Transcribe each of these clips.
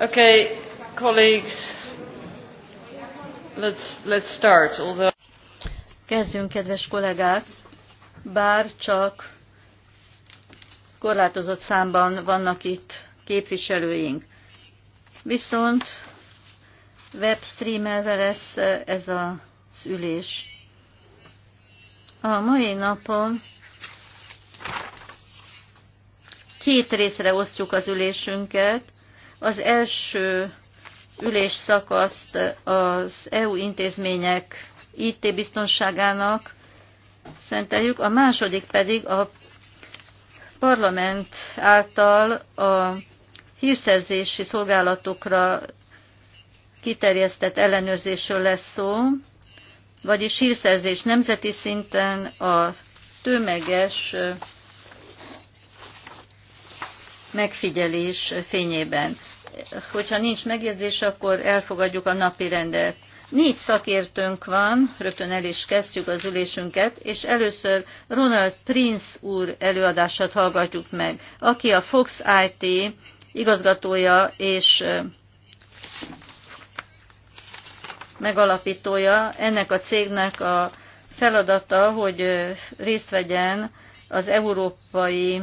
Okay, colleagues, let's, let's start. Although... Kezdjünk, kedves kollégák, bár csak korlátozott számban vannak itt képviselőink. Viszont webstreamelve lesz ez az ülés. A mai napon két részre osztjuk az ülésünket, az első ülésszakaszt az EU intézmények IT biztonságának szenteljük, a második pedig a parlament által a hírszerzési szolgálatokra kiterjesztett ellenőrzésről lesz szó, vagyis hírszerzés nemzeti szinten a tömeges megfigyelés fényében. Hogyha nincs megjegyzés, akkor elfogadjuk a napi rendet. Négy szakértőnk van, rögtön el is kezdjük az ülésünket, és először Ronald Prince úr előadását hallgatjuk meg, aki a Fox IT igazgatója és megalapítója. Ennek a cégnek a feladata, hogy részt vegyen az európai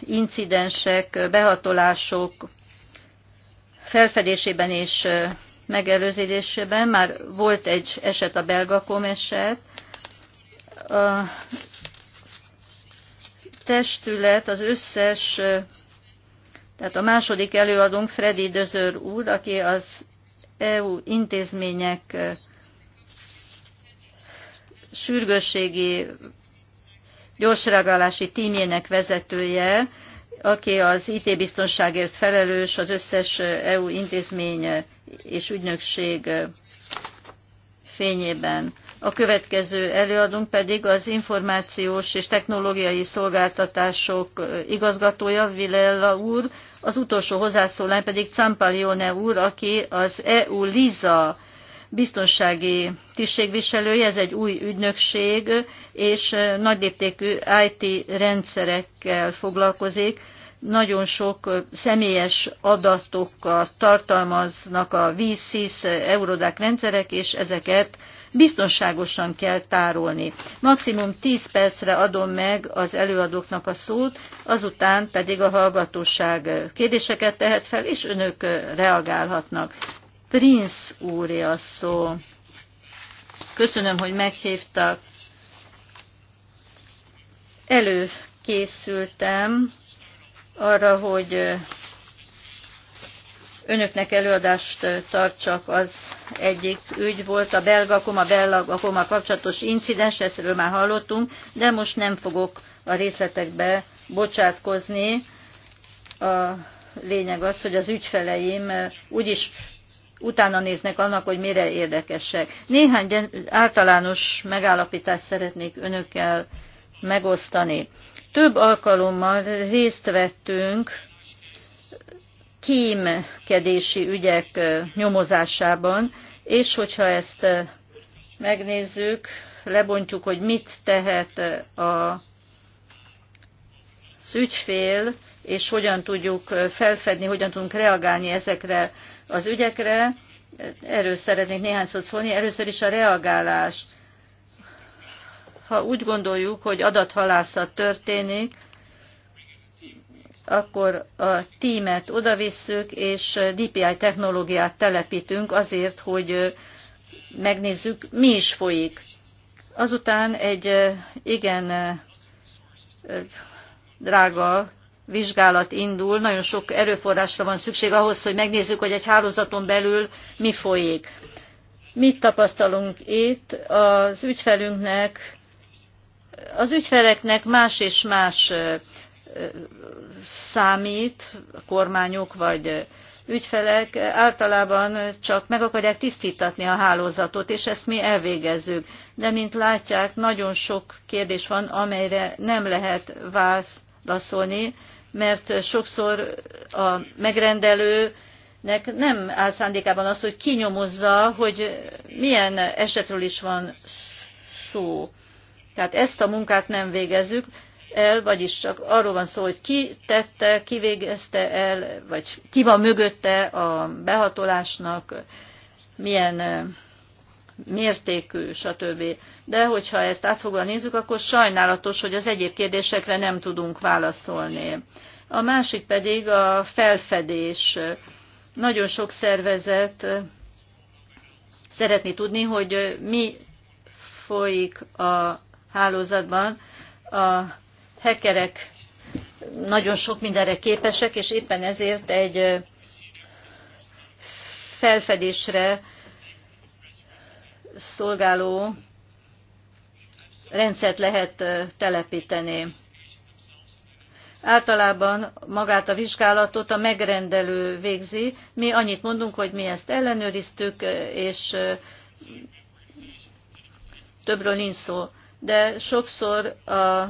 incidensek, behatolások felfedésében és megelőzésében. Már volt egy eset, a belgakom eset. A testület az összes, tehát a második előadónk Freddy Dözör úr, aki az EU intézmények sürgősségi gyorsreagálási tímjének vezetője, aki az IT-biztonságért felelős az összes EU intézmény és ügynökség fényében. A következő előadónk pedig az információs és technológiai szolgáltatások igazgatója, Vilella úr, az utolsó hozzászólán pedig Campaglione úr, aki az EU LISA biztonsági tisztségviselője, ez egy új ügynökség, és nagyléptékű IT rendszerekkel foglalkozik. Nagyon sok személyes adatokat tartalmaznak a VSIS, Eurodák rendszerek, és ezeket biztonságosan kell tárolni. Maximum 10 percre adom meg az előadóknak a szót, azután pedig a hallgatóság kérdéseket tehet fel, és önök reagálhatnak. Prince úri a szó. Köszönöm, hogy meghívtak. Előkészültem arra, hogy önöknek előadást tartsak, az egyik ügy volt a belga, koma, a koma kapcsolatos incidens, ezről már hallottunk, de most nem fogok a részletekbe bocsátkozni. A lényeg az, hogy az ügyfeleim úgyis utána néznek annak, hogy mire érdekesek. Néhány általános megállapítást szeretnék önökkel megosztani. Több alkalommal részt vettünk kímkedési ügyek nyomozásában, és hogyha ezt megnézzük, lebontjuk, hogy mit tehet a, az ügyfél, és hogyan tudjuk felfedni, hogyan tudunk reagálni ezekre az ügyekre. Erről szeretnék néhány szót szólni. Először is a reagálás. Ha úgy gondoljuk, hogy adathalászat történik, akkor a tímet odavisszük, és DPI technológiát telepítünk azért, hogy megnézzük, mi is folyik. Azután egy igen drága vizsgálat indul, nagyon sok erőforrásra van szükség ahhoz, hogy megnézzük, hogy egy hálózaton belül mi folyik. Mit tapasztalunk itt? Az ügyfelünknek, az ügyfeleknek más és más számít, kormányok vagy ügyfelek általában csak meg akarják tisztítatni a hálózatot, és ezt mi elvégezzük. De mint látják, nagyon sok kérdés van, amelyre nem lehet válaszolni, mert sokszor a megrendelőnek nem áll szándékában az, hogy kinyomozza, hogy milyen esetről is van szó. Tehát ezt a munkát nem végezzük el, vagyis csak arról van szó, hogy ki tette, ki végezte el, vagy ki van mögötte a behatolásnak, milyen mértékű, stb. De hogyha ezt átfogva nézzük, akkor sajnálatos, hogy az egyéb kérdésekre nem tudunk válaszolni. A másik pedig a felfedés. Nagyon sok szervezet szeretné tudni, hogy mi folyik a hálózatban. A hekerek nagyon sok mindenre képesek, és éppen ezért egy felfedésre szolgáló rendszert lehet telepíteni. Általában magát a vizsgálatot a megrendelő végzi. Mi annyit mondunk, hogy mi ezt ellenőriztük, és többről nincs szó. De sokszor a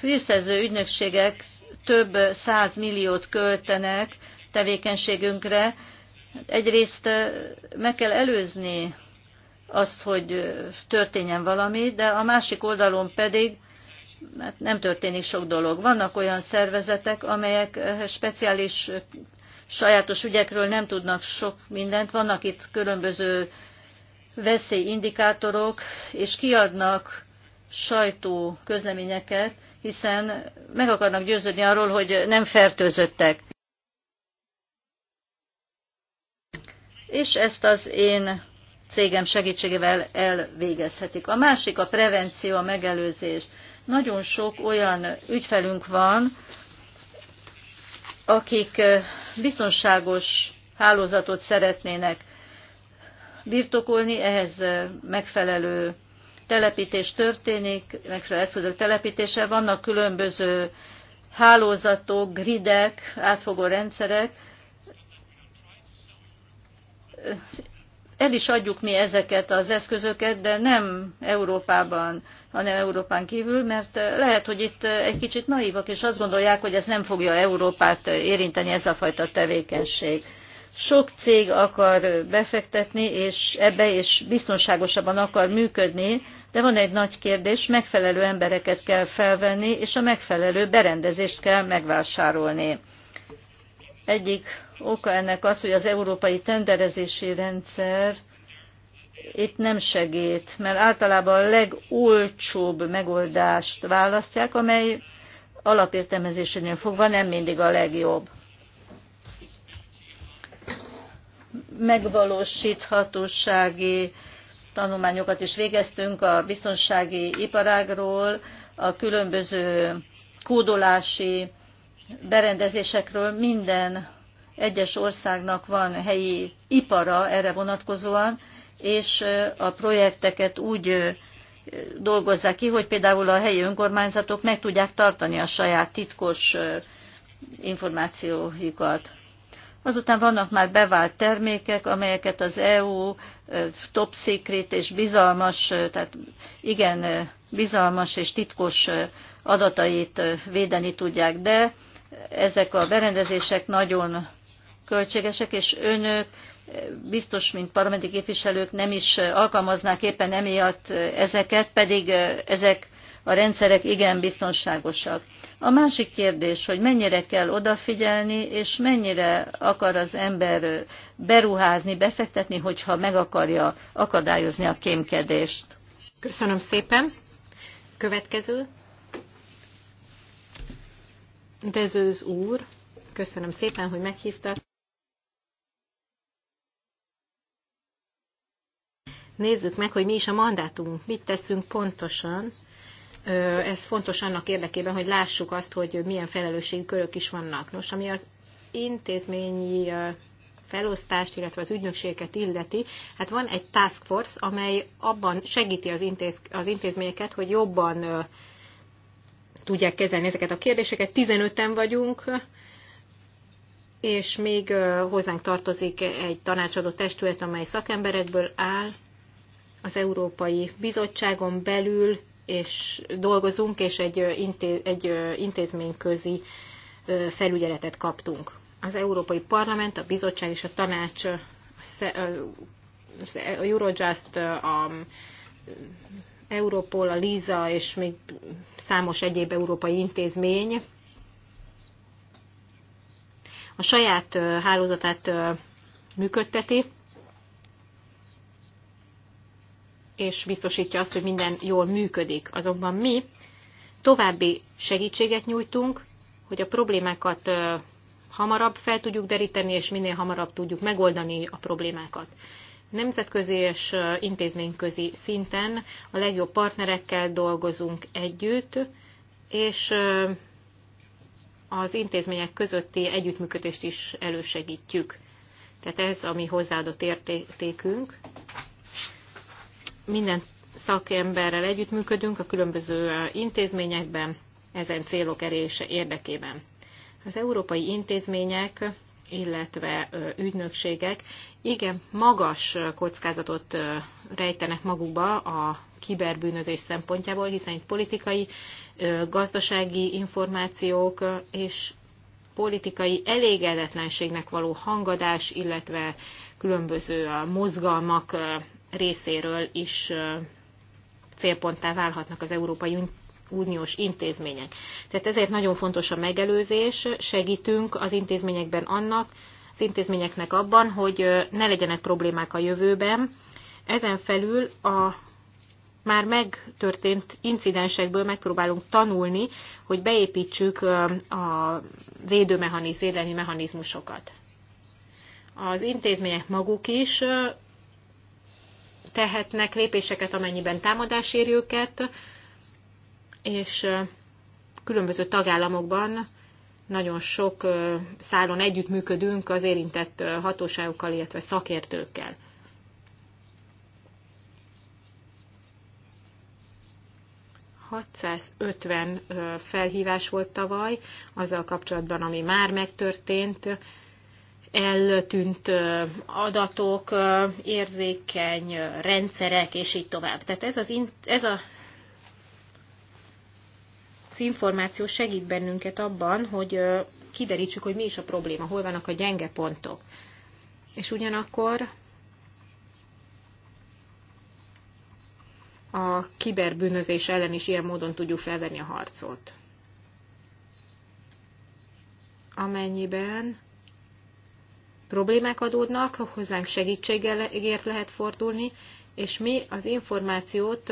hírszerző ügynökségek több száz milliót költenek tevékenységünkre. Egyrészt meg kell előzni azt, hogy történjen valami, de a másik oldalon pedig mert hát nem történik sok dolog. Vannak olyan szervezetek, amelyek speciális sajátos ügyekről nem tudnak sok mindent. Vannak itt különböző veszélyindikátorok, és kiadnak sajtó közleményeket, hiszen meg akarnak győződni arról, hogy nem fertőzöttek. És ezt az én cégem segítségével elvégezhetik. A másik a prevenció, a megelőzés. Nagyon sok olyan ügyfelünk van, akik biztonságos hálózatot szeretnének birtokolni, ehhez megfelelő telepítés történik, megfelelő eszközök telepítése, vannak különböző hálózatok, gridek, átfogó rendszerek el is adjuk mi ezeket az eszközöket, de nem Európában, hanem Európán kívül, mert eh, lehet, hogy itt eh, egy kicsit naívak, és azt gondolják, hogy ez nem fogja Európát eh, érinteni ez a fajta tevékenység. Sok cég akar befektetni és ebbe, és biztonságosabban akar működni, de van egy nagy kérdés, megfelelő embereket kell felvenni, és a megfelelő berendezést kell megvásárolni. Egyik oka ennek az, hogy az európai tenderezési rendszer itt nem segít, mert általában a legolcsóbb megoldást választják, amely alapértelmezésénél fogva nem mindig a legjobb. Megvalósíthatósági tanulmányokat is végeztünk a biztonsági iparágról, a különböző kódolási berendezésekről, minden egyes országnak van helyi ipara erre vonatkozóan, és a projekteket úgy dolgozzák ki, hogy például a helyi önkormányzatok meg tudják tartani a saját titkos információikat. Azután vannak már bevált termékek, amelyeket az EU top secret és bizalmas, tehát igen, bizalmas és titkos adatait védeni tudják, de ezek a berendezések nagyon költségesek, és önök biztos, mint parlamenti képviselők nem is alkalmaznák éppen emiatt ezeket, pedig ezek a rendszerek igen biztonságosak. A másik kérdés, hogy mennyire kell odafigyelni, és mennyire akar az ember beruházni, befektetni, hogyha meg akarja akadályozni a kémkedést. Köszönöm szépen. Következő. Dezőz úr, köszönöm szépen, hogy meghívtak. nézzük meg, hogy mi is a mandátumunk, mit teszünk pontosan. Ez fontos annak érdekében, hogy lássuk azt, hogy milyen felelősségi körök is vannak. Nos, ami az intézményi felosztást, illetve az ügynökségeket illeti, hát van egy task force, amely abban segíti az, intéz, az intézményeket, hogy jobban ö, tudják kezelni ezeket a kérdéseket. 15-en vagyunk, és még ö, hozzánk tartozik egy tanácsadó testület, amely szakemberekből áll, az Európai Bizottságon belül és dolgozunk, és egy, inté, egy intézményközi felügyeletet kaptunk. Az Európai Parlament, a Bizottság és a Tanács, e-, a Eurojust, a Europol, a LISA és még számos egyéb európai intézmény a saját hálózatát működteti, és biztosítja azt, hogy minden jól működik. Azonban mi további segítséget nyújtunk, hogy a problémákat hamarabb fel tudjuk deríteni, és minél hamarabb tudjuk megoldani a problémákat. Nemzetközi és intézményközi szinten a legjobb partnerekkel dolgozunk együtt, és az intézmények közötti együttműködést is elősegítjük. Tehát ez a mi hozzáadott értékünk, minden szakemberrel együttműködünk a különböző intézményekben ezen célok erése érdekében. Az európai intézmények, illetve ügynökségek igen magas kockázatot rejtenek magukba a kiberbűnözés szempontjából, hiszen itt politikai, gazdasági információk és politikai elégedetlenségnek való hangadás, illetve különböző mozgalmak részéről is célponttá válhatnak az Európai Uniós intézmények. Tehát ezért nagyon fontos a megelőzés, segítünk az intézményekben annak, az intézményeknek abban, hogy ne legyenek problémák a jövőben. Ezen felül a már megtörtént incidensekből megpróbálunk tanulni, hogy beépítsük a védőmechanizmusokat. Az intézmények maguk is tehetnek lépéseket, amennyiben támadás éri őket, és különböző tagállamokban nagyon sok szálon együttműködünk az érintett hatóságokkal, illetve szakértőkkel. ...650 felhívás volt tavaly, azzal kapcsolatban, ami már megtörtént, eltűnt adatok, érzékeny rendszerek, és így tovább. Tehát ez, az, ez a az információ segít bennünket abban, hogy kiderítsük, hogy mi is a probléma, hol vannak a gyenge pontok. És ugyanakkor a kiberbűnözés ellen is ilyen módon tudjuk felvenni a harcot. Amennyiben problémák adódnak, hozzánk segítségért lehet fordulni, és mi az információt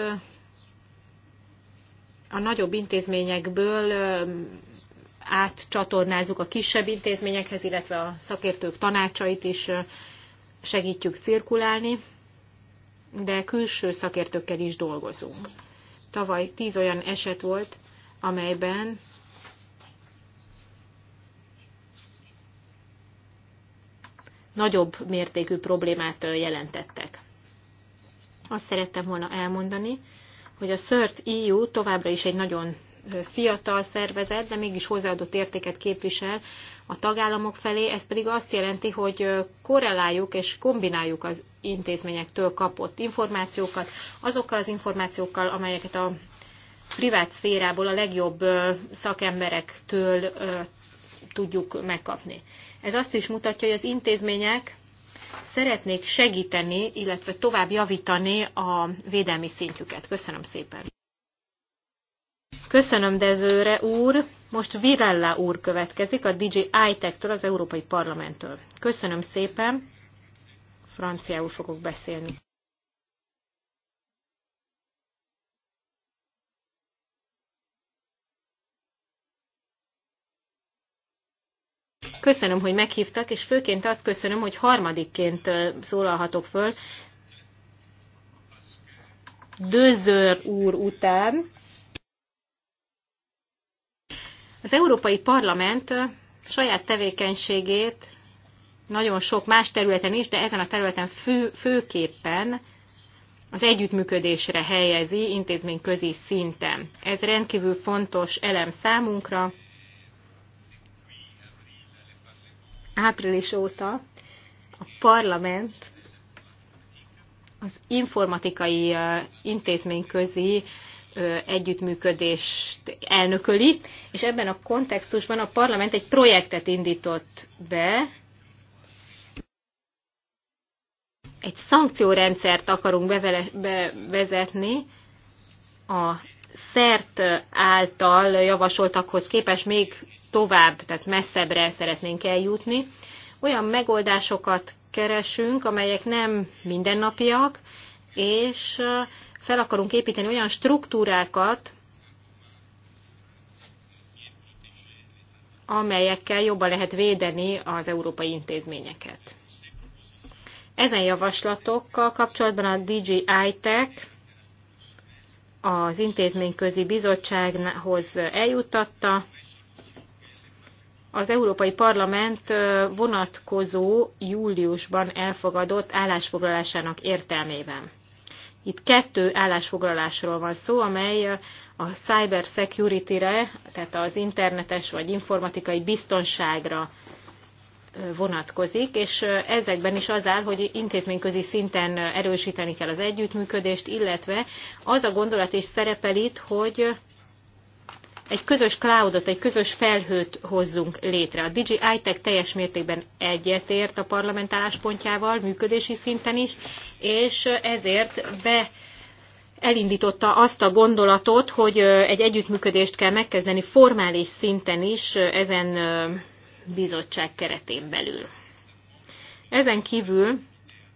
a nagyobb intézményekből átcsatornázzuk a kisebb intézményekhez, illetve a szakértők tanácsait is segítjük cirkulálni, de külső szakértőkkel is dolgozunk. Tavaly tíz olyan eset volt, amelyben nagyobb mértékű problémát jelentettek. Azt szerettem volna elmondani, hogy a CERT EU továbbra is egy nagyon fiatal szervezet, de mégis hozzáadott értéket képvisel a tagállamok felé, ez pedig azt jelenti, hogy korreláljuk és kombináljuk az intézményektől kapott információkat azokkal az információkkal, amelyeket a privát szférából a legjobb szakemberektől tudjuk megkapni. Ez azt is mutatja, hogy az intézmények szeretnék segíteni, illetve tovább javítani a védelmi szintjüket. Köszönöm szépen. Köszönöm Dezőre úr. Most Virella úr következik a DJ iTech-től, az Európai Parlamenttől. Köszönöm szépen. Franciául fogok beszélni. Köszönöm, hogy meghívtak, és főként azt köszönöm, hogy harmadikként szólalhatok föl. Dözör úr után. Az Európai Parlament saját tevékenységét nagyon sok más területen is, de ezen a területen fő, főképpen az együttműködésre helyezi intézményközi szinten. Ez rendkívül fontos elem számunkra, április óta a parlament az informatikai intézményközi együttműködést elnököli, és ebben a kontextusban a parlament egy projektet indított be, egy szankciórendszert akarunk bevezetni a szert által javasoltakhoz képest még tovább, tehát messzebbre szeretnénk eljutni. Olyan megoldásokat keresünk, amelyek nem mindennapiak, és fel akarunk építeni olyan struktúrákat, amelyekkel jobban lehet védeni az európai intézményeket. Ezen javaslatokkal kapcsolatban a DG ITEC az intézményközi bizottsághoz eljuttatta, az Európai Parlament vonatkozó júliusban elfogadott állásfoglalásának értelmében. Itt kettő állásfoglalásról van szó, amely a cyber security-re, tehát az internetes vagy informatikai biztonságra vonatkozik, és ezekben is az áll, hogy intézményközi szinten erősíteni kell az együttműködést, illetve az a gondolat is szerepel itt, hogy egy közös cloudot, egy közös felhőt hozzunk létre. A Digi iTech teljes mértékben egyetért a parlament álláspontjával, működési szinten is, és ezért be elindította azt a gondolatot, hogy egy együttműködést kell megkezdeni formális szinten is ezen bizottság keretén belül. Ezen kívül,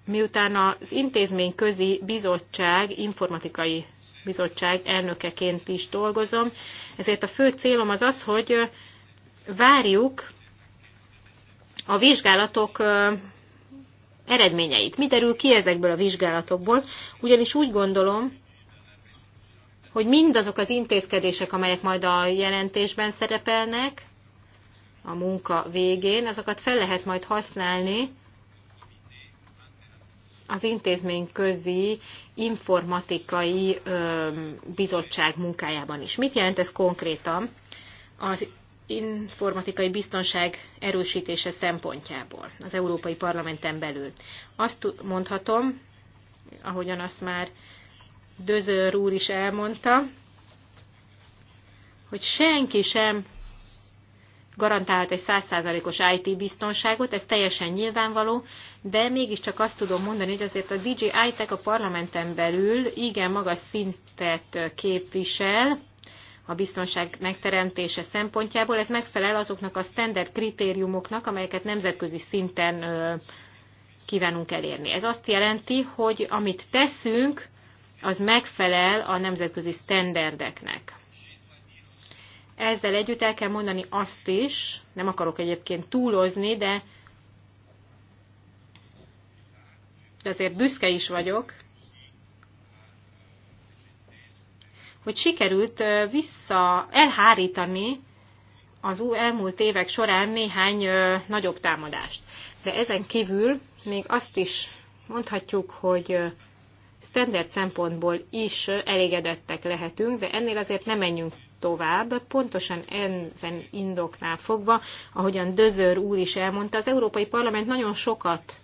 miután az intézményközi bizottság, informatikai bizottság elnökeként is dolgozom, ezért a fő célom az az, hogy várjuk a vizsgálatok eredményeit. Mi derül ki ezekből a vizsgálatokból? Ugyanis úgy gondolom, hogy mindazok az intézkedések, amelyek majd a jelentésben szerepelnek a munka végén, azokat fel lehet majd használni az intézmény közi informatikai bizottság munkájában is. Mit jelent ez konkrétan az informatikai biztonság erősítése szempontjából az Európai Parlamenten belül? Azt mondhatom, ahogyan azt már Dözör úr is elmondta, hogy senki sem garantálhat egy 100%-os IT biztonságot, ez teljesen nyilvánvaló, de mégiscsak azt tudom mondani, hogy azért a DJ ITEC a parlamenten belül igen magas szintet képvisel, a biztonság megteremtése szempontjából. Ez megfelel azoknak a standard kritériumoknak, amelyeket nemzetközi szinten kívánunk elérni. Ez azt jelenti, hogy amit teszünk, az megfelel a nemzetközi standardeknek. Ezzel együtt el kell mondani azt is, nem akarok egyébként túlozni, de, de azért büszke is vagyok, hogy sikerült vissza elhárítani az elmúlt évek során néhány nagyobb támadást. De ezen kívül még azt is mondhatjuk, hogy standard szempontból is elégedettek lehetünk, de ennél azért nem menjünk tovább, pontosan ezen indoknál fogva, ahogyan Dözör úr is elmondta, az Európai Parlament nagyon sokat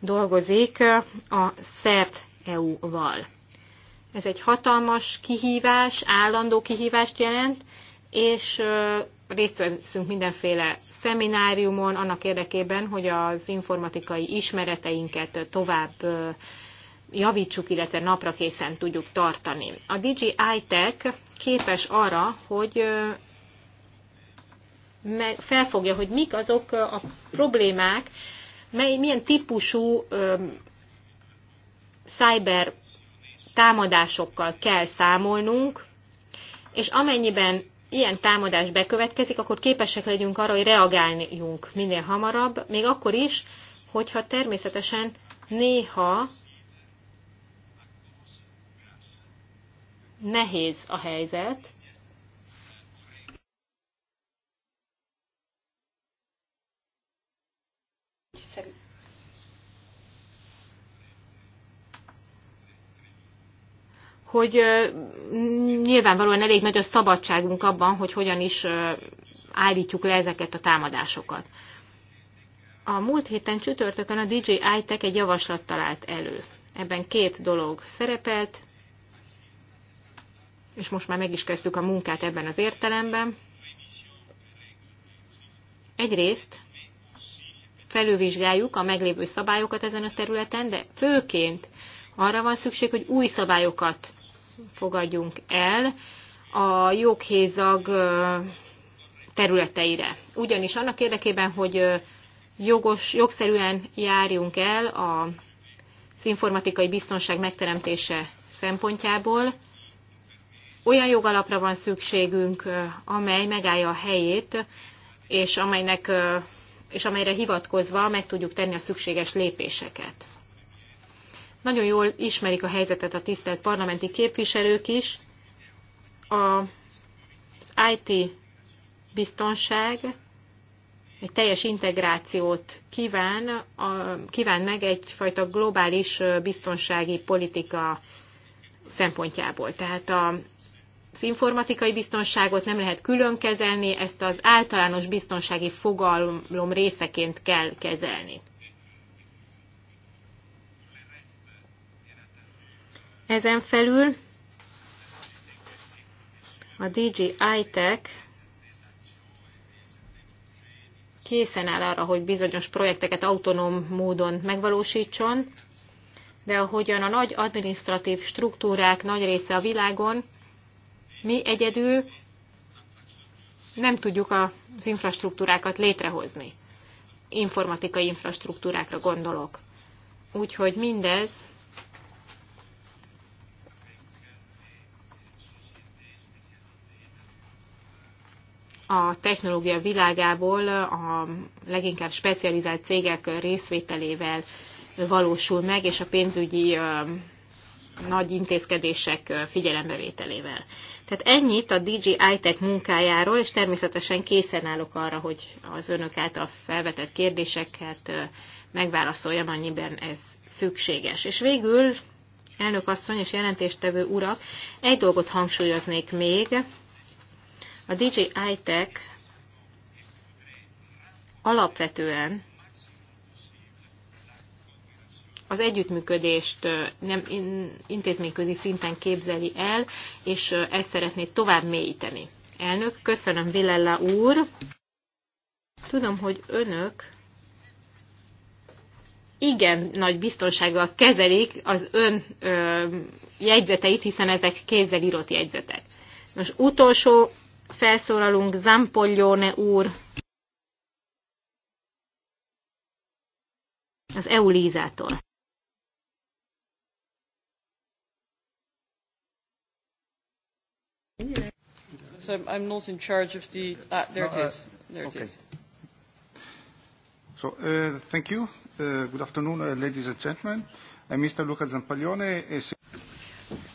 dolgozik a szert EU-val. Ez egy hatalmas kihívás, állandó kihívást jelent, és részt veszünk mindenféle szemináriumon annak érdekében, hogy az informatikai ismereteinket tovább javítsuk, illetve napra készen tudjuk tartani. A DJI Tech képes arra, hogy felfogja, hogy mik azok a problémák, mely, milyen típusú cyber támadásokkal kell számolnunk, és amennyiben ilyen támadás bekövetkezik, akkor képesek legyünk arra, hogy reagáljunk minél hamarabb, még akkor is, hogyha természetesen néha nehéz a helyzet, hogy nyilvánvalóan elég nagy a szabadságunk abban, hogy hogyan is állítjuk le ezeket a támadásokat. A múlt héten csütörtökön a DJI Tech egy javaslat talált elő. Ebben két dolog szerepelt, és most már meg is kezdtük a munkát ebben az értelemben. Egyrészt felülvizsgáljuk a meglévő szabályokat ezen a területen, de főként arra van szükség, hogy új szabályokat fogadjunk el a joghézag területeire. Ugyanis annak érdekében, hogy jogos, jogszerűen járjunk el az informatikai biztonság megteremtése szempontjából, olyan jogalapra van szükségünk, amely megállja a helyét, és, amelynek, és amelyre hivatkozva meg tudjuk tenni a szükséges lépéseket. Nagyon jól ismerik a helyzetet a tisztelt parlamenti képviselők is. A, az IT biztonság egy teljes integrációt kíván, a, kíván meg egyfajta globális biztonsági politika szempontjából. Tehát a az informatikai biztonságot nem lehet külön kezelni, ezt az általános biztonsági fogalom részeként kell kezelni. Ezen felül a DJI Tech készen áll arra, hogy bizonyos projekteket autonóm módon megvalósítson, de ahogyan a nagy adminisztratív struktúrák nagy része a világon mi egyedül nem tudjuk az infrastruktúrákat létrehozni. Informatikai infrastruktúrákra gondolok. Úgyhogy mindez a technológia világából a leginkább specializált cégek részvételével valósul meg, és a pénzügyi nagy intézkedések figyelembevételével. Tehát ennyit a DJ Tech munkájáról, és természetesen készen állok arra, hogy az önök által felvetett kérdéseket megválaszoljam, annyiben ez szükséges. És végül, elnök asszony és jelentéstevő urak, egy dolgot hangsúlyoznék még. A DJ Tech alapvetően az együttműködést nem intézményközi szinten képzeli el, és ezt szeretné tovább mélyíteni. Elnök, köszönöm Vilella úr. Tudom, hogy önök igen nagy biztonsággal kezelik az ön ö, jegyzeteit, hiszen ezek kézzel írott jegyzetek. Most utolsó felszólalunk Zampoglione úr. Az EU-lízától. So I'm not in charge of the... Ah, there no, it uh, is. There it okay. is. So, uh, thank you. Uh, good afternoon, uh, ladies and gentlemen. I'm Mr. Luca Zampaglione. Is...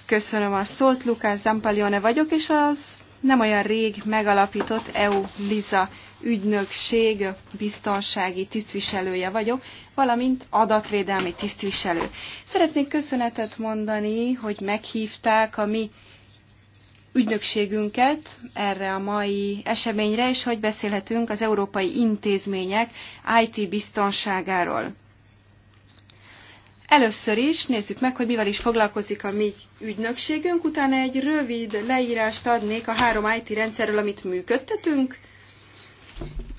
Köszönöm a szót, Lukács Zampaglione vagyok, és az nem olyan rég megalapított eu Liza ügynökség biztonsági tisztviselője vagyok, valamint adatvédelmi tisztviselő. Szeretnék köszönetet mondani, hogy meghívták a mi ügynökségünket erre a mai eseményre, és hogy beszélhetünk az európai intézmények IT biztonságáról. Először is nézzük meg, hogy mivel is foglalkozik a mi ügynökségünk, utána egy rövid leírást adnék a három IT rendszerről, amit működtetünk,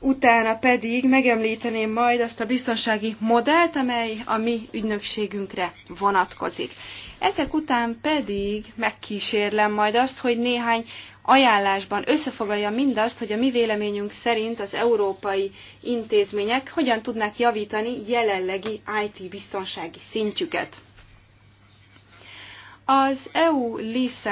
utána pedig megemlíteném majd azt a biztonsági modellt, amely a mi ügynökségünkre vonatkozik. Ezek után pedig megkísérlem majd azt, hogy néhány ajánlásban összefoglalja mindazt, hogy a mi véleményünk szerint az európai intézmények hogyan tudnák javítani jelenlegi IT biztonsági szintjüket. Az eu lisz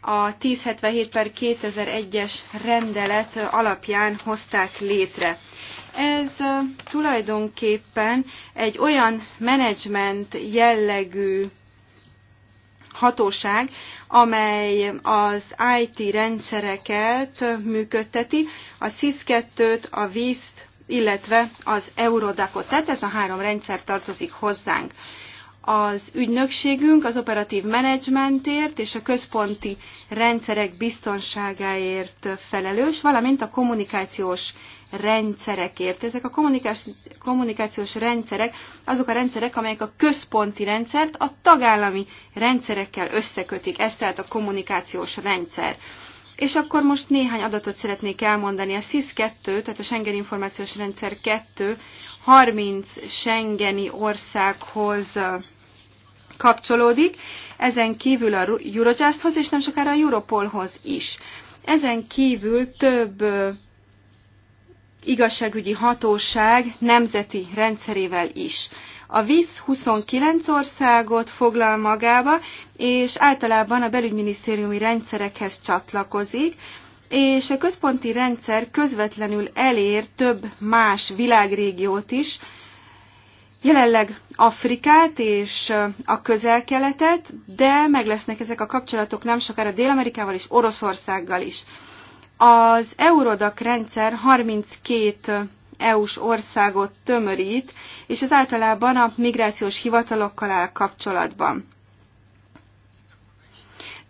a 1077 per 2001-es rendelet alapján hozták létre. Ez tulajdonképpen egy olyan menedzsment jellegű hatóság, amely az IT rendszereket működteti, a SIS-2-t, a VIST, illetve az Eurodacot. Tehát ez a három rendszer tartozik hozzánk az ügynökségünk az operatív menedzsmentért és a központi rendszerek biztonságáért felelős, valamint a kommunikációs rendszerekért. Ezek a kommunikációs rendszerek azok a rendszerek, amelyek a központi rendszert a tagállami rendszerekkel összekötik. Ez tehát a kommunikációs rendszer. És akkor most néhány adatot szeretnék elmondani. A SIS-2, tehát a Schengen Információs Rendszer 2, 30 Schengeni országhoz kapcsolódik, ezen kívül a Eurojusthoz és nem sokára a Europolhoz is. Ezen kívül több igazságügyi hatóság nemzeti rendszerével is. A VISZ 29 országot foglal magába, és általában a belügyminisztériumi rendszerekhez csatlakozik, és a központi rendszer közvetlenül elér több más világrégiót is, jelenleg Afrikát és a közel-keletet, de meg lesznek ezek a kapcsolatok nem sokára Dél-Amerikával és Oroszországgal is. Az Eurodac rendszer 32 EU-s országot tömörít, és ez általában a migrációs hivatalokkal áll kapcsolatban.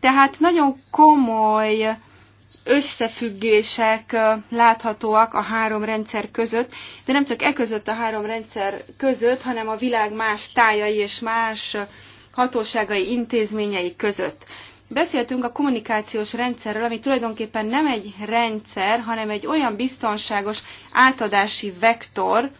Tehát nagyon komoly összefüggések láthatóak a három rendszer között, de nem csak e között a három rendszer között, hanem a világ más tájai és más hatóságai intézményei között. Beszéltünk a kommunikációs rendszerről, ami tulajdonképpen nem egy rendszer, hanem egy olyan biztonságos átadási vektor,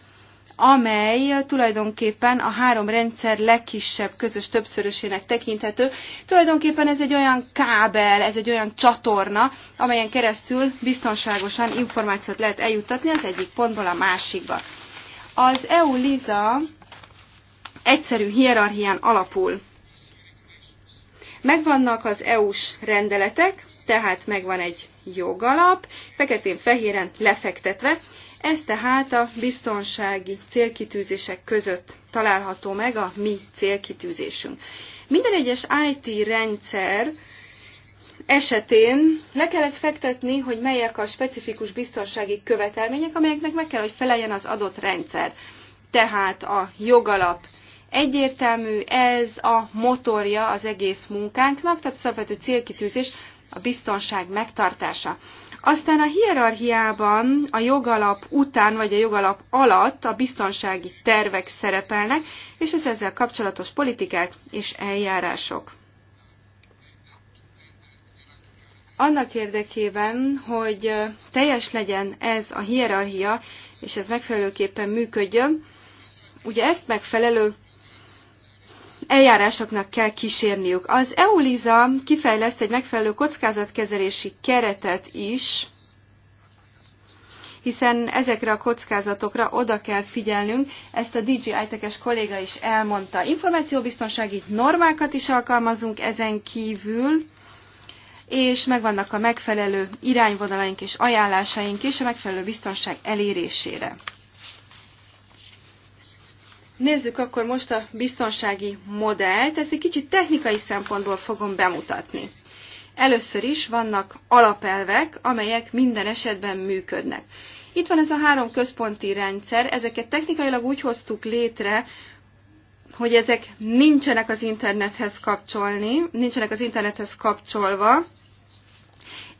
amely tulajdonképpen a három rendszer legkisebb közös többszörösének tekinthető. Tulajdonképpen ez egy olyan kábel, ez egy olyan csatorna, amelyen keresztül biztonságosan információt lehet eljuttatni az egyik pontból a másikba. Az EU-LISA egyszerű hierarchián alapul. Megvannak az EU-s rendeletek, tehát megvan egy jogalap, feketén-fehéren lefektetve, ez tehát a biztonsági célkitűzések között található meg a mi célkitűzésünk. Minden egyes IT rendszer esetén le kellett fektetni, hogy melyek a specifikus biztonsági követelmények, amelyeknek meg kell, hogy feleljen az adott rendszer. Tehát a jogalap egyértelmű, ez a motorja az egész munkánknak, tehát a alapvető célkitűzés a biztonság megtartása. Aztán a hierarchiában a jogalap után vagy a jogalap alatt a biztonsági tervek szerepelnek, és az ezzel kapcsolatos politikák és eljárások. Annak érdekében, hogy teljes legyen ez a hierarchia, és ez megfelelőképpen működjön, ugye ezt megfelelő eljárásoknak kell kísérniük. Az EULISA kifejleszt egy megfelelő kockázatkezelési keretet is, hiszen ezekre a kockázatokra oda kell figyelnünk. Ezt a DG Itekes kolléga is elmondta. Információbiztonsági normákat is alkalmazunk ezen kívül, és megvannak a megfelelő irányvonalaink és ajánlásaink is a megfelelő biztonság elérésére. Nézzük akkor most a biztonsági modellt, ezt egy kicsit technikai szempontból fogom bemutatni. Először is vannak alapelvek, amelyek minden esetben működnek. Itt van ez a három központi rendszer, ezeket technikailag úgy hoztuk létre, hogy ezek nincsenek az internethez kapcsolni, nincsenek az internethez kapcsolva,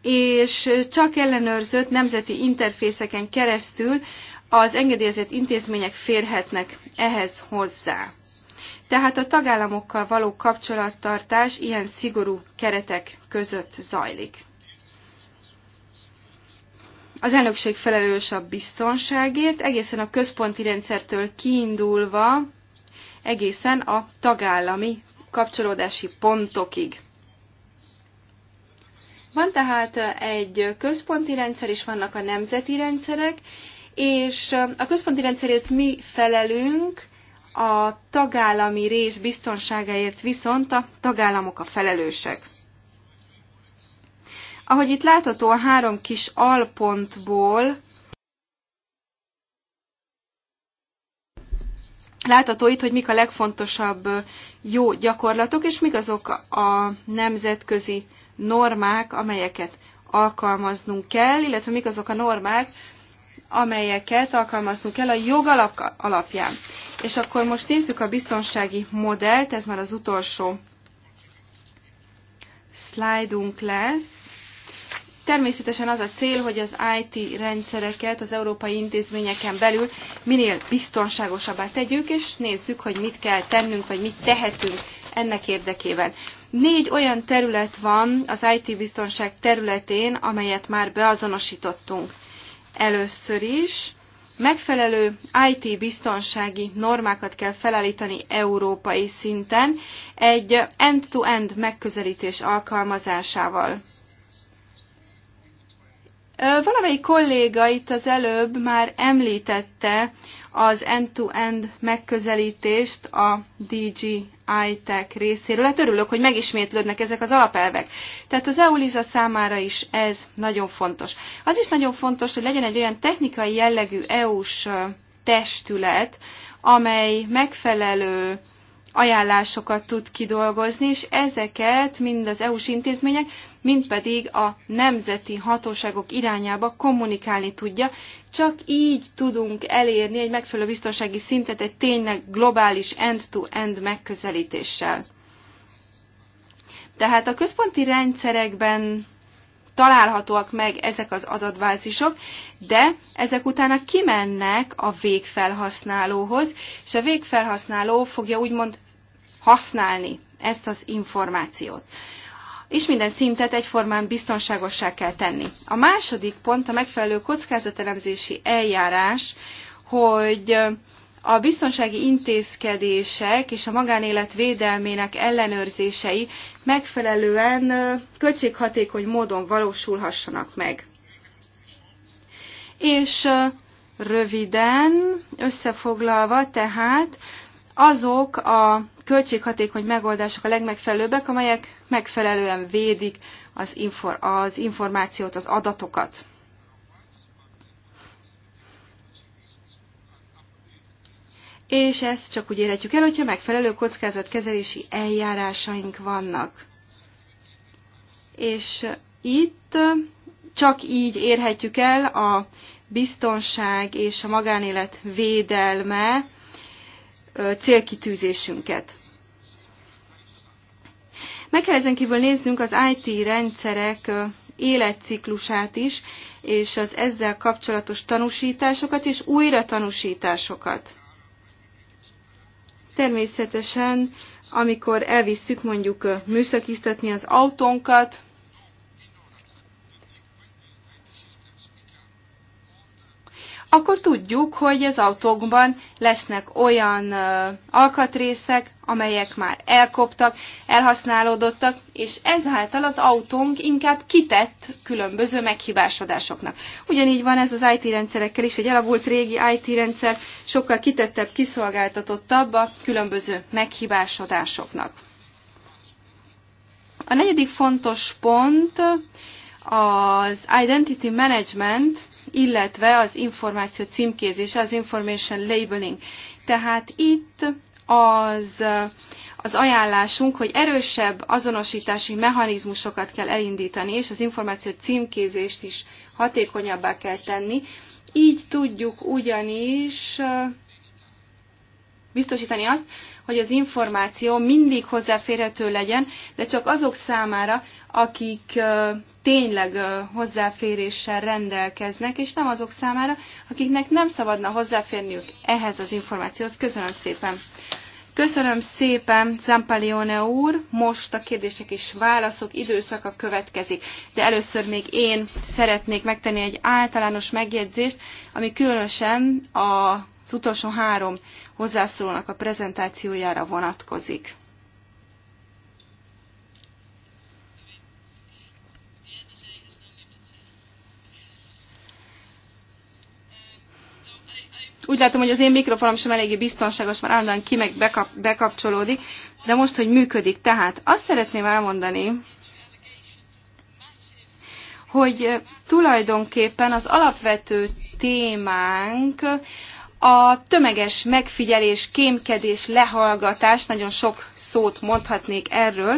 és csak ellenőrzött nemzeti interfészeken keresztül az engedélyezett intézmények férhetnek ehhez hozzá. Tehát a tagállamokkal való kapcsolattartás ilyen szigorú keretek között zajlik. Az elnökség felelős a biztonságért, egészen a központi rendszertől kiindulva, egészen a tagállami kapcsolódási pontokig. Van tehát egy központi rendszer, és vannak a nemzeti rendszerek, és a központi rendszerért mi felelünk, a tagállami rész biztonságáért viszont a tagállamok a felelősek. Ahogy itt látható a három kis alpontból, látható itt, hogy mik a legfontosabb jó gyakorlatok, és mik azok a nemzetközi normák, amelyeket alkalmaznunk kell, illetve mik azok a normák, amelyeket alkalmaznunk kell a jogalap alapján. És akkor most nézzük a biztonsági modellt, ez már az utolsó szlájdunk lesz. Természetesen az a cél, hogy az IT rendszereket az európai intézményeken belül minél biztonságosabbá tegyük, és nézzük, hogy mit kell tennünk, vagy mit tehetünk ennek érdekében. Négy olyan terület van az IT biztonság területén, amelyet már beazonosítottunk. Először is megfelelő IT biztonsági normákat kell felállítani európai szinten egy end-to-end -end megközelítés alkalmazásával. Valamelyik kolléga itt az előbb már említette az end-to-end -end megközelítést a DG ITEC részéről. Hát örülök, hogy megismétlődnek ezek az alapelvek. Tehát az EULISA számára is ez nagyon fontos. Az is nagyon fontos, hogy legyen egy olyan technikai jellegű EU-s testület, amely megfelelő ajánlásokat tud kidolgozni, és ezeket mind az EU-s intézmények, mint pedig a nemzeti hatóságok irányába kommunikálni tudja. Csak így tudunk elérni egy megfelelő biztonsági szintet egy tényleg globális end-to-end -end megközelítéssel. Tehát a központi rendszerekben találhatóak meg ezek az adatbázisok, de ezek utána kimennek a végfelhasználóhoz, és a végfelhasználó fogja úgymond használni ezt az információt és minden szintet egyformán biztonságossá kell tenni. A második pont a megfelelő kockázatelemzési eljárás, hogy a biztonsági intézkedések és a magánélet védelmének ellenőrzései megfelelően költséghatékony módon valósulhassanak meg. És röviden összefoglalva tehát azok a költséghatékony megoldások a legmegfelelőbbek, amelyek megfelelően védik az, infor, az információt, az adatokat. És ezt csak úgy érhetjük el, hogyha megfelelő kockázatkezelési eljárásaink vannak. És itt csak így érhetjük el a biztonság és a magánélet védelme célkitűzésünket. Meg kell ezen kívül néznünk az IT rendszerek életciklusát is, és az ezzel kapcsolatos tanúsításokat és újra tanúsításokat. Természetesen, amikor elvisszük mondjuk műszakiztatni az autónkat, akkor tudjuk, hogy az autókban lesznek olyan alkatrészek, amelyek már elkoptak, elhasználódottak, és ezáltal az autónk inkább kitett különböző meghibásodásoknak. Ugyanígy van ez az IT rendszerekkel is, egy elavult régi IT rendszer sokkal kitettebb, kiszolgáltatottabb a különböző meghibásodásoknak. A negyedik fontos pont az identity management, illetve az információ címkézése, az information labeling. Tehát itt az az ajánlásunk, hogy erősebb azonosítási mechanizmusokat kell elindítani, és az információ címkézést is hatékonyabbá kell tenni. Így tudjuk ugyanis biztosítani azt, hogy az információ mindig hozzáférhető legyen, de csak azok számára, akik tényleg hozzáféréssel rendelkeznek, és nem azok számára, akiknek nem szabadna hozzáférniük ehhez az információhoz. Köszönöm szépen! Köszönöm szépen, Zampalione úr! Most a kérdések és válaszok időszaka következik, de először még én szeretnék megtenni egy általános megjegyzést, ami különösen a az utolsó három hozzászólónak a prezentációjára vonatkozik. Úgy látom, hogy az én mikrofonom sem eléggé biztonságos, mert állandóan ki meg bekap, bekapcsolódik, de most, hogy működik. Tehát azt szeretném elmondani, hogy tulajdonképpen az alapvető témánk a tömeges megfigyelés, kémkedés, lehallgatás, nagyon sok szót mondhatnék erről,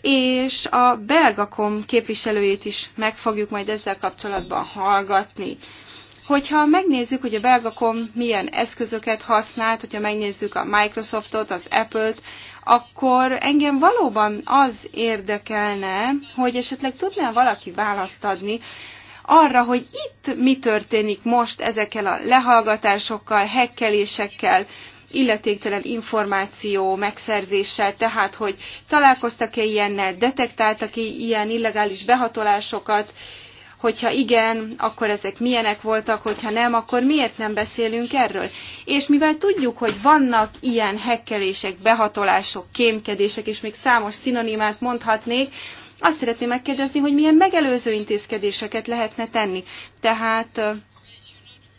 és a Belgakom képviselőjét is meg fogjuk majd ezzel kapcsolatban hallgatni. Hogyha megnézzük, hogy a Belgakom milyen eszközöket használt, hogyha megnézzük a Microsoftot, az Apple-t, akkor engem valóban az érdekelne, hogy esetleg tudná valaki választ adni arra, hogy itt mi történik most ezekkel a lehallgatásokkal, hekkelésekkel, illetéktelen információ megszerzéssel, tehát hogy találkoztak-e ilyennel, detektáltak-e ilyen illegális behatolásokat, hogyha igen, akkor ezek milyenek voltak, hogyha nem, akkor miért nem beszélünk erről? És mivel tudjuk, hogy vannak ilyen hekkelések, behatolások, kémkedések, és még számos szinonimát mondhatnék, azt szeretném megkérdezni, hogy milyen megelőző intézkedéseket lehetne tenni. Tehát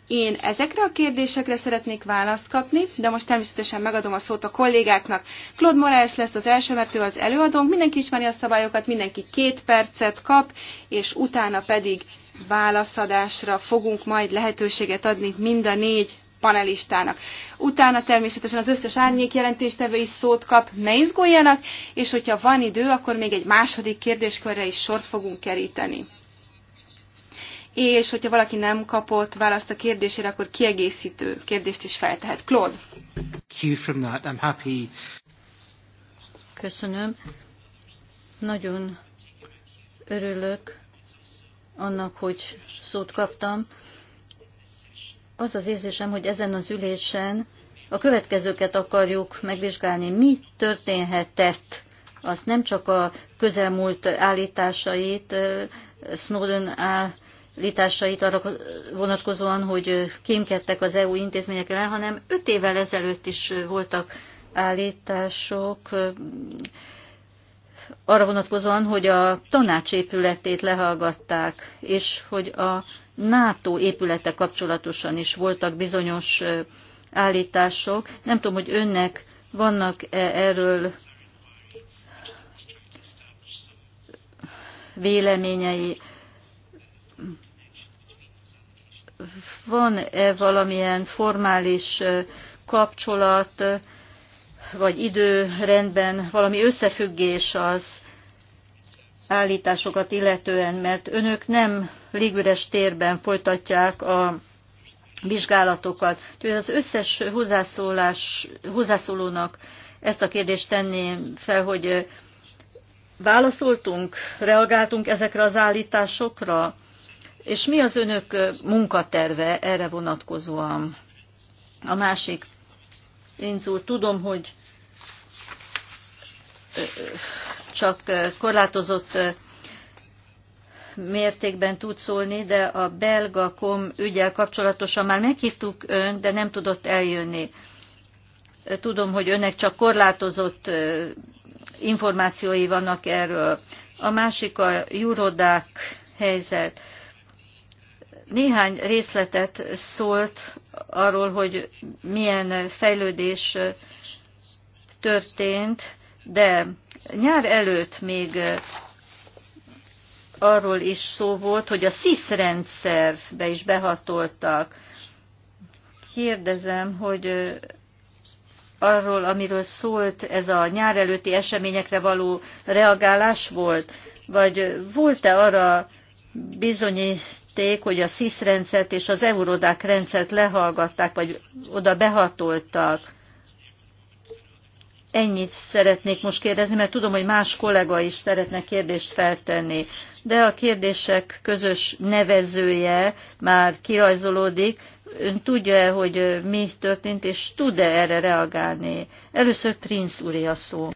én ezekre a kérdésekre szeretnék választ kapni, de most természetesen megadom a szót a kollégáknak. Claude Morales lesz az első, mert ő az előadónk, mindenki ismeri a szabályokat, mindenki két percet kap, és utána pedig válaszadásra fogunk majd lehetőséget adni mind a négy panelistának. Utána természetesen az összes árnyék jelentéstevő is szót kap, ne izguljanak, és hogyha van idő, akkor még egy második kérdéskörre is sort fogunk keríteni. És hogyha valaki nem kapott választ a kérdésére, akkor kiegészítő kérdést is feltehet. Claude. Köszönöm. Nagyon örülök annak, hogy szót kaptam az az érzésem, hogy ezen az ülésen a következőket akarjuk megvizsgálni. Mi történhetett? Az nem csak a közelmúlt állításait, Snowden állításait arra vonatkozóan, hogy kémkedtek az EU intézmények ellen, hanem öt évvel ezelőtt is voltak állítások arra vonatkozóan, hogy a tanácsépületét lehallgatták, és hogy a NATO épülete kapcsolatosan is voltak bizonyos állítások. Nem tudom, hogy önnek vannak-e erről véleményei. Van-e valamilyen formális kapcsolat, vagy időrendben valami összefüggés az állításokat illetően, mert önök nem légüres térben folytatják a vizsgálatokat. Úgyhogy az összes hozzászólás, hozzászólónak ezt a kérdést tenném fel, hogy válaszoltunk, reagáltunk ezekre az állításokra, és mi az önök munkaterve erre vonatkozóan? A másik, én tudom, hogy csak korlátozott mértékben tud szólni, de a belga kom ügyel kapcsolatosan már meghívtuk ön, de nem tudott eljönni. Tudom, hogy önnek csak korlátozott információi vannak erről. A másik a jurodák helyzet. Néhány részletet szólt arról, hogy milyen fejlődés történt, de Nyár előtt még arról is szó volt, hogy a SZISZ rendszerbe is behatoltak. Kérdezem, hogy arról, amiről szólt ez a nyár előtti eseményekre való reagálás volt, vagy volt-e arra bizonyíték, hogy a SZISZ rendszert és az Eurodák rendszert lehallgatták, vagy oda behatoltak? Ennyit szeretnék most kérdezni, mert tudom, hogy más kollega is szeretne kérdést feltenni. De a kérdések közös nevezője már kirajzolódik. Ön tudja-e, hogy mi történt, és tud-e erre reagálni? Először Prince úré a szó.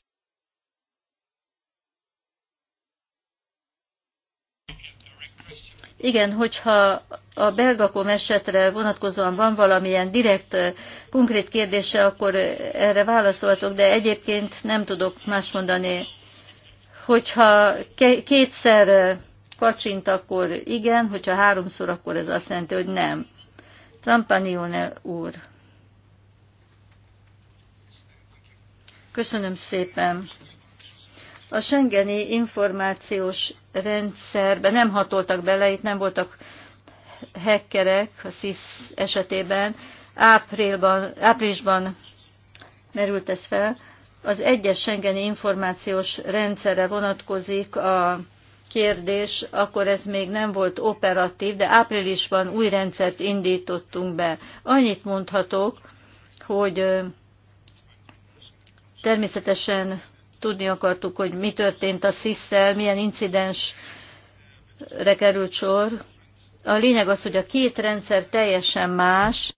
Igen, hogyha a belgakom esetre vonatkozóan van valamilyen direkt, konkrét kérdése, akkor erre válaszoltok, de egyébként nem tudok más mondani. Hogyha kétszer kacsint, akkor igen, hogyha háromszor, akkor ez azt jelenti, hogy nem. Trampanione úr. Köszönöm szépen a Schengeni információs rendszerbe nem hatoltak bele, itt nem voltak hackerek a SIS esetében, áprilban, áprilisban merült ez fel, az egyes Schengeni információs rendszerre vonatkozik a kérdés, akkor ez még nem volt operatív, de áprilisban új rendszert indítottunk be. Annyit mondhatok, hogy természetesen tudni akartuk, hogy mi történt a SZISZ-szel, milyen incidensre került sor. A lényeg az, hogy a két rendszer teljesen más,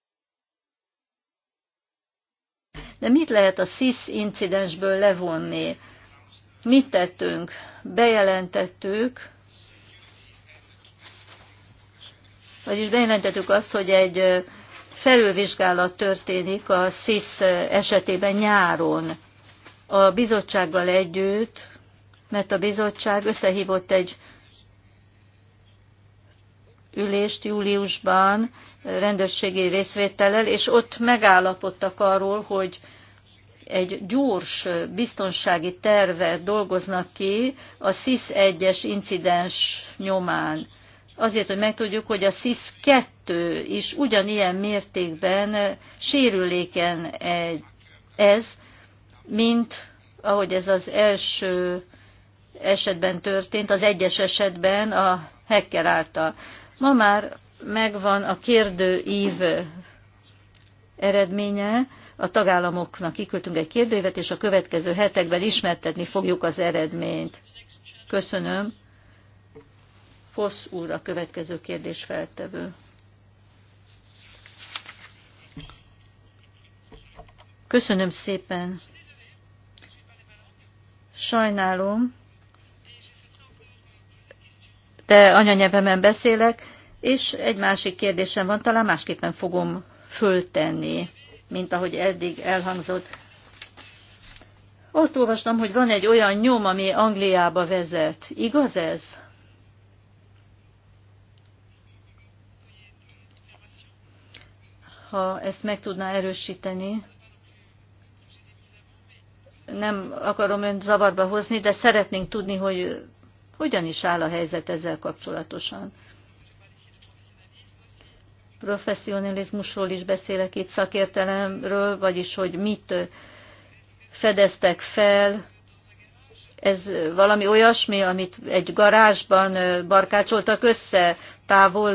de mit lehet a SZISZ incidensből levonni? Mit tettünk? Bejelentettük, vagyis bejelentettük azt, hogy egy felülvizsgálat történik a SZISZ esetében nyáron a bizottsággal együtt, mert a bizottság összehívott egy ülést júliusban rendőrségi részvétellel, és ott megállapodtak arról, hogy egy gyors biztonsági tervet dolgoznak ki a SIS 1-es incidens nyomán. Azért, hogy megtudjuk, hogy a SIS 2 is ugyanilyen mértékben sérüléken ez, mint ahogy ez az első esetben történt, az egyes esetben a hacker által. Ma már megvan a kérdőív eredménye, a tagállamoknak kiküldtünk egy kérdőívet, és a következő hetekben ismertetni fogjuk az eredményt. Köszönöm. Fosz úr a következő kérdés feltevő. Köszönöm szépen sajnálom, de anyanyelvemen beszélek, és egy másik kérdésem van, talán másképpen fogom föltenni, mint ahogy eddig elhangzott. Azt olvastam, hogy van egy olyan nyom, ami Angliába vezet. Igaz ez? Ha ezt meg tudná erősíteni nem akarom önt zavarba hozni, de szeretnénk tudni, hogy hogyan is áll a helyzet ezzel kapcsolatosan. Professionalizmusról is beszélek itt, szakértelemről, vagyis hogy mit fedeztek fel. Ez valami olyasmi, amit egy garázsban barkácsoltak össze, távol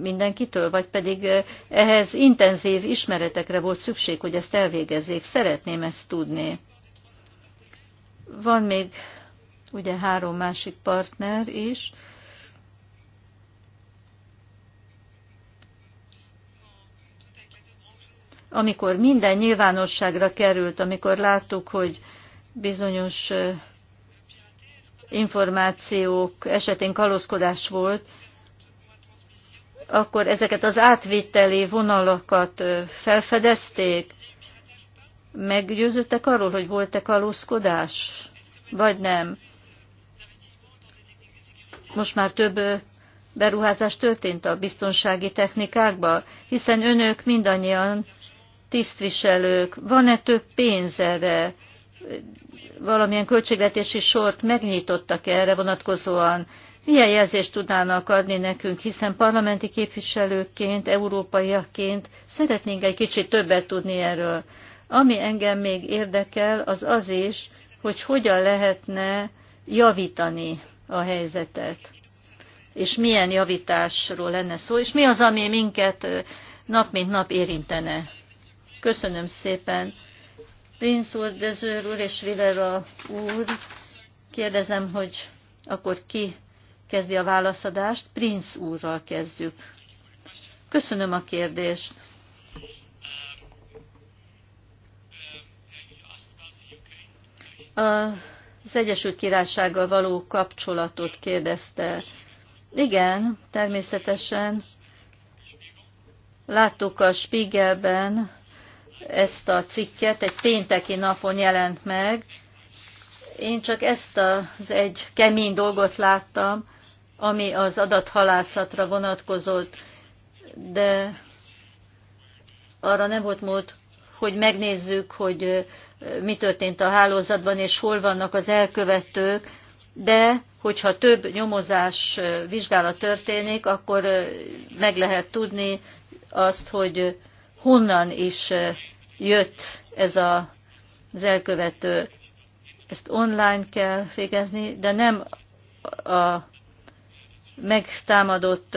mindenkitől, vagy pedig ehhez intenzív ismeretekre volt szükség, hogy ezt elvégezzék. Szeretném ezt tudni. Van még ugye három másik partner is, amikor minden nyilvánosságra került, amikor láttuk, hogy bizonyos információk esetén kalózkodás volt, akkor ezeket az átviteli vonalakat felfedezték, Meggyőzöttek arról, hogy volt-e kalózkodás, vagy nem. Most már több beruházás történt a biztonsági technikákba, hiszen önök mindannyian tisztviselők. Van-e több pénz erre? Valamilyen költségvetési sort megnyitottak -e erre vonatkozóan? Milyen jelzést tudnának adni nekünk, hiszen parlamenti képviselőként, európaiakként szeretnénk egy kicsit többet tudni erről. Ami engem még érdekel, az az is, hogy hogyan lehetne javítani a helyzetet, és milyen javításról lenne szó, és mi az, ami minket nap mint nap érintene. Köszönöm szépen. Prince úr, Dözőr úr és Villera úr, kérdezem, hogy akkor ki kezdi a válaszadást. Prince úrral kezdjük. Köszönöm a kérdést. Az Egyesült Királysággal való kapcsolatot kérdezte. Igen, természetesen láttuk a Spiegelben ezt a cikket, egy pénteki napon jelent meg. Én csak ezt az egy kemény dolgot láttam, ami az adathalászatra vonatkozott, de arra nem volt mód, hogy megnézzük, hogy mi történt a hálózatban, és hol vannak az elkövetők, de hogyha több nyomozás vizsgálat történik, akkor meg lehet tudni azt, hogy honnan is jött ez a, az elkövető. Ezt online kell végezni, de nem a megtámadott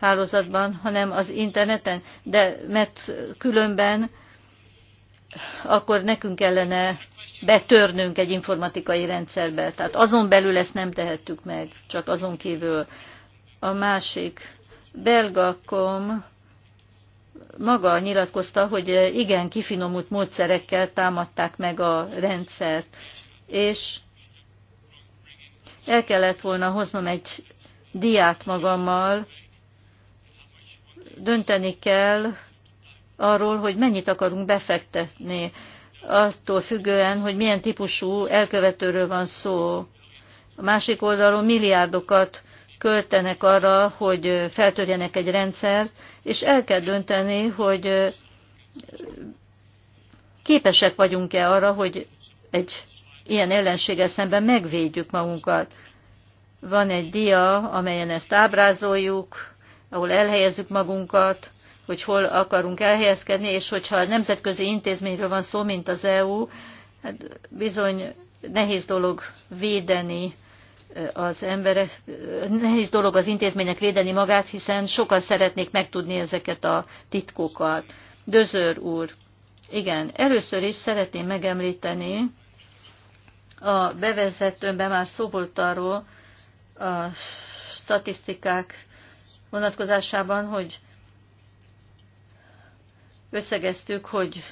hálózatban, hanem az interneten, de mert különben akkor nekünk kellene betörnünk egy informatikai rendszerbe. Tehát azon belül ezt nem tehettük meg, csak azon kívül. A másik, Belgakom maga nyilatkozta, hogy igen, kifinomult módszerekkel támadták meg a rendszert, és el kellett volna hoznom egy diát magammal, dönteni kell, arról, hogy mennyit akarunk befektetni, attól függően, hogy milyen típusú elkövetőről van szó. A másik oldalon milliárdokat költenek arra, hogy feltörjenek egy rendszert, és el kell dönteni, hogy képesek vagyunk-e arra, hogy egy ilyen ellenséggel szemben megvédjük magunkat. Van egy dia, amelyen ezt ábrázoljuk, ahol elhelyezzük magunkat, hogy hol akarunk elhelyezkedni, és hogyha nemzetközi intézményről van szó, mint az EU, hát bizony nehéz dolog védeni eh, az emberek, eh, nehéz dolog az intézménynek védeni magát, hiszen sokan szeretnék megtudni ezeket a titkokat. Dözör úr, igen, először is szeretném megemlíteni, a bevezetőmben már szó volt arról a statisztikák vonatkozásában, hogy összegeztük, hogy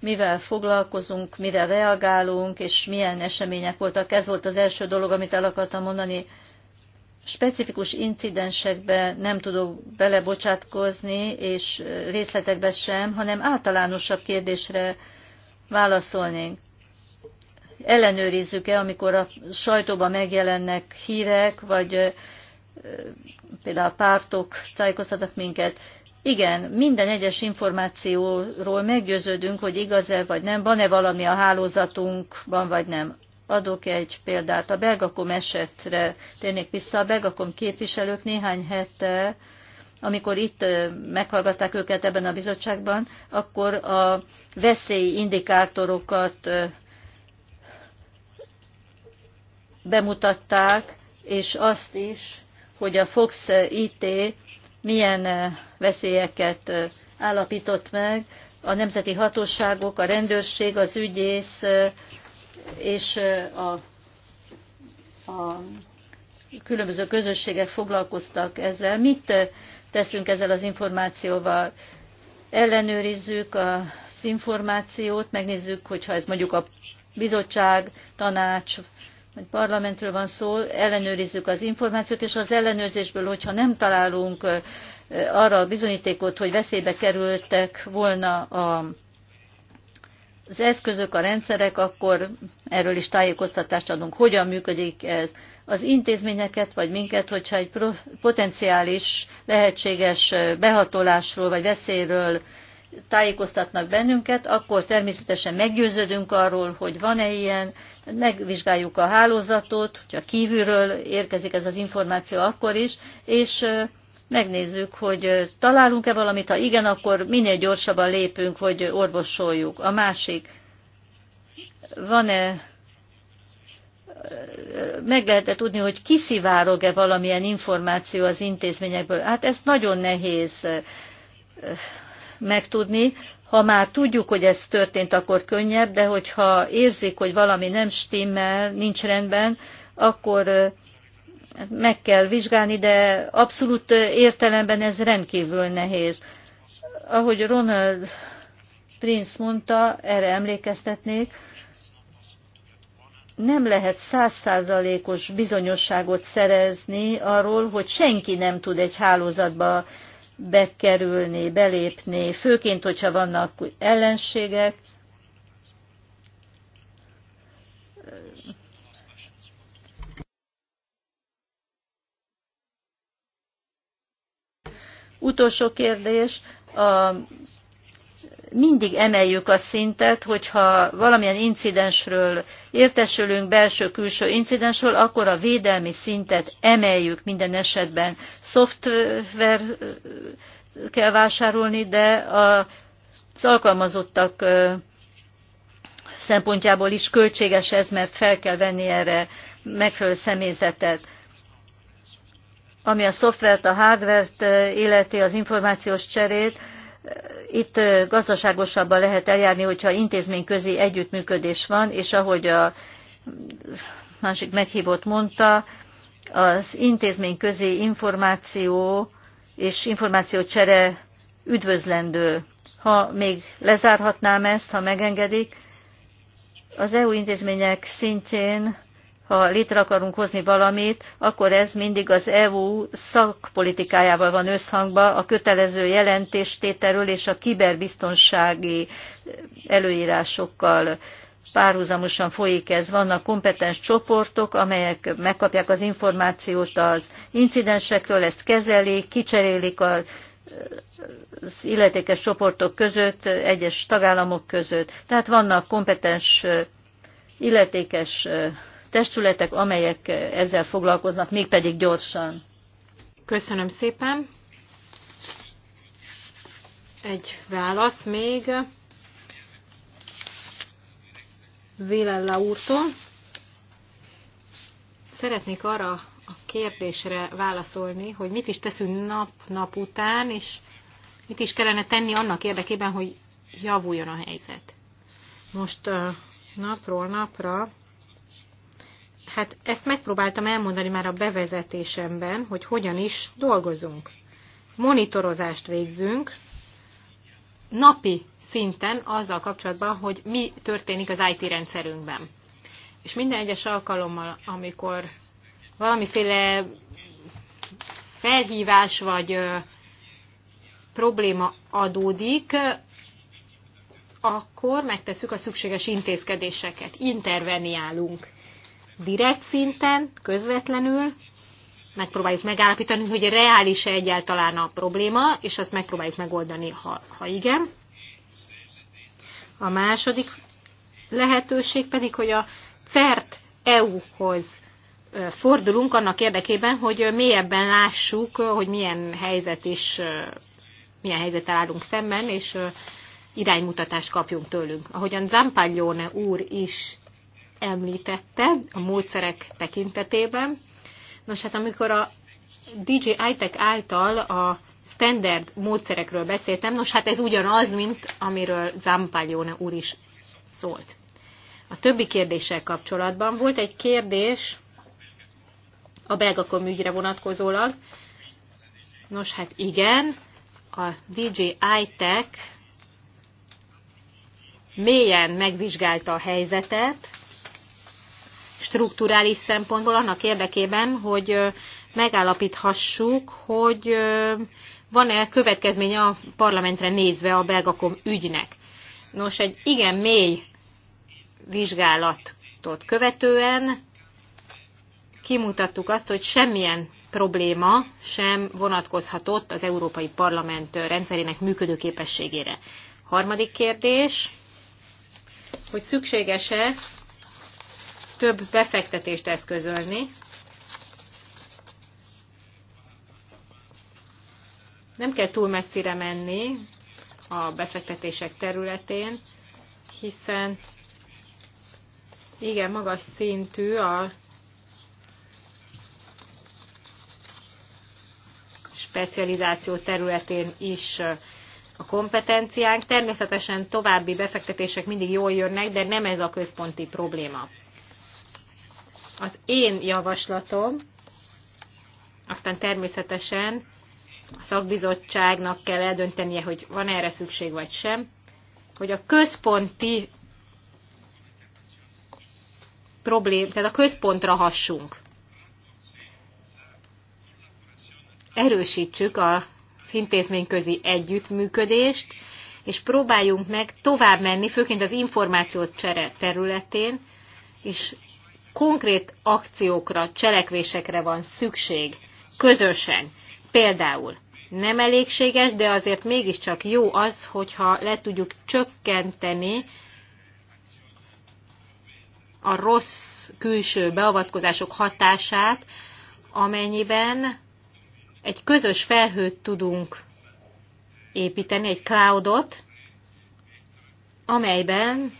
mivel foglalkozunk, mire reagálunk, és milyen események voltak. Ez volt az első dolog, amit el akartam mondani. Specifikus incidensekbe nem tudok belebocsátkozni, és részletekbe sem, hanem általánosabb kérdésre válaszolnénk. Ellenőrizzük-e, amikor a sajtóban megjelennek hírek, vagy például a pártok tájékoztatnak minket, igen, minden egyes információról meggyőződünk, hogy igaz-e vagy nem, van-e valami a hálózatunkban vagy nem. Adok egy példát. A Belgakom esetre térnék vissza. A Belgakom képviselők néhány hete, amikor itt meghallgatták őket ebben a bizottságban, akkor a veszélyindikátorokat bemutatták, és azt is, hogy a Fox IT milyen veszélyeket állapított meg a nemzeti hatóságok, a rendőrség, az ügyész és a, a különböző közösségek foglalkoztak ezzel. Mit teszünk ezzel az információval? Ellenőrizzük az információt, megnézzük, hogyha ez mondjuk a bizottság, tanács hogy parlamentről van szó, ellenőrizzük az információt, és az ellenőrzésből, hogyha nem találunk arra a bizonyítékot, hogy veszélybe kerültek volna a, az eszközök, a rendszerek, akkor erről is tájékoztatást adunk. Hogyan működik ez? Az intézményeket, vagy minket, hogyha egy potenciális lehetséges behatolásról, vagy veszélyről tájékoztatnak bennünket, akkor természetesen meggyőződünk arról, hogy van-e ilyen, megvizsgáljuk a hálózatot, hogyha kívülről érkezik ez az információ akkor is, és megnézzük, hogy találunk-e valamit, ha igen, akkor minél gyorsabban lépünk, hogy orvosoljuk. A másik, van-e meg lehetett tudni, hogy kiszivárog-e valamilyen információ az intézményekből. Hát ez nagyon nehéz megtudni. Ha már tudjuk, hogy ez történt, akkor könnyebb, de hogyha érzik, hogy valami nem stimmel, nincs rendben, akkor hát meg kell vizsgálni, de abszolút értelemben ez rendkívül nehéz. Ahogy Ronald Prince mondta, erre emlékeztetnék, nem lehet százszázalékos bizonyosságot szerezni arról, hogy senki nem tud egy hálózatba bekerülni, belépni, főként, hogyha vannak ellenségek. Utolsó kérdés, a mindig emeljük a szintet, hogyha valamilyen incidensről értesülünk, belső-külső incidensről, akkor a védelmi szintet emeljük minden esetben. Szoftver kell vásárolni, de az alkalmazottak szempontjából is költséges ez, mert fel kell venni erre megfelelő személyzetet. Ami a szoftvert, a hardvert illeti, az információs cserét, itt gazdaságosabban lehet eljárni, hogyha intézményközi együttműködés van, és ahogy a másik meghívott mondta, az intézményközi információ és információcsere üdvözlendő. Ha még lezárhatnám ezt, ha megengedik, az EU intézmények szintjén ha létre akarunk hozni valamit, akkor ez mindig az EU szakpolitikájával van összhangba, a kötelező jelentéstételről és a kiberbiztonsági előírásokkal párhuzamosan folyik ez. Vannak kompetens csoportok, amelyek megkapják az információt az incidensekről, ezt kezelik, kicserélik a az illetékes csoportok között, egyes tagállamok között. Tehát vannak kompetens illetékes testületek, amelyek eh, ezzel foglalkoznak, mégpedig gyorsan. Köszönöm szépen. Egy válasz még Vélella úrtól. Szeretnék arra a kérdésre válaszolni, hogy mit is teszünk nap-nap után, és mit is kellene tenni annak érdekében, hogy javuljon a helyzet. Most eh, napról napra Hát ezt megpróbáltam elmondani már a bevezetésemben, hogy hogyan is dolgozunk. Monitorozást végzünk napi szinten azzal kapcsolatban, hogy mi történik az IT rendszerünkben. És minden egyes alkalommal, amikor valamiféle felhívás vagy probléma adódik, akkor megtesszük a szükséges intézkedéseket, interveniálunk direkt szinten, közvetlenül, megpróbáljuk megállapítani, hogy reális-e egyáltalán a probléma, és azt megpróbáljuk megoldani, ha, ha igen. A második lehetőség pedig, hogy a CERT EU-hoz fordulunk annak érdekében, hogy mélyebben lássuk, hogy milyen helyzet is, milyen helyzettel állunk szemben, és iránymutatást kapjunk tőlünk. Ahogyan Zampaglione úr is említette a módszerek tekintetében. Nos, hát amikor a DJ iTech által a standard módszerekről beszéltem, nos hát ez ugyanaz, mint amiről Zampaglione úr is szólt. A többi kérdéssel kapcsolatban volt egy kérdés a belgakom ügyre vonatkozólag. Nos hát igen, a DJ iTech mélyen megvizsgálta a helyzetet, strukturális szempontból annak érdekében, hogy megállapíthassuk, hogy van-e következménye a parlamentre nézve a belgakom ügynek. Nos, egy igen mély vizsgálatot követően kimutattuk azt, hogy semmilyen probléma sem vonatkozhatott az Európai Parlament rendszerének működőképességére. Harmadik kérdés, hogy szükséges-e több befektetést eszközölni. Nem kell túl messzire menni a befektetések területén, hiszen igen, magas szintű a specializáció területén is a kompetenciánk. Természetesen további befektetések mindig jól jönnek, de nem ez a központi probléma az én javaslatom, aztán természetesen a szakbizottságnak kell eldöntenie, hogy van erre szükség vagy sem, hogy a központi problém, tehát a központra hassunk. Erősítsük a intézményközi együttműködést, és próbáljunk meg tovább menni, főként az információt csere területén, és konkrét akciókra, cselekvésekre van szükség, közösen. Például nem elégséges, de azért mégiscsak jó az, hogyha le tudjuk csökkenteni a rossz külső beavatkozások hatását, amennyiben egy közös felhőt tudunk építeni, egy cloudot, amelyben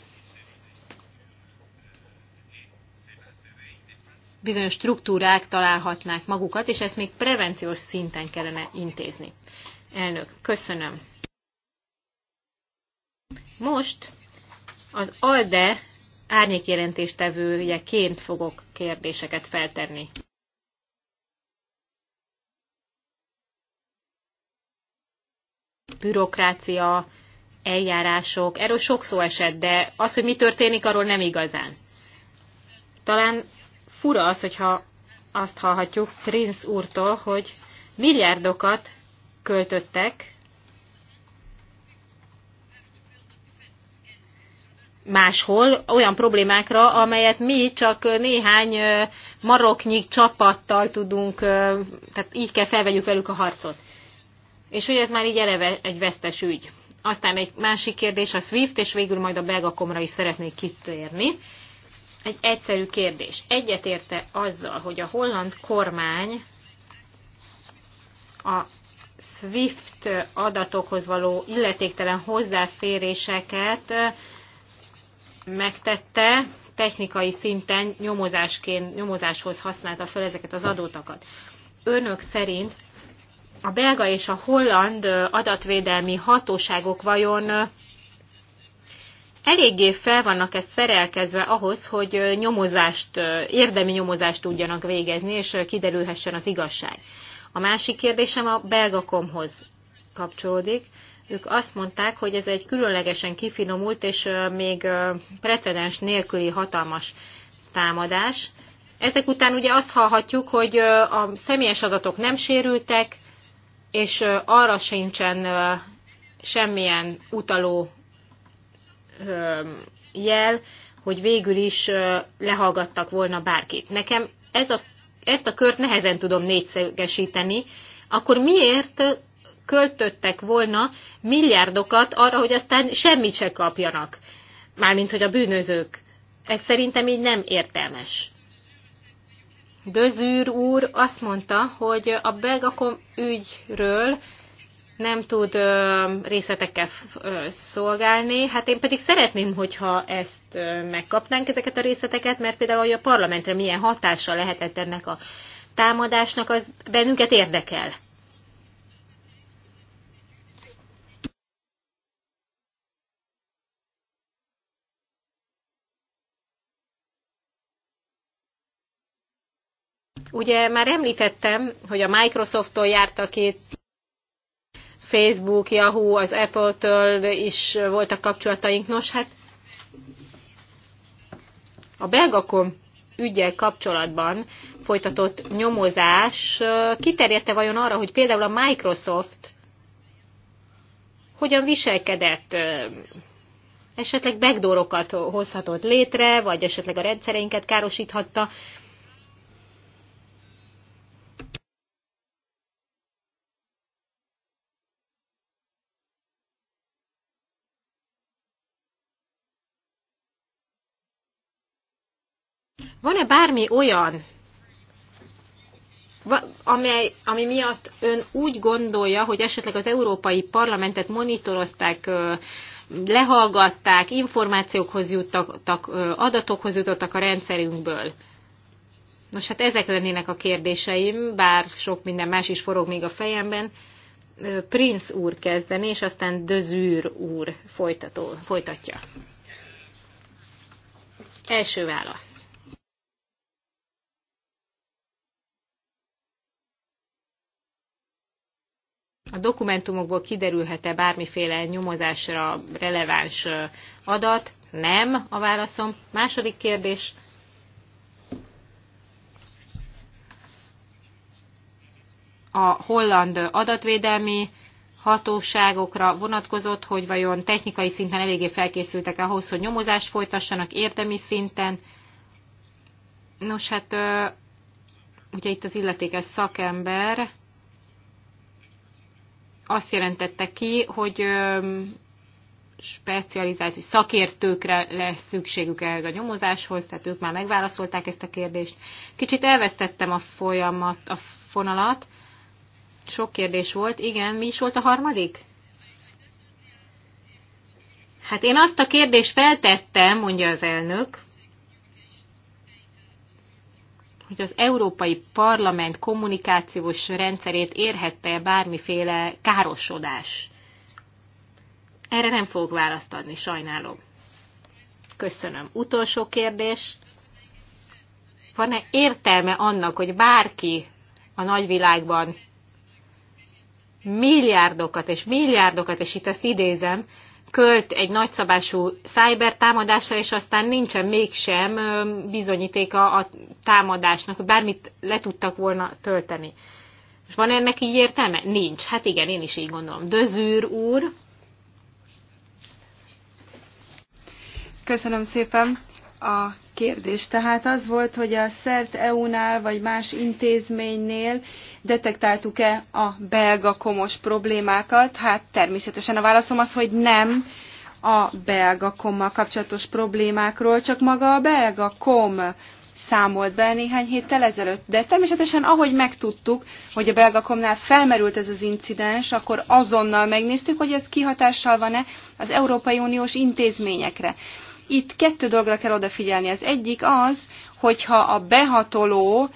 bizonyos struktúrák találhatnák magukat, és ezt még prevenciós szinten kellene intézni. Elnök, köszönöm. Most az ALDE árnyékjelentéstevőjeként fogok kérdéseket feltenni. Bürokrácia, eljárások, erről sok szó esett, de az, hogy mi történik, arról nem igazán. Talán fura az, hogyha azt hallhatjuk Prince úrtól, hogy milliárdokat költöttek máshol olyan problémákra, amelyet mi csak néhány maroknyi csapattal tudunk, tehát így kell felvegyük velük a harcot. És hogy ez már így eleve egy vesztes ügy. Aztán egy másik kérdés a SWIFT, és végül majd a belgakomra is szeretnék kitérni. Egy egyszerű kérdés. Egyetérte azzal, hogy a holland kormány a SWIFT adatokhoz való illetéktelen hozzáféréseket megtette, technikai szinten nyomozásként, nyomozáshoz használta fel ezeket az adótakat. Önök szerint a belga és a holland adatvédelmi hatóságok vajon eléggé fel vannak ezt szerelkezve ahhoz, hogy nyomozást, érdemi nyomozást tudjanak végezni, és kiderülhessen az igazság. A másik kérdésem a belgakomhoz kapcsolódik. Ők azt mondták, hogy ez egy különlegesen kifinomult és még precedens nélküli hatalmas támadás. Ezek után ugye azt hallhatjuk, hogy a személyes adatok nem sérültek, és arra sincsen semmilyen utaló jel, hogy végül is lehallgattak volna bárkit. Nekem ez a, ezt a kört nehezen tudom négyszegesíteni, akkor miért költöttek volna milliárdokat arra, hogy aztán semmit se kapjanak? Mármint, hogy a bűnözők. Ez szerintem így nem értelmes. Dözűr úr azt mondta, hogy a Belgakom ügyről nem tud részletekkel szolgálni. Hát én pedig szeretném, hogyha ezt megkapnánk, ezeket a részleteket, mert például, hogy a parlamentre milyen hatása lehetett ennek a támadásnak, az bennünket érdekel. Ugye már említettem, hogy a Microsofttól járt a két Facebook, Yahoo, az Apple-től is voltak kapcsolataink. Nos, hát a belgakom ügyel kapcsolatban folytatott nyomozás kiterjedte vajon arra, hogy például a Microsoft hogyan viselkedett, esetleg backdoorokat hozhatott létre, vagy esetleg a rendszereinket károsíthatta. Van-e bármi olyan, amely, ami miatt ön úgy gondolja, hogy esetleg az Európai Parlamentet monitorozták, lehallgatták, információkhoz jutottak, adatokhoz jutottak a rendszerünkből? Nos, hát ezek lennének a kérdéseim, bár sok minden más is forog még a fejemben. Prince úr kezdeni, és aztán Dözűr úr folytató, folytatja. Első válasz. a dokumentumokból kiderülhet-e bármiféle nyomozásra releváns adat? Nem a válaszom. Második kérdés. A holland adatvédelmi hatóságokra vonatkozott, hogy vajon technikai szinten eléggé felkészültek ahhoz, hogy nyomozást folytassanak érdemi szinten. Nos, hát ugye itt az illetékes szakember azt jelentette ki, hogy specializált szakértőkre lesz szükségük ehhez a nyomozáshoz, tehát ők már megválaszolták ezt a kérdést. Kicsit elvesztettem a folyamat, a fonalat. Sok kérdés volt. Igen, mi is volt a harmadik? Hát én azt a kérdést feltettem, mondja az elnök, hogy az Európai Parlament kommunikációs rendszerét érhette bármiféle károsodás. Erre nem fogok választ adni, sajnálom. Köszönöm. Utolsó kérdés. Van-e értelme annak, hogy bárki a nagyvilágban milliárdokat és milliárdokat, és itt ezt idézem, költ egy nagyszabású szájber támadása és aztán nincsen mégsem bizonyítéka a támadásnak, hogy bármit le tudtak volna tölteni. És van ennek így értelme? Nincs. Hát igen, én is így gondolom. Dözűr úr. Köszönöm szépen. A kérdés tehát az volt, hogy a szert EU-nál vagy más intézménynél detektáltuk-e a belga komos problémákat? Hát természetesen a válaszom az, hogy nem a belga kommal kapcsolatos problémákról, csak maga a belga kom számolt be néhány héttel ezelőtt. De természetesen ahogy megtudtuk, hogy a belgakomnál felmerült ez az incidens, akkor azonnal megnéztük, hogy ez kihatással van-e az Európai Uniós intézményekre. Itt kettő dologra kell odafigyelni. Az egyik az, hogyha a behatoló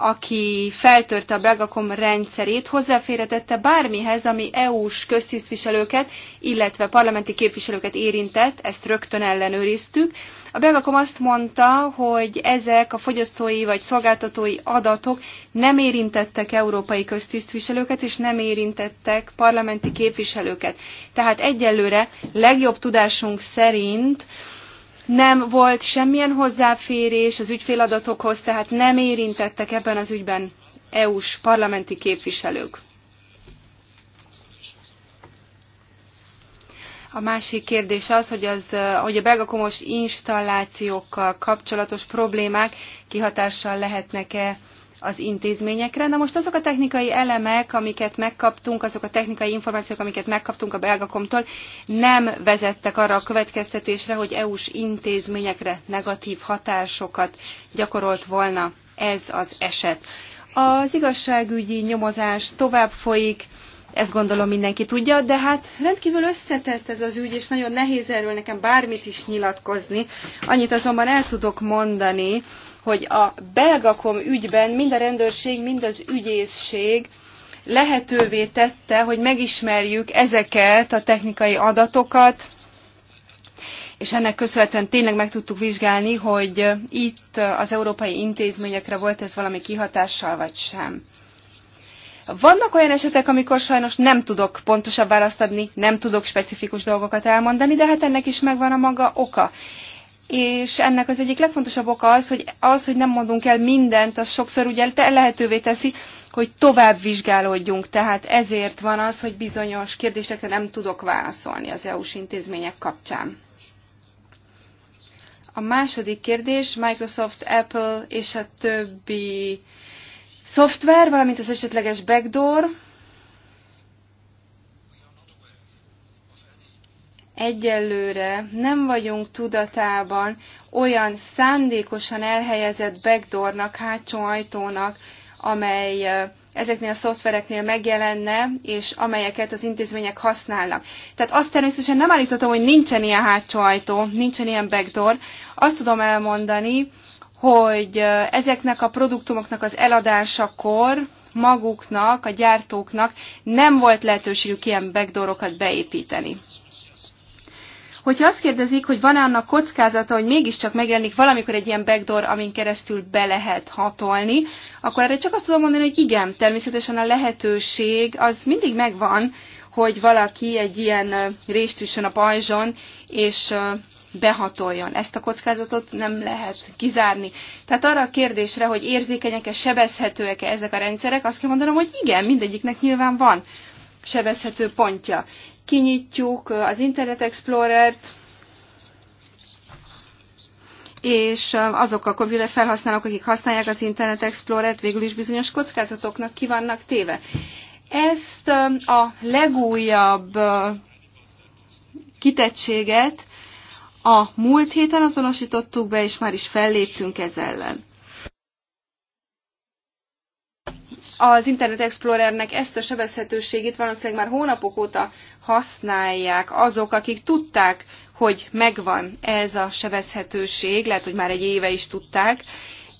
aki feltörte a Belgakom rendszerét, hozzáférhetette bármihez, ami EU-s köztisztviselőket, illetve parlamenti képviselőket érintett, ezt rögtön ellenőriztük. A Belgakom azt mondta, hogy ezek a fogyasztói vagy szolgáltatói adatok nem érintettek európai köztisztviselőket, és nem érintettek parlamenti képviselőket. Tehát egyelőre legjobb tudásunk szerint nem volt semmilyen hozzáférés az ügyféladatokhoz, tehát nem érintettek ebben az ügyben EU-s parlamenti képviselők. A másik kérdés az, hogy, az, hogy a belgakomos installációkkal kapcsolatos problémák kihatással lehetnek-e az intézményekre. Na most azok a technikai elemek, amiket megkaptunk, azok a technikai információk, amiket megkaptunk a belgakomtól, nem vezettek arra a következtetésre, hogy EU-s intézményekre negatív hatásokat gyakorolt volna ez az eset. Az igazságügyi nyomozás tovább folyik, ezt gondolom mindenki tudja, de hát rendkívül összetett ez az ügy, és nagyon nehéz erről nekem bármit is nyilatkozni. Annyit azonban el tudok mondani, hogy a belgakom ügyben mind a rendőrség, mind az ügyészség lehetővé tette, hogy megismerjük ezeket a technikai adatokat, és ennek köszönhetően tényleg meg tudtuk vizsgálni, hogy itt az európai intézményekre volt ez valami kihatással, vagy sem. Vannak olyan esetek, amikor sajnos nem tudok pontosabb választ adni, nem tudok specifikus dolgokat elmondani, de hát ennek is megvan a maga oka és ennek az egyik legfontosabb oka az, hogy az, hogy nem mondunk el mindent, az sokszor ugye lehetővé teszi, hogy tovább vizsgálódjunk. Tehát ezért van az, hogy bizonyos kérdésekre nem tudok válaszolni az EU-s intézmények kapcsán. A második kérdés Microsoft, Apple és a többi szoftver, valamint az esetleges backdoor. egyelőre nem vagyunk tudatában olyan szándékosan elhelyezett backdoornak, hátsó ajtónak, amely ezeknél a szoftvereknél megjelenne, és amelyeket az intézmények használnak. Tehát azt természetesen nem állítottam, hogy nincsen ilyen hátsó ajtó, nincsen ilyen backdoor. Azt tudom elmondani, hogy ezeknek a produktumoknak az eladásakor maguknak, a gyártóknak nem volt lehetőségük ilyen backdoorokat beépíteni. Hogyha azt kérdezik, hogy van-e annak kockázata, hogy mégiscsak megjelenik valamikor egy ilyen backdoor, amin keresztül be lehet hatolni, akkor erre csak azt tudom mondani, hogy igen, természetesen a lehetőség az mindig megvan, hogy valaki egy ilyen részt üssön a pajzson, és behatoljon. Ezt a kockázatot nem lehet kizárni. Tehát arra a kérdésre, hogy érzékenyek-e, sebezhetőek-e ezek a rendszerek, azt kell mondanom, hogy igen, mindegyiknek nyilván van sebezhető pontja kinyitjuk eh, az Internet Explorer-t, és eh, azok a komputer felhasználók, akik használják az Internet Explorer-t, végül is bizonyos kockázatoknak vannak téve. Ezt eh, a legújabb kitettséget a múlt héten azonosítottuk be, és már is felléptünk ez ellen. az Internet Explorernek ezt a sebezhetőségét valószínűleg már hónapok óta használják azok, akik tudták, hogy megvan ez a sebezhetőség, lehet, hogy már egy éve is tudták.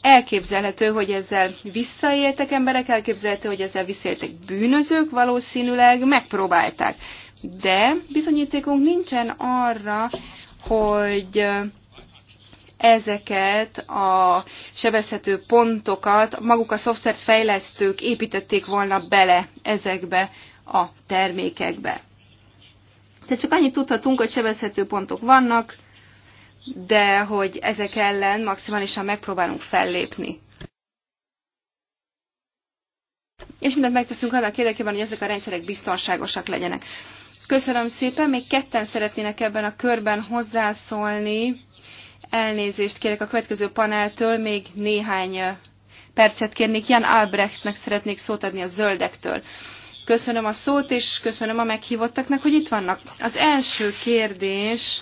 Elképzelhető, hogy ezzel visszaéltek emberek, elképzelhető, hogy ezzel visszaéltek bűnözők, valószínűleg megpróbálták. De bizonyítékunk nincsen arra, hogy ezeket a sebezhető pontokat maguk a szoftverfejlesztők építették volna bele ezekbe a termékekbe. Tehát csak annyit tudhatunk, hogy sebezhető pontok vannak, de hogy ezek ellen maximálisan megpróbálunk fellépni. És mindent megteszünk annak érdekében, hogy ezek a rendszerek biztonságosak legyenek. Köszönöm szépen, még ketten szeretnének ebben a körben hozzászólni. Elnézést kérek a következő paneltől, még néhány percet kérnék. Jan Albrechtnek szeretnék szót adni a zöldektől. Köszönöm a szót, és köszönöm a meghívottaknak, hogy itt vannak. Az első kérdés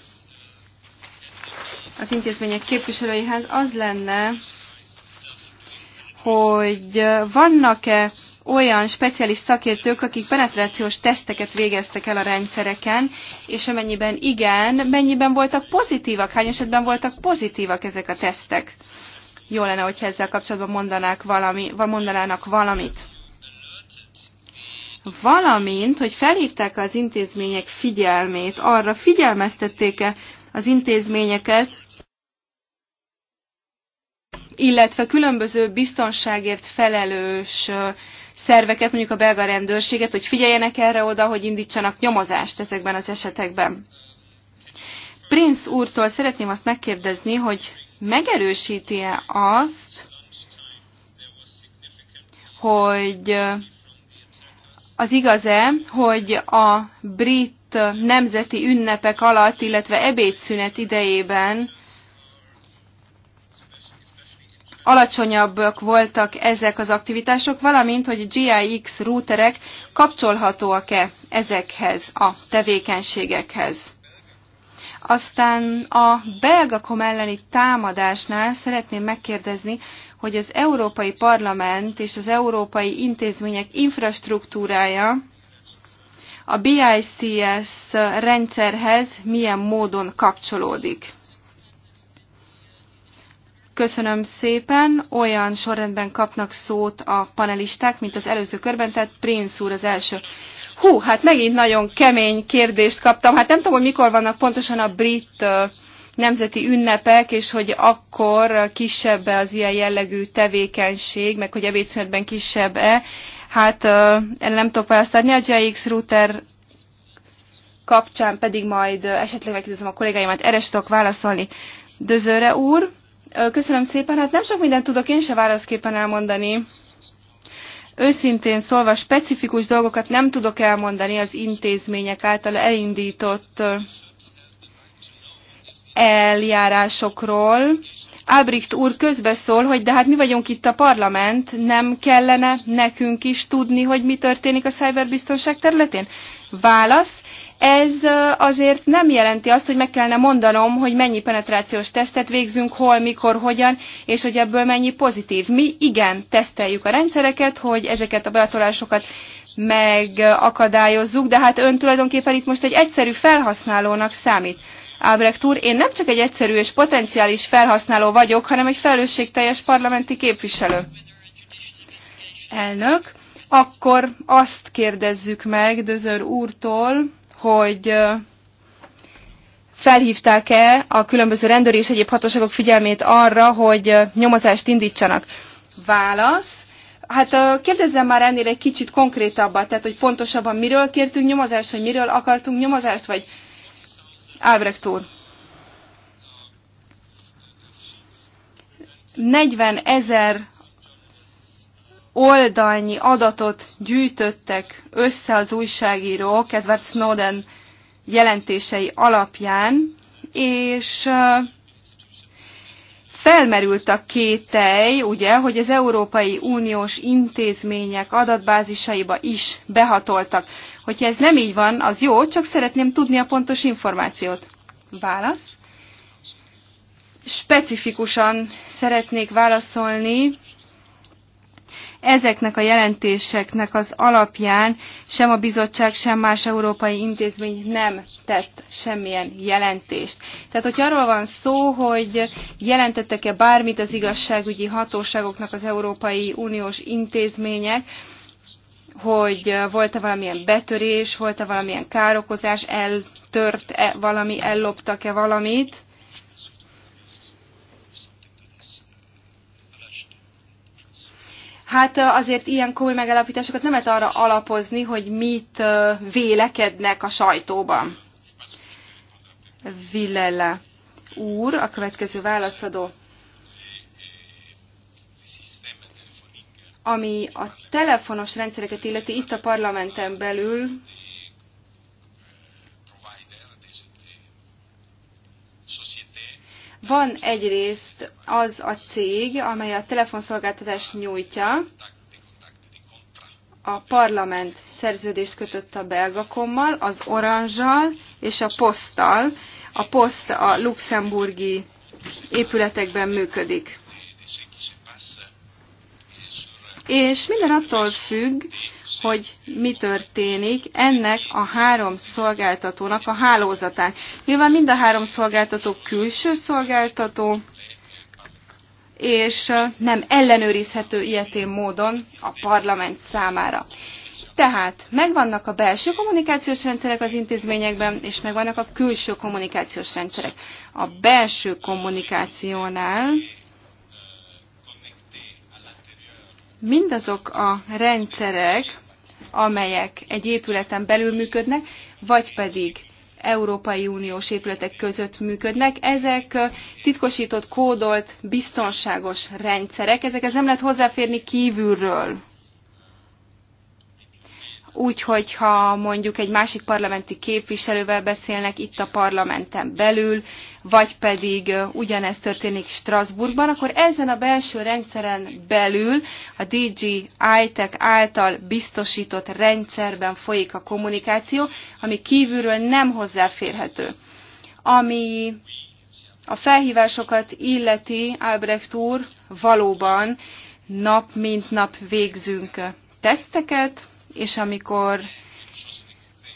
az intézmények képviselőihez az lenne, hogy vannak-e olyan speciális szakértők, akik penetrációs teszteket végeztek el a rendszereken, és amennyiben igen, mennyiben voltak pozitívak, hány esetben voltak pozitívak ezek a tesztek? Jó lenne, hogyha ezzel kapcsolatban mondanák valami, mondanának valamit. Valamint, hogy felhívták az intézmények figyelmét, arra figyelmeztették-e az intézményeket, illetve különböző biztonságért felelős szerveket, mondjuk a belga rendőrséget, hogy figyeljenek erre oda, hogy indítsanak nyomozást ezekben az esetekben. Prince úrtól szeretném azt megkérdezni, hogy megerősíti-e azt, hogy az igaz-e, hogy a brit nemzeti ünnepek alatt, illetve ebédszünet idejében alacsonyabbak voltak ezek az aktivitások, valamint, hogy GIX routerek kapcsolhatóak-e ezekhez a tevékenységekhez. Aztán a belgakom elleni támadásnál szeretném megkérdezni, hogy az Európai Parlament és az európai intézmények infrastruktúrája a BICS rendszerhez milyen módon kapcsolódik. Köszönöm szépen. Olyan sorrendben kapnak szót a panelisták, mint az előző körben, tehát Prince úr az első. Hú, hát megint nagyon kemény kérdést kaptam. Hát nem tudom, hogy mikor vannak pontosan a brit nemzeti ünnepek, és hogy akkor kisebb-e az ilyen jellegű tevékenység, meg hogy ebédszünetben kisebb-e. Hát erre nem tudok választani. adni. A JX router kapcsán pedig majd esetleg megkérdezem a kollégáimat, erre tudok válaszolni. Dözőre úr, Köszönöm szépen, hát nem sok mindent tudok én se válaszképpen elmondani. Őszintén szólva, specifikus dolgokat nem tudok elmondani az intézmények által elindított eljárásokról. Ábricht úr közbeszól, hogy de hát mi vagyunk itt a parlament, nem kellene nekünk is tudni, hogy mi történik a szájberbiztonság területén? Válasz, ez azért nem jelenti azt, hogy meg kellene mondanom, hogy mennyi penetrációs tesztet végzünk, hol, mikor, hogyan, és hogy ebből mennyi pozitív. Mi igen teszteljük a rendszereket, hogy ezeket a beatolásokat megakadályozzuk, de hát ön tulajdonképpen itt most egy egyszerű felhasználónak számít. Ábrecht úr, én nem csak egy egyszerű és potenciális felhasználó vagyok, hanem egy felelősségteljes parlamenti képviselő. Elnök, akkor azt kérdezzük meg Dözör úrtól, hogy felhívták-e a különböző rendőri és egyéb hatóságok figyelmét arra, hogy nyomozást indítsanak. Válasz. Hát kérdezzem már ennél egy kicsit konkrétabbat, tehát hogy pontosabban miről kértünk nyomozást, vagy miről akartunk nyomozást, vagy Ábrecht úr. 40 ezer oldalnyi adatot gyűjtöttek össze az újságírók Edward Snowden jelentései alapján, és felmerült a kételj, ugye, hogy az Európai Uniós intézmények adatbázisaiba is behatoltak. Hogyha ez nem így van, az jó, csak szeretném tudni a pontos információt. Válasz? Specifikusan szeretnék válaszolni ezeknek a jelentéseknek az alapján sem a bizottság, sem más európai intézmény nem tett semmilyen jelentést. Tehát, hogy arról van szó, hogy jelentettek-e bármit az igazságügyi hatóságoknak az Európai Uniós intézmények, hogy volt-e valamilyen betörés, volt-e valamilyen károkozás, eltört-e valami, elloptak-e valamit, hát azért ilyen komoly megállapításokat nem lehet arra alapozni, hogy mit vélekednek a sajtóban. Villele úr, a következő válaszadó. Ami a telefonos rendszereket illeti itt a parlamenten belül, Van egyrészt az a cég, amely a telefonszolgáltatást nyújtja, a parlament szerződést kötött a belgakommal, az oranzsal és a poszttal. A poszt a luxemburgi épületekben működik. És minden attól függ, hogy mi történik ennek a három szolgáltatónak a hálózatán. Nyilván mind a három szolgáltató külső szolgáltató, és nem ellenőrizhető ilyetén módon a parlament számára. Tehát megvannak a belső kommunikációs rendszerek az intézményekben, és megvannak a külső kommunikációs rendszerek. A belső kommunikációnál mindazok a rendszerek, amelyek egy épületen belül működnek, vagy pedig Európai Uniós épületek között működnek. Ezek titkosított, kódolt, biztonságos rendszerek. Ezekhez nem lehet hozzáférni kívülről hogy ha mondjuk egy másik parlamenti képviselővel beszélnek itt a parlamenten belül, vagy pedig ugyanezt történik Strasbourgban, akkor ezen a belső rendszeren belül a DG ITEC által biztosított rendszerben folyik a kommunikáció, ami kívülről nem hozzáférhető. Ami a felhívásokat illeti, Albrecht úr, valóban nap mint nap végzünk teszteket, és amikor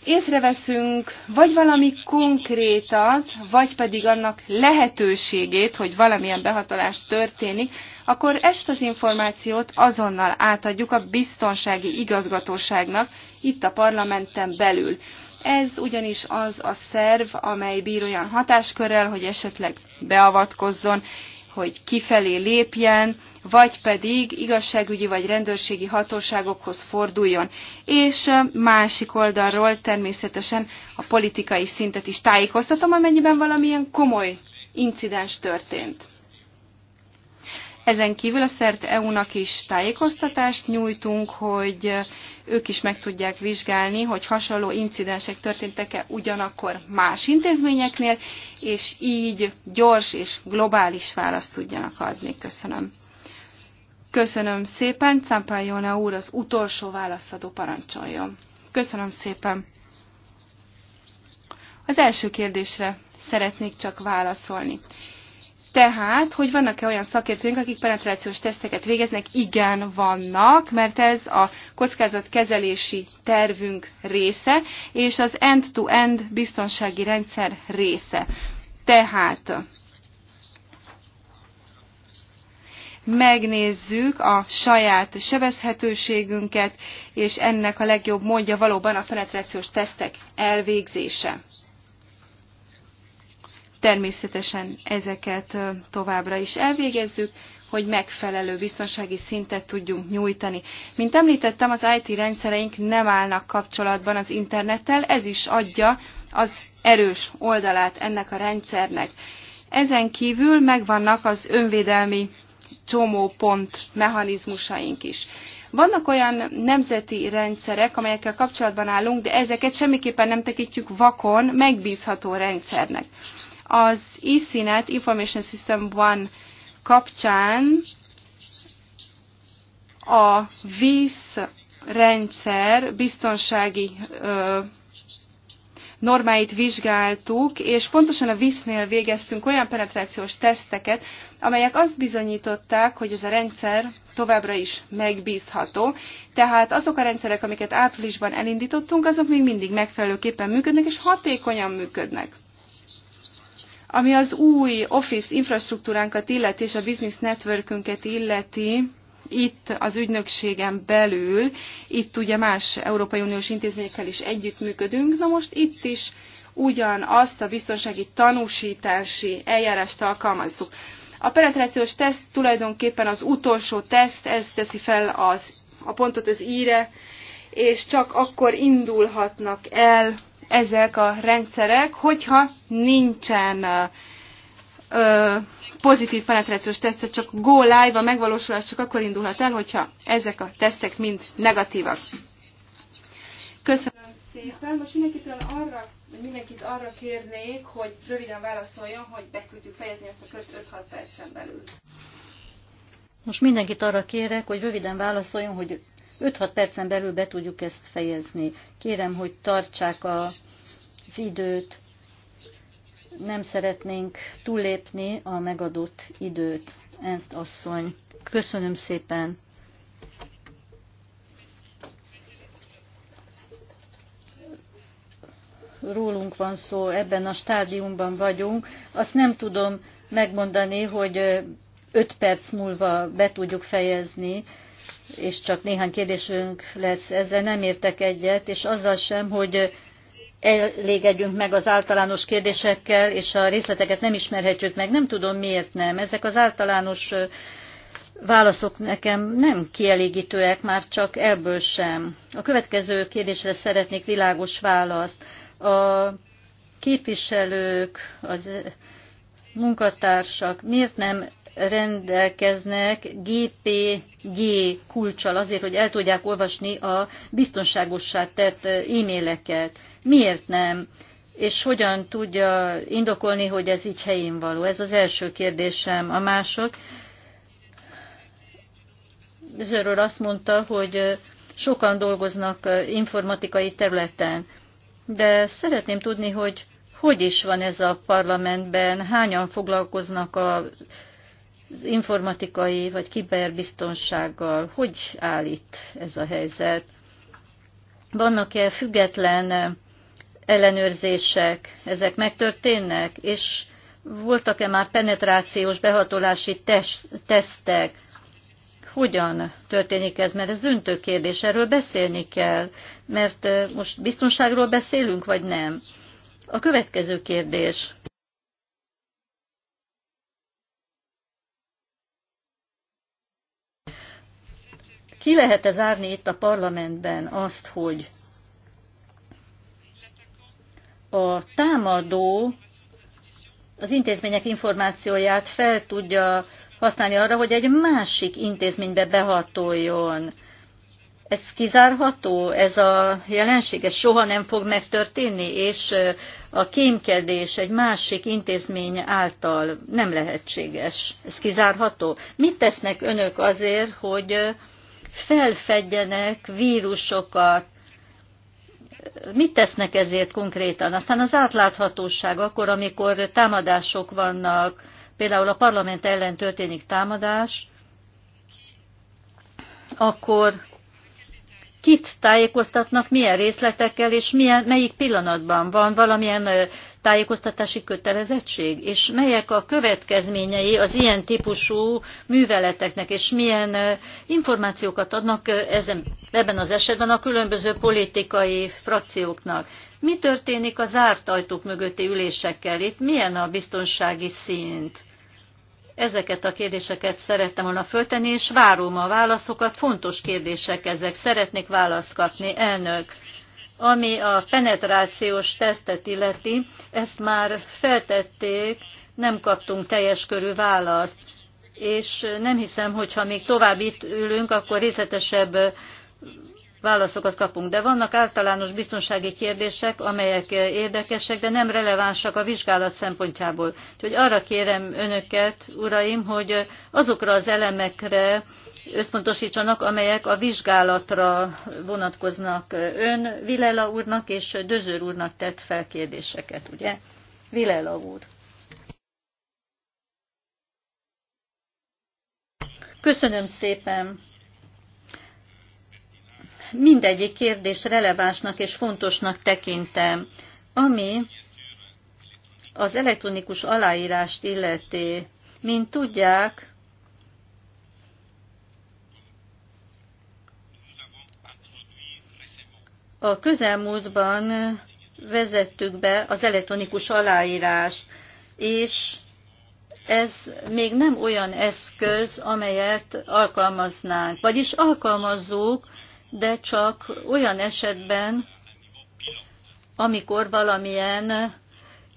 észreveszünk vagy valami konkrétat, vagy pedig annak lehetőségét, hogy valamilyen behatolás történik, akkor ezt az információt azonnal átadjuk a biztonsági igazgatóságnak itt a parlamenten belül. Ez ugyanis az a szerv, amely bír olyan hatáskörrel, hogy esetleg beavatkozzon, hogy kifelé lépjen, vagy pedig igazságügyi vagy rendőrségi hatóságokhoz forduljon. És másik oldalról természetesen a politikai szintet is tájékoztatom, amennyiben valamilyen komoly incidens történt. Ezen kívül a szert EU-nak is tájékoztatást nyújtunk, hogy ők is meg tudják vizsgálni, hogy hasonló incidensek történtek-e ugyanakkor más intézményeknél, és így gyors és globális választ tudjanak adni. Köszönöm. Köszönöm szépen. Campájona úr az utolsó válaszadó parancsoljon. Köszönöm szépen. Az első kérdésre szeretnék csak válaszolni. Tehát, hogy vannak-e olyan szakértőink, akik penetrációs teszteket végeznek? Igen, vannak, mert ez a kockázatkezelési tervünk része, és az end-to-end -end biztonsági rendszer része. Tehát megnézzük a saját sebezhetőségünket, és ennek a legjobb módja valóban a penetrációs tesztek elvégzése. Természetesen ezeket továbbra is elvégezzük, hogy megfelelő biztonsági szintet tudjunk nyújtani. Mint említettem, az IT rendszereink nem állnak kapcsolatban az internettel, ez is adja az erős oldalát ennek a rendszernek. Ezen kívül megvannak az önvédelmi csomópont mechanizmusaink is. Vannak olyan nemzeti rendszerek, amelyekkel kapcsolatban állunk, de ezeket semmiképpen nem tekintjük vakon, megbízható rendszernek. Az ISINET e Information System One kapcsán a vízrendszer biztonsági ö, normáit vizsgáltuk, és pontosan a víznél végeztünk olyan penetrációs teszteket, amelyek azt bizonyították, hogy ez a rendszer továbbra is megbízható. Tehát azok a rendszerek, amiket áprilisban elindítottunk, azok még mindig megfelelőképpen működnek, és hatékonyan működnek. Ami az új office infrastruktúránkat illeti és a business networkünket illeti, itt az ügynökségen belül, itt ugye más Európai Uniós intézményekkel is együttműködünk, na most itt is ugyanazt a biztonsági tanúsítási eljárást alkalmazzuk. A penetrációs teszt tulajdonképpen az utolsó teszt, ez teszi fel az, a pontot az íre, és csak akkor indulhatnak el ezek a rendszerek, hogyha nincsen ö, pozitív penetrációs teszt, csak go live, a megvalósulás csak akkor indulhat el, hogyha ezek a tesztek mind negatívak. Köszönöm szépen. Most mindenkitől arra, mindenkit arra kérnék, hogy röviden válaszoljon, hogy be tudjuk fejezni ezt a kört 5-6 percen belül. Most mindenkit arra kérek, hogy röviden válaszoljon, hogy 5-6 percen belül be tudjuk ezt fejezni. Kérem, hogy tartsák az időt. Nem szeretnénk túllépni a megadott időt. Ezt asszony. Köszönöm szépen. Rólunk van szó, ebben a stádiumban vagyunk. Azt nem tudom megmondani, hogy öt perc múlva be tudjuk fejezni és csak néhány kérdésünk lesz, ezzel nem értek egyet, és azzal sem, hogy elégedjünk meg az általános kérdésekkel, és a részleteket nem ismerhetjük meg. Nem tudom, miért nem. Ezek az általános válaszok nekem nem kielégítőek, már csak ebből sem. A következő kérdésre szeretnék világos választ. A képviselők, az munkatársak miért nem rendelkeznek GPG kulcsal azért, hogy el tudják olvasni a biztonságossá tett e-maileket. Miért nem? És hogyan tudja indokolni, hogy ez így helyén való? Ez az első kérdésem. A másod, Zörről azt mondta, hogy sokan dolgoznak informatikai területen, de szeretném tudni, hogy hogy is van ez a parlamentben, hányan foglalkoznak a az informatikai vagy kiberbiztonsággal hogy áll itt ez a helyzet? Vannak-e független ellenőrzések? Ezek megtörténnek? És voltak-e már penetrációs behatolási tes- tesztek? Hogyan történik ez? Mert ez döntő kérdés, erről beszélni kell. Mert most biztonságról beszélünk, vagy nem? A következő kérdés Ki lehet-e zárni itt a parlamentben azt, hogy a támadó az intézmények információját fel tudja használni arra, hogy egy másik intézménybe behatoljon. Ez kizárható? Ez a jelenség? Ez soha nem fog megtörténni? És a kémkedés egy másik intézmény által nem lehetséges. Ez kizárható? Mit tesznek önök azért, hogy felfedjenek vírusokat. Mit tesznek ezért konkrétan? Aztán az átláthatóság akkor, amikor támadások vannak, például a parlament ellen történik támadás, akkor kit tájékoztatnak, milyen részletekkel, és milyen, melyik pillanatban van valamilyen tájékoztatási kötelezettség, és melyek a következményei az ilyen típusú műveleteknek, és milyen információkat adnak ezen, ebben az esetben a különböző politikai frakcióknak. Mi történik a zárt ajtók mögötti ülésekkel? Itt milyen a biztonsági szint? Ezeket a kérdéseket szerettem volna föltenni, és várom a válaszokat. Fontos kérdések ezek. Szeretnék választ kapni. Elnök, ami a penetrációs tesztet illeti, ezt már feltették, nem kaptunk teljes körű választ, és nem hiszem, hogy ha még tovább itt ülünk, akkor részletesebb válaszokat kapunk. De vannak általános biztonsági kérdések, amelyek érdekesek, de nem relevánsak a vizsgálat szempontjából. Úgyhogy arra kérem önöket, uraim, hogy azokra az elemekre összpontosítsanak, amelyek a vizsgálatra vonatkoznak. Ön Vilela úrnak és Dözőr úrnak tett fel kérdéseket, ugye? Vilela úr. Köszönöm szépen. Mindegyik kérdés relevánsnak és fontosnak tekintem, ami az elektronikus aláírást illeti. Mint tudják, A közelmúltban vezettük be az elektronikus aláírást, és ez még nem olyan eszköz, amelyet alkalmaznánk. Vagyis alkalmazzuk, de csak olyan esetben, amikor valamilyen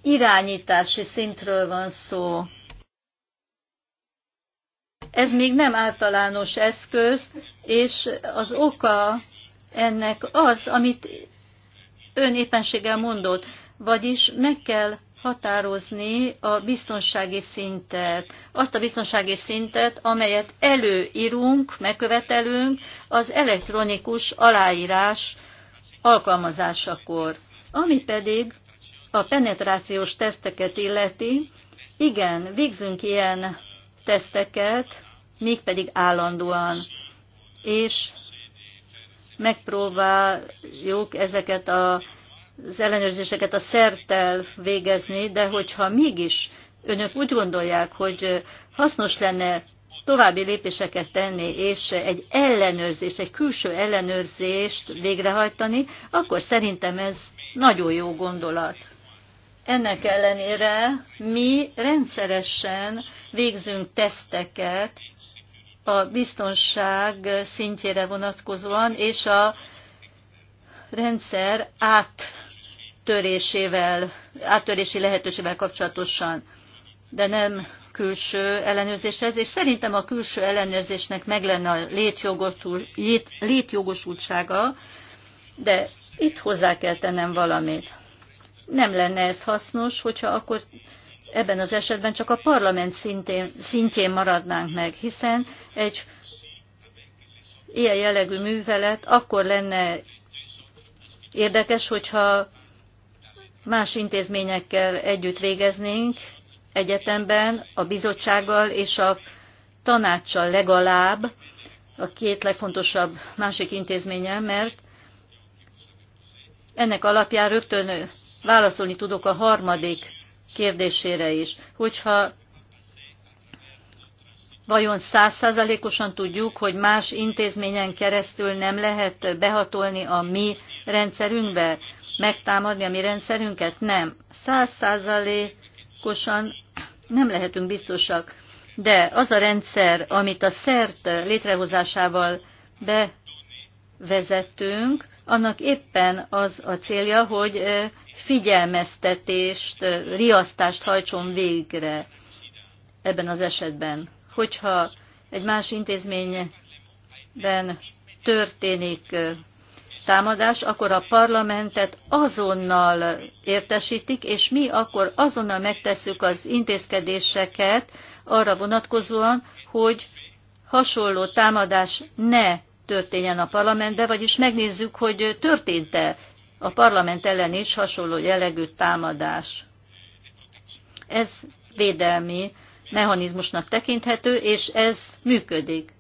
irányítási szintről van szó. Ez még nem általános eszköz, és az oka ennek az, amit ön éppenséggel mondott, vagyis meg kell határozni a biztonsági szintet, azt a biztonsági szintet, amelyet előírunk, megkövetelünk az elektronikus aláírás alkalmazásakor. Ami pedig a penetrációs teszteket illeti, igen, végzünk ilyen teszteket, mégpedig állandóan, és megpróbáljuk ezeket a, az ellenőrzéseket a szertel végezni, de hogyha mégis önök úgy gondolják, hogy hasznos lenne további lépéseket tenni, és egy ellenőrzést, egy külső ellenőrzést végrehajtani, akkor szerintem ez nagyon jó gondolat. Ennek ellenére mi rendszeresen végzünk teszteket a biztonság szintjére vonatkozóan, és a rendszer áttörésével, áttörési lehetőségével kapcsolatosan, de nem külső ellenőrzéshez, és szerintem a külső ellenőrzésnek meg lenne a létjogosultsága, de itt hozzá kell tennem valamit. Nem lenne ez hasznos, hogyha akkor ebben az esetben csak a parlament szintén, szintjén maradnánk meg, hiszen egy ilyen jellegű művelet akkor lenne érdekes, hogyha más intézményekkel együtt végeznénk egyetemben, a bizottsággal és a tanácssal legalább, a két legfontosabb másik intézménnyel, mert ennek alapján rögtön válaszolni tudok a harmadik kérdésére is. Hogyha vajon százszázalékosan tudjuk, hogy más intézményen keresztül nem lehet behatolni a mi rendszerünkbe, megtámadni a mi rendszerünket? Nem. Százszázalékosan nem lehetünk biztosak. De az a rendszer, amit a szert létrehozásával bevezettünk, annak éppen az a célja, hogy figyelmeztetést, riasztást hajtson végre ebben az esetben. Hogyha egy más intézményben történik támadás, akkor a parlamentet azonnal értesítik, és mi akkor azonnal megtesszük az intézkedéseket arra vonatkozóan, hogy hasonló támadás ne történjen a parlamentbe, vagyis megnézzük, hogy történt-e a parlament ellen is hasonló jellegű támadás. Ez védelmi mechanizmusnak tekinthető, és ez működik.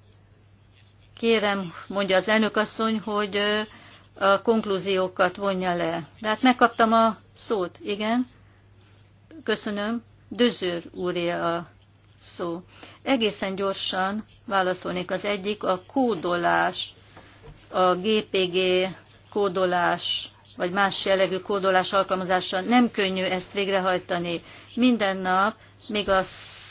Kérem, mondja az asszony, hogy a konklúziókat vonja le. De hát megkaptam a szót, igen. Köszönöm. Dözőr úré a szó. Egészen gyorsan válaszolnék az egyik, a kódolás, a GPG kódolás vagy más jellegű kódolás alkalmazása nem könnyű ezt végrehajtani. Minden nap, még a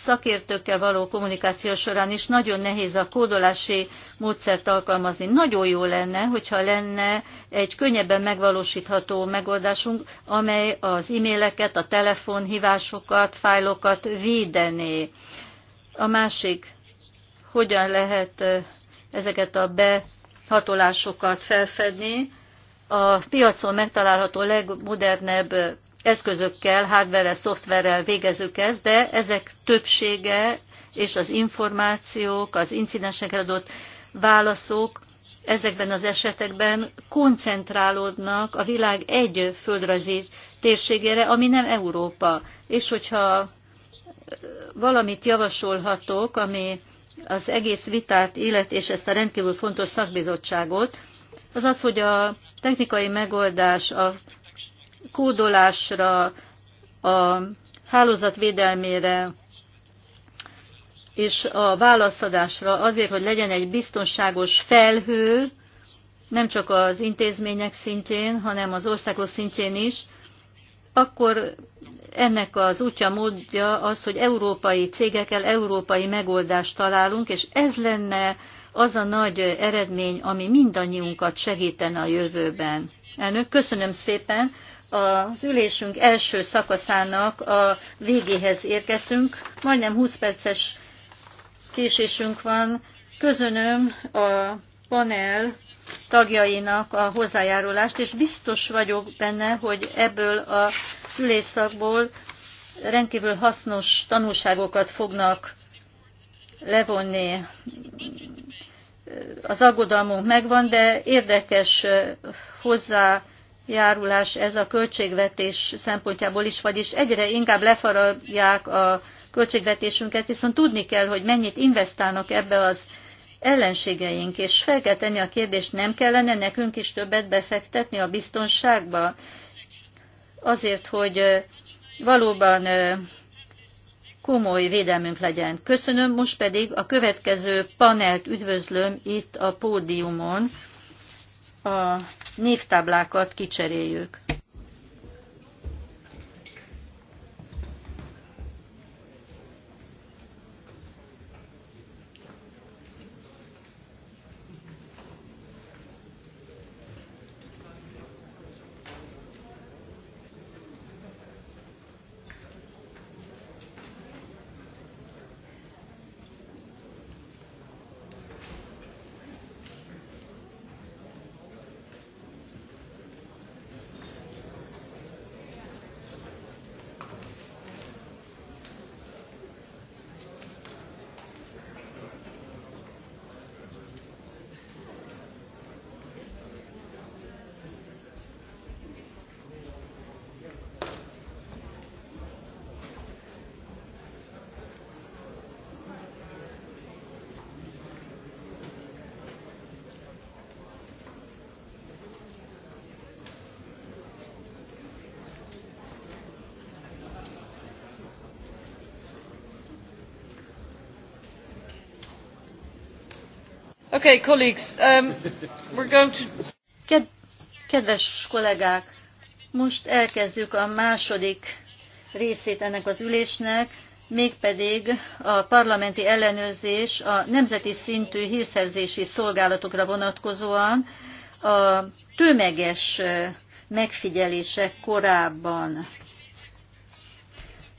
szakértőkkel való kommunikáció során is nagyon nehéz a kódolási módszert alkalmazni. Nagyon jó lenne, hogyha lenne egy könnyebben megvalósítható megoldásunk, amely az e-maileket, a telefonhívásokat, fájlokat védené. A másik, hogyan lehet eh, ezeket a behatolásokat felfedni, a piacon megtalálható legmodernebb eszközökkel, hardverrel, szoftverrel végezzük ezt, de ezek többsége és az információk, az incidensekre adott válaszok ezekben az esetekben koncentrálódnak a világ egy földrajzi térségére, ami nem Európa. És hogyha valamit javasolhatok, ami az egész vitát illet, és ezt a rendkívül fontos szakbizottságot, az az, hogy a technikai megoldás a kódolásra, a hálózat védelmére és a válaszadásra azért, hogy legyen egy biztonságos felhő, nem csak az intézmények szintjén, hanem az országos szintjén is, akkor ennek az útja, módja az, hogy európai cégekkel európai megoldást találunk, és ez lenne az a nagy eredmény, ami mindannyiunkat segítene a jövőben. Elnök, köszönöm szépen. Az ülésünk első szakaszának a végéhez érkeztünk. Majdnem 20 perces késésünk van. Köszönöm a panel tagjainak a hozzájárulást, és biztos vagyok benne, hogy ebből a szülésszakból rendkívül hasznos tanulságokat fognak levonni. Az aggodalmunk megvan, de érdekes hozzájárulás ez a költségvetés szempontjából is, vagyis egyre inkább lefaradják a költségvetésünket, viszont tudni kell, hogy mennyit investálnak ebbe az ellenségeink, és fel kell tenni a kérdést, nem kellene nekünk is többet befektetni a biztonságba, azért, hogy valóban komoly védelmünk legyen. Köszönöm, most pedig a következő panelt üdvözlöm itt a pódiumon. A névtáblákat kicseréljük. Um, kedves kollégák, most elkezdjük a második részét ennek az ülésnek, mégpedig a parlamenti ellenőrzés a nemzeti szintű hírszerzési szolgálatokra vonatkozóan a tömeges megfigyelések korábban.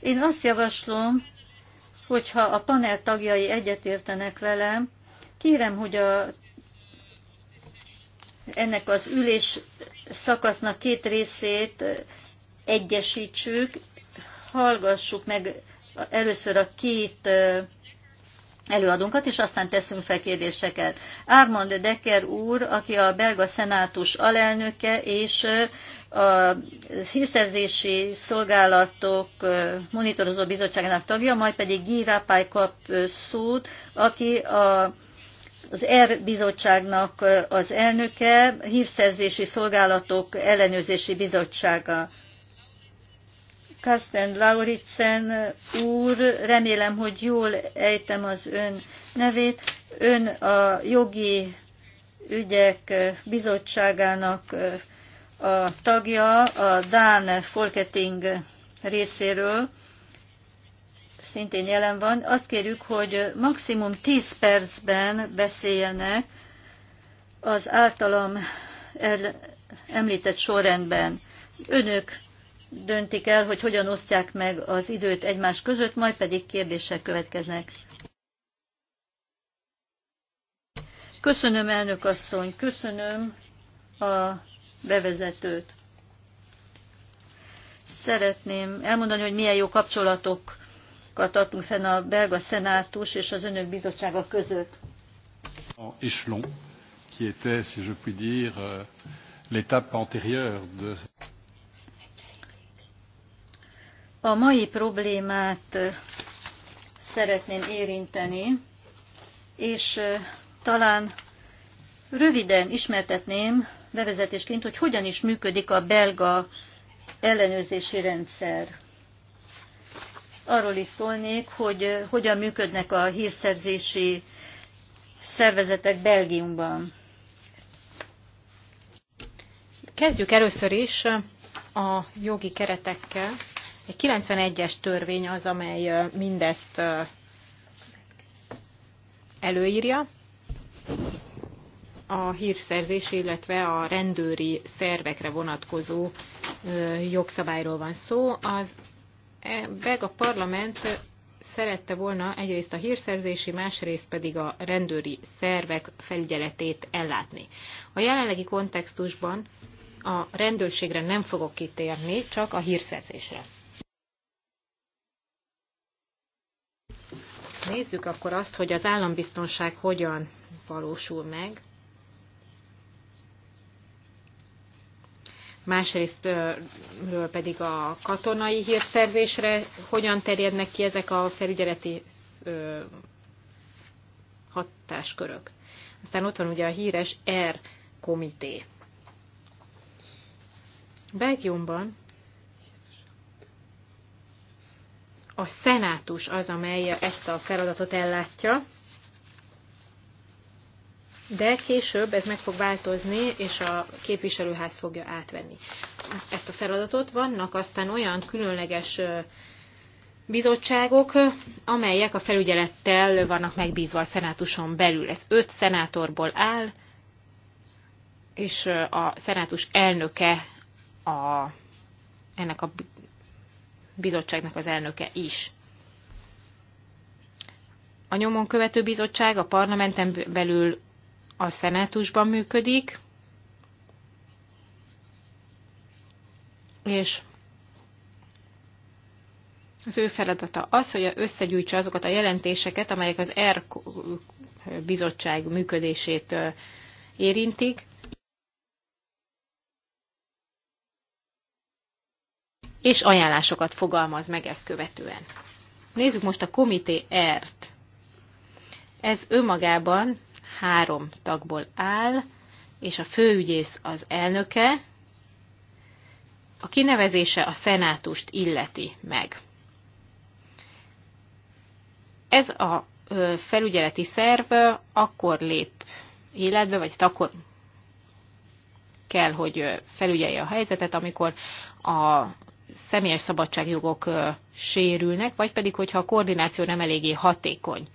Én azt javaslom, hogyha a panel tagjai egyetértenek velem, Kérem, hogy a, ennek az ülés szakasznak két részét egyesítsük, hallgassuk meg először a két előadónkat, és aztán teszünk fel kérdéseket. Ármond Decker úr, aki a belga szenátus alelnöke, és a hírszerzési szolgálatok monitorozó bizottságának tagja, majd pedig Guy Rapály kap szót, aki a az ER bizottságnak az elnöke, hírszerzési szolgálatok ellenőrzési bizottsága. Karsten Lauritsen úr, remélem, hogy jól ejtem az ön nevét. Ön a jogi ügyek bizottságának a tagja a Dán Folketing részéről szintén jelen van. Azt kérjük, hogy maximum 10 percben beszéljenek az általam el, említett sorrendben. Önök döntik el, hogy hogyan osztják meg az időt egymás között, majd pedig kérdések következnek. Köszönöm, elnök asszony, köszönöm a bevezetőt. Szeretném elmondani, hogy milyen jó kapcsolatok tartunk fenn a belga szenátus és az önök bizottsága között. En échelon, qui était, si je puis dire, euh, l'étape antérieure de... A mai problémát euh, szeretném érinteni, és euh, talán röviden ismertetném bevezetésként, hogy hogyan is működik a belga ellenőrzési rendszer arról is szólnék, hogy eh, hogyan működnek a hírszerzési szervezetek Belgiumban. Kezdjük először is a jogi keretekkel. Egy 91-es törvény az, amely eh, mindezt eh, előírja. A hírszerzés, illetve a rendőri szervekre vonatkozó jogszabályról van szó. Az meg a parlament szerette volna egyrészt a hírszerzési, másrészt pedig a rendőri szervek felügyeletét ellátni. A jelenlegi kontextusban a rendőrségre nem fogok kitérni, csak a hírszerzésre. Nézzük akkor azt, hogy az állambiztonság hogyan valósul meg. másrésztről pedig a katonai hírszerzésre hogyan terjednek ki ezek a felügyeleti hatáskörök. Aztán ott van ugye a híres R komité. Belgiumban a szenátus az, amely ezt a feladatot ellátja, de később ez meg fog változni, és a képviselőház fogja átvenni ezt a feladatot. Vannak aztán olyan különleges bizottságok, amelyek a felügyelettel vannak megbízva a szenátuson belül. Ez öt szenátorból áll, és a szenátus elnöke a, ennek a bizottságnak az elnöke is. A nyomon követő bizottság a parlamenten belül a szenátusban működik, és az ő feladata az, hogy összegyűjtse azokat a jelentéseket, amelyek az R bizottság működését érintik. és ajánlásokat fogalmaz meg ezt követően. Nézzük most a komité R-t. Ez önmagában három tagból áll, és a főügyész az elnöke, a kinevezése a szenátust illeti meg. Ez a felügyeleti szerv akkor lép életbe, vagy hát akkor kell, hogy felügyelje a helyzetet, amikor a személyes szabadságjogok sérülnek, vagy pedig, hogyha a koordináció nem eléggé hatékony.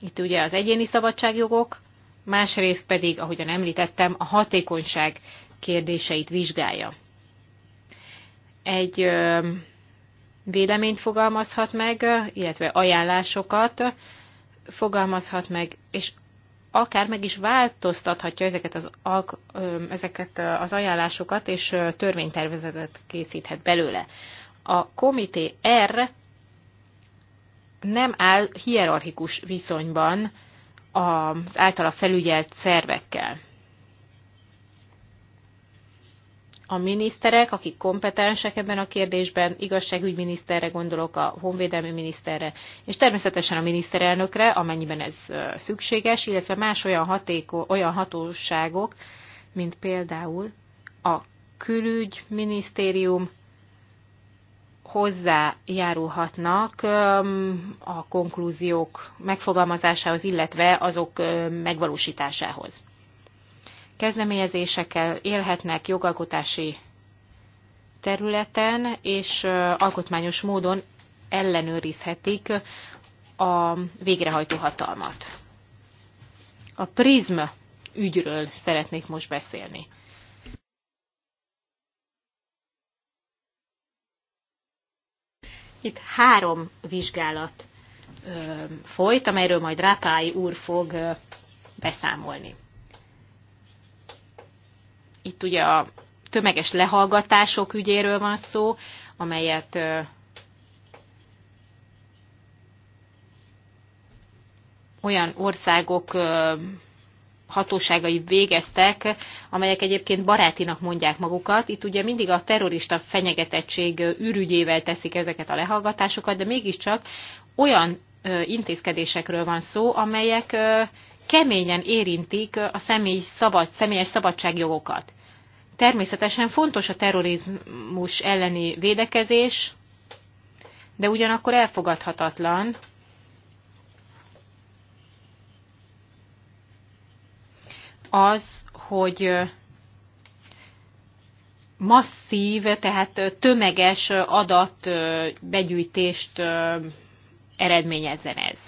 Itt ugye az egyéni szabadságjogok, másrészt pedig, ahogyan említettem, a hatékonyság kérdéseit vizsgálja. Egy véleményt fogalmazhat meg, illetve ajánlásokat fogalmazhat meg, és akár meg is változtathatja ezeket az, ezeket az ajánlásokat, és törvénytervezetet készíthet belőle. A komité R nem áll hierarchikus viszonyban az általa felügyelt szervekkel. A miniszterek, akik kompetensek ebben a kérdésben, igazságügyminiszterre gondolok, a honvédelmi miniszterre, és természetesen a miniszterelnökre, amennyiben ez szükséges, illetve más olyan, hatéko, olyan hatóságok, mint például a külügyminisztérium, hozzájárulhatnak a konklúziók megfogalmazásához, illetve azok megvalósításához. Kezdeményezésekkel élhetnek jogalkotási területen, és alkotmányos módon ellenőrizhetik a végrehajtó hatalmat. A prizm ügyről szeretnék most beszélni. Itt három vizsgálat folyt, amelyről majd Rápály úr fog beszámolni. Itt ugye a tömeges lehallgatások ügyéről van szó, amelyet olyan országok hatóságai végeztek, amelyek egyébként barátinak mondják magukat. Itt ugye mindig a terrorista fenyegetettség ürügyével teszik ezeket a lehallgatásokat, de mégiscsak olyan intézkedésekről van szó, amelyek keményen érintik a személy szabad, személyes szabadságjogokat. Természetesen fontos a terrorizmus elleni védekezés, de ugyanakkor elfogadhatatlan, az, hogy masszív, tehát tömeges adatbegyűjtést eredményezzen ez.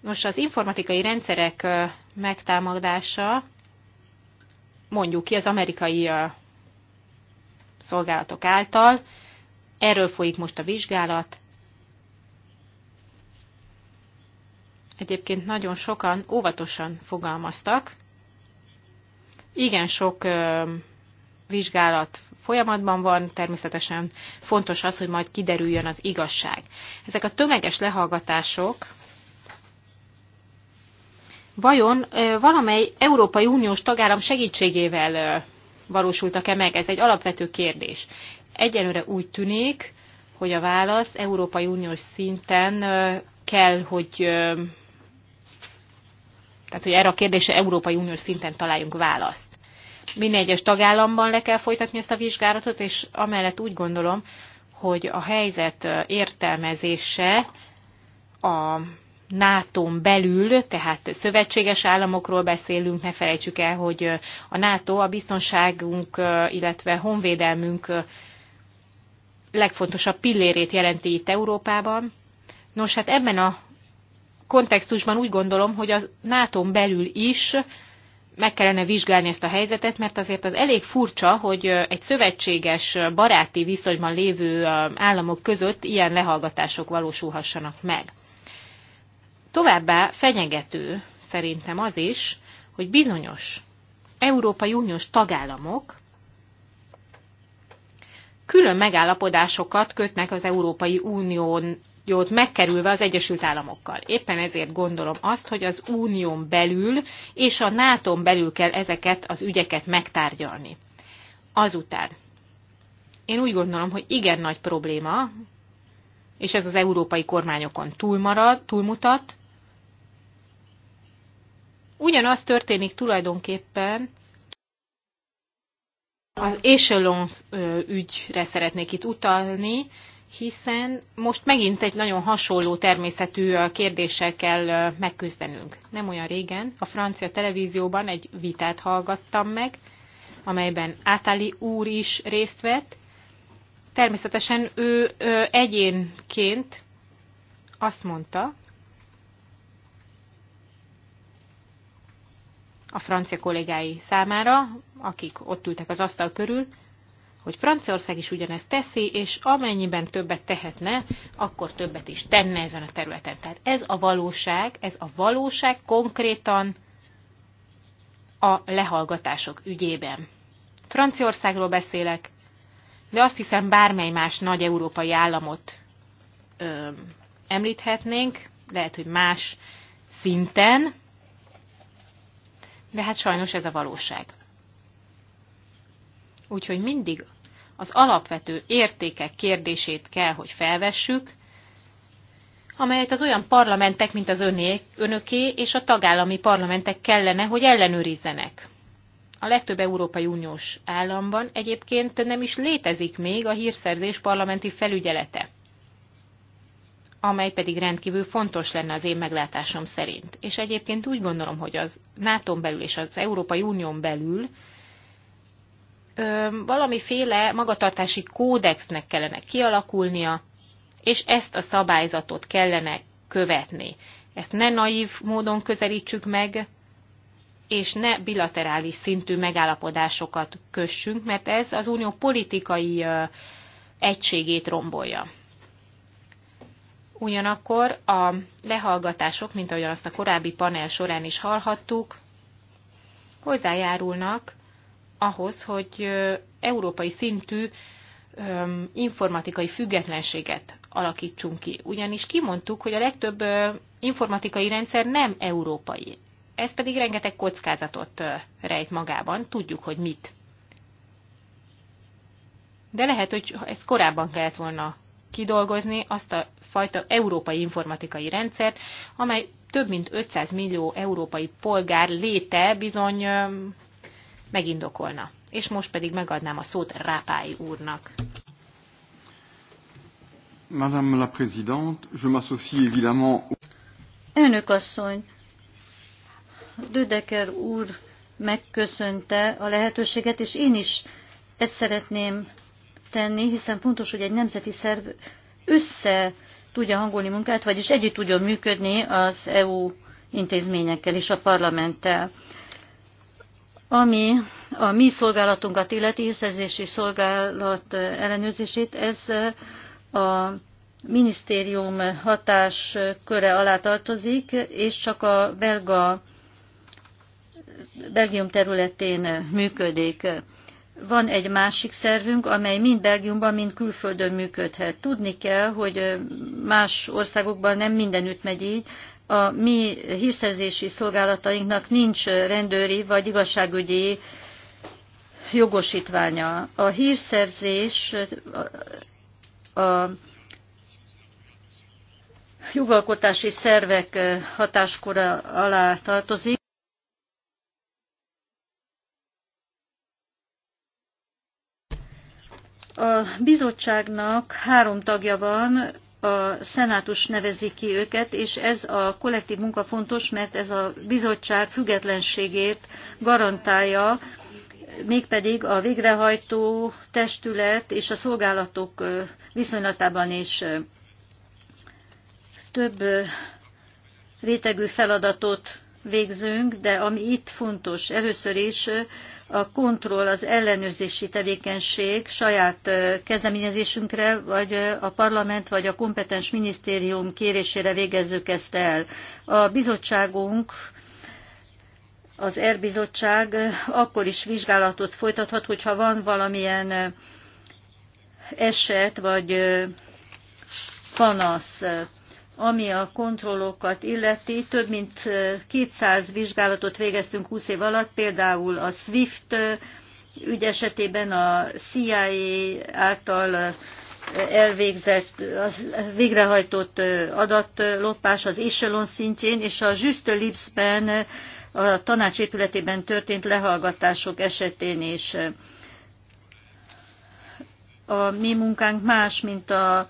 Nos, az informatikai rendszerek megtámadása, mondjuk ki az amerikai szolgálatok által, erről folyik most a vizsgálat, egyébként nagyon sokan óvatosan fogalmaztak. Igen sok vizsgálat folyamatban van, természetesen fontos az, hogy majd kiderüljön az igazság. Ezek a tömeges lehallgatások vajon valamely Európai Uniós tagállam segítségével valósultak-e meg? Ez egy alapvető kérdés. Egyelőre úgy tűnik, hogy a válasz Európai Uniós szinten kell, hogy tehát, hogy erre a kérdésre Európai unió szinten találjunk választ. Minden egyes tagállamban le kell folytatni ezt a vizsgálatot, és amellett úgy gondolom, hogy a helyzet értelmezése a nato belül, tehát szövetséges államokról beszélünk, ne felejtsük el, hogy a NATO a biztonságunk, illetve honvédelmünk legfontosabb pillérét jelenti itt Európában. Nos, hát ebben a kontextusban úgy gondolom, hogy a nato belül is meg kellene vizsgálni ezt a helyzetet, mert azért az elég furcsa, hogy egy szövetséges, baráti viszonyban lévő államok között ilyen lehallgatások valósulhassanak meg. Továbbá fenyegető szerintem az is, hogy bizonyos Európai Uniós tagállamok külön megállapodásokat kötnek az Európai Unión jót megkerülve az Egyesült Államokkal. Éppen ezért gondolom azt, hogy az unión belül és a nato belül kell ezeket az ügyeket megtárgyalni. Azután. Én úgy gondolom, hogy igen nagy probléma, és ez az európai kormányokon túlmarad, túlmutat. Ugyanaz történik tulajdonképpen, az Echelon ügyre szeretnék itt utalni, hiszen most megint egy nagyon hasonló természetű kérdéssel kell megküzdenünk. Nem olyan régen a francia televízióban egy vitát hallgattam meg, amelyben Átali úr is részt vett. Természetesen ő egyénként azt mondta, a francia kollégái számára, akik ott ültek az asztal körül, hogy Franciaország is ugyanezt teszi, és amennyiben többet tehetne, akkor többet is tenne ezen a területen. Tehát ez a valóság, ez a valóság konkrétan a lehallgatások ügyében. Franciaországról beszélek, de azt hiszem bármely más nagy európai államot ö, említhetnénk, lehet, hogy más szinten, de hát sajnos ez a valóság. Úgyhogy mindig az alapvető értékek kérdését kell, hogy felvessük, amelyet az olyan parlamentek, mint az önék, önöké és a tagállami parlamentek kellene, hogy ellenőrizzenek. A legtöbb Európai Uniós államban egyébként nem is létezik még a hírszerzés parlamenti felügyelete, amely pedig rendkívül fontos lenne az én meglátásom szerint. És egyébként úgy gondolom, hogy az NATO-n belül és az Európai Unión belül valamiféle magatartási kódexnek kellene kialakulnia, és ezt a szabályzatot kellene követni. Ezt ne naív módon közelítsük meg, és ne bilaterális szintű megállapodásokat kössünk, mert ez az unió politikai egységét rombolja. Ugyanakkor a lehallgatások, mint ahogy azt a korábbi panel során is hallhattuk, hozzájárulnak ahhoz, hogy európai szintű informatikai függetlenséget alakítsunk ki. Ugyanis kimondtuk, hogy a legtöbb informatikai rendszer nem európai. Ez pedig rengeteg kockázatot rejt magában, tudjuk, hogy mit. De lehet, hogy ezt korábban kellett volna kidolgozni, azt a fajta európai informatikai rendszert, amely több mint 500 millió európai polgár léte bizony megindokolna. És most pedig megadnám a szót Rápály úrnak. Madame la Présidente, je m'associe évidemment... Elnök asszony, Dödeker úr megköszönte a lehetőséget, és én is ezt szeretném tenni, hiszen fontos, hogy egy nemzeti szerv össze tudja hangolni munkát, vagyis együtt tudjon működni az EU intézményekkel és a parlamenttel. Ami a mi szolgálatunkat illeti, hírszerzési szolgálat ellenőrzését, ez a minisztérium hatás köre alá tartozik, és csak a belga, Belgium területén működik. Van egy másik szervünk, amely mind Belgiumban, mind külföldön működhet. Tudni kell, hogy más országokban nem mindenütt megy így, a mi hírszerzési szolgálatainknak nincs rendőri vagy igazságügyi jogosítványa. A hírszerzés a jogalkotási szervek hatáskora alá tartozik. A bizottságnak három tagja van, a szenátus nevezi ki őket, és ez a kollektív munka fontos, mert ez a bizottság függetlenségét garantálja, mégpedig a végrehajtó testület és a szolgálatok viszonylatában is több rétegű feladatot végzünk, de ami itt fontos, először is a kontroll, az ellenőrzési tevékenység saját kezdeményezésünkre, vagy a parlament, vagy a kompetens minisztérium kérésére végezzük ezt el. A bizottságunk az ER bizottság akkor is vizsgálatot folytathat, hogyha van valamilyen eset vagy panasz ami a kontrollokat illeti, több mint 200 vizsgálatot végeztünk 20 év alatt, például a SWIFT ügy esetében a CIA által elvégzett, végrehajtott adatlopás az Echelon szintjén, és a Juste Lipsben a tanács épületében történt lehallgatások esetén is. A mi munkánk más, mint a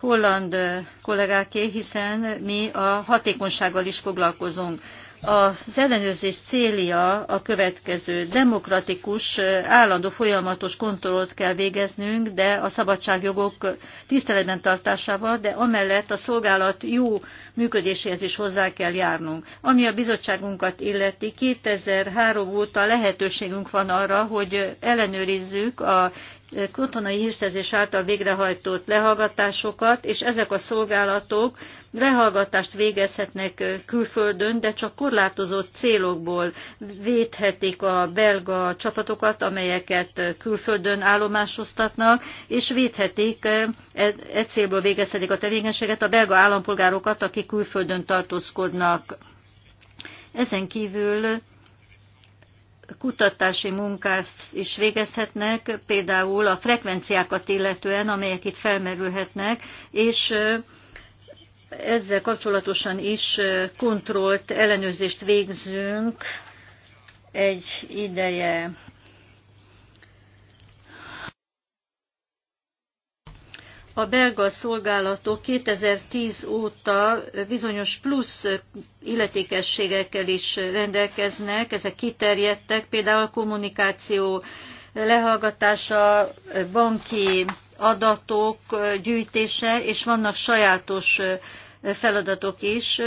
holland kollégáké, hiszen mi a hatékonysággal is foglalkozunk. Az ellenőrzés célja a következő. Demokratikus, állandó folyamatos kontrollt kell végeznünk, de a szabadságjogok tiszteletben tartásával, de amellett a szolgálat jó működéséhez is hozzá kell járnunk. Ami a bizottságunkat illeti, 2003 óta lehetőségünk van arra, hogy ellenőrizzük a katonai hírszerzés által végrehajtott lehallgatásokat, és ezek a szolgálatok lehallgatást végezhetnek külföldön, de csak korlátozott célokból védhetik a belga csapatokat, amelyeket külföldön állomásoztatnak, és védhetik, e, e, célból végezhetik a tevékenységet a belga állampolgárokat, akik külföldön tartózkodnak. Ezen kívül kutatási munkát is végezhetnek, például a frekvenciákat illetően, amelyek itt felmerülhetnek, és ezzel kapcsolatosan is kontrollt ellenőrzést végzünk egy ideje. a belga szolgálatok 2010 óta bizonyos plusz illetékességekkel is rendelkeznek, ezek kiterjedtek, például a kommunikáció lehallgatása, banki adatok gyűjtése, és vannak sajátos feladatok is,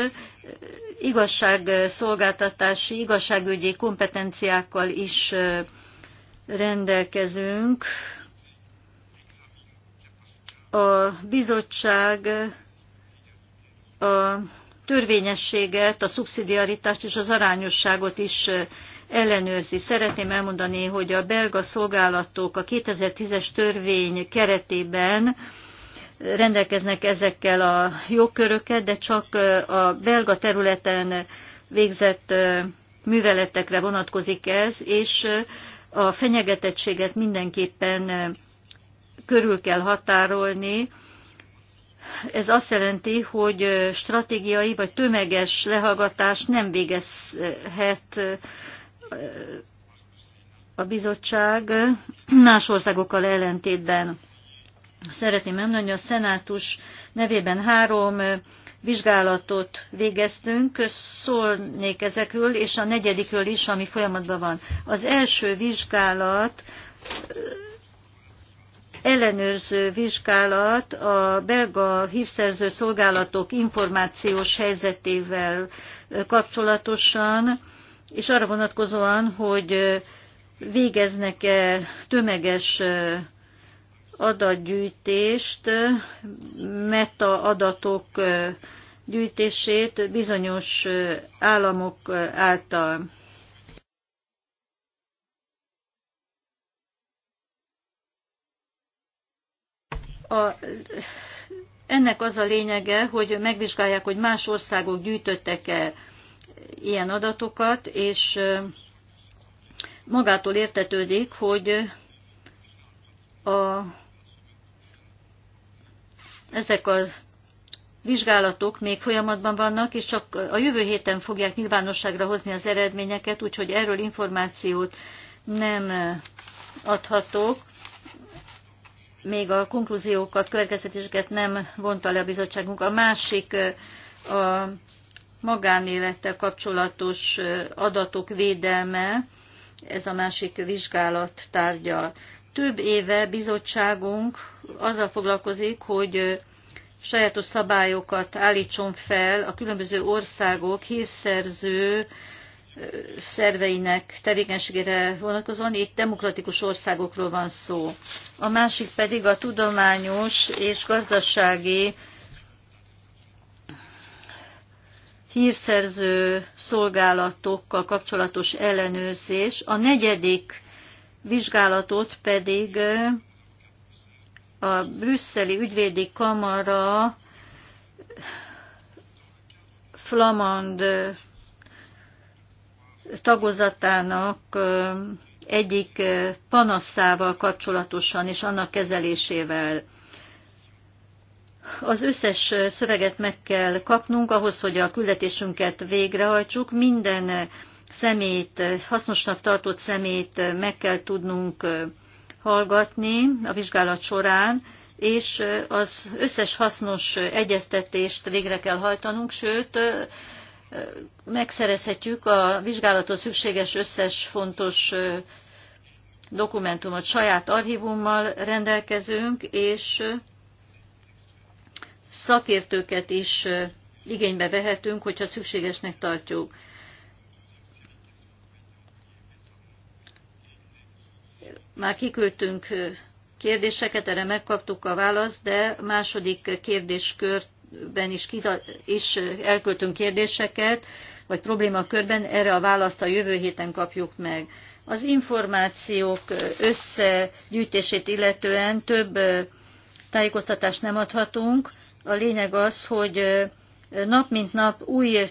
igazságszolgáltatási, igazságügyi kompetenciákkal is rendelkezünk a bizottság a törvényességet, a szubszidiaritást és az arányosságot is ellenőrzi. Szeretném elmondani, hogy a belga szolgálatok a 2010-es törvény keretében rendelkeznek ezekkel a jogköröket, de csak a belga területen végzett műveletekre vonatkozik ez, és a fenyegetettséget mindenképpen körül kell határolni. Ez azt jelenti, hogy stratégiai vagy tömeges lehallgatás nem végezhet a bizottság más országokkal ellentétben. Szeretném elmondani, hogy a szenátus nevében három vizsgálatot végeztünk, szólnék ezekről, és a negyedikről is, ami folyamatban van. Az első vizsgálat ellenőrző vizsgálat a belga hírszerző szolgálatok információs helyzetével kapcsolatosan, és arra vonatkozóan, hogy végeznek-e tömeges adatgyűjtést, metaadatok gyűjtését bizonyos államok által. A, ennek az a lényege, hogy megvizsgálják, hogy más országok gyűjtöttek-e ilyen adatokat, és magától értetődik, hogy a, ezek az vizsgálatok még folyamatban vannak, és csak a jövő héten fogják nyilvánosságra hozni az eredményeket, úgyhogy erről információt nem adhatok még a konklúziókat, következtetéseket nem vonta le a bizottságunk. A másik a magánélettel kapcsolatos adatok védelme, ez a másik vizsgálat tárgya. Több éve bizottságunk azzal foglalkozik, hogy sajátos szabályokat állítson fel a különböző országok hírszerző szerveinek tevékenységére vonatkozóan, itt demokratikus országokról van szó. A másik pedig a tudományos és gazdasági hírszerző szolgálatokkal kapcsolatos ellenőrzés, a negyedik vizsgálatot pedig a brüsszeli ügyvédi kamara flamand tagozatának egyik panaszával kapcsolatosan és annak kezelésével. Az összes szöveget meg kell kapnunk ahhoz, hogy a küldetésünket végrehajtsuk. Minden szemét, hasznosnak tartott szemét meg kell tudnunk hallgatni a vizsgálat során, és az összes hasznos egyeztetést végre kell hajtanunk, sőt, megszerezhetjük a vizsgálatos szükséges összes fontos dokumentumot. Saját archívummal rendelkezünk, és szakértőket is igénybe vehetünk, hogyha szükségesnek tartjuk. Már kiküldtünk kérdéseket, erre megkaptuk a választ, de második kérdéskört ben is, is elköltünk kérdéseket, vagy problémakörben, erre a választ a jövő héten kapjuk meg. Az információk összegyűjtését illetően több tájékoztatást nem adhatunk. A lényeg az, hogy nap mint nap új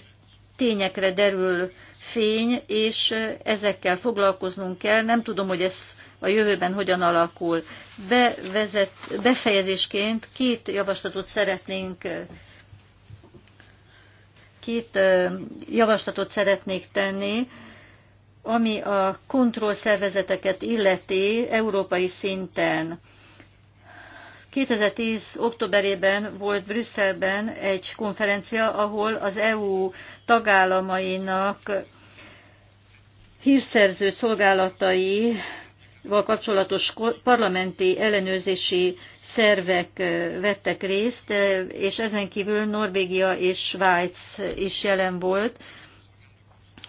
tényekre derül fény, és ezekkel foglalkoznunk kell. Nem tudom, hogy ez a jövőben hogyan alakul. Bevezet, befejezésként két javaslatot szeretnénk két javaslatot szeretnék tenni, ami a kontrollszervezeteket illeti európai szinten. 2010. októberében volt Brüsszelben egy konferencia, ahol az EU tagállamainak hírszerző szolgálatai kapcsolatos parlamenti ellenőrzési szervek vettek részt, és ezen kívül Norvégia és Svájc is jelen volt.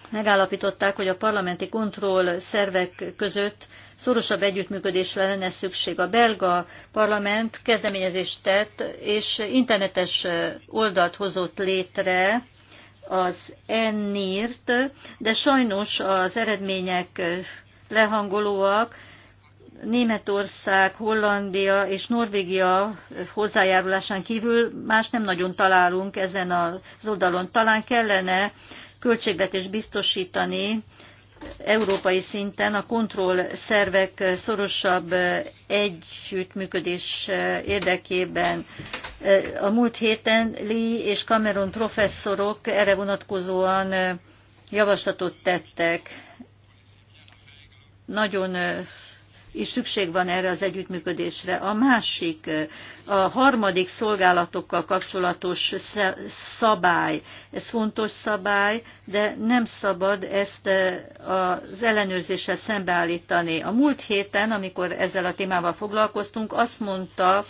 Megállapították, hogy a parlamenti kontroll szervek között szorosabb együttműködésre lenne szükség. A belga parlament kezdeményezést tett, és internetes oldalt hozott létre az ennirt, de sajnos az eredmények lehangolóak, Németország, Hollandia és Norvégia hozzájárulásán kívül más nem nagyon találunk ezen az oldalon. Talán kellene költségvetés biztosítani európai szinten a kontrollszervek szorosabb együttműködés érdekében. A múlt héten Lee és Cameron professzorok erre vonatkozóan javaslatot tettek. Nagyon és szükség van erre az együttműködésre. A másik, a harmadik szolgálatokkal kapcsolatos szabály. Ez fontos szabály, de nem szabad ezt e, az ellenőrzéssel szembeállítani. A múlt héten, amikor ezzel a témával foglalkoztunk, azt mondta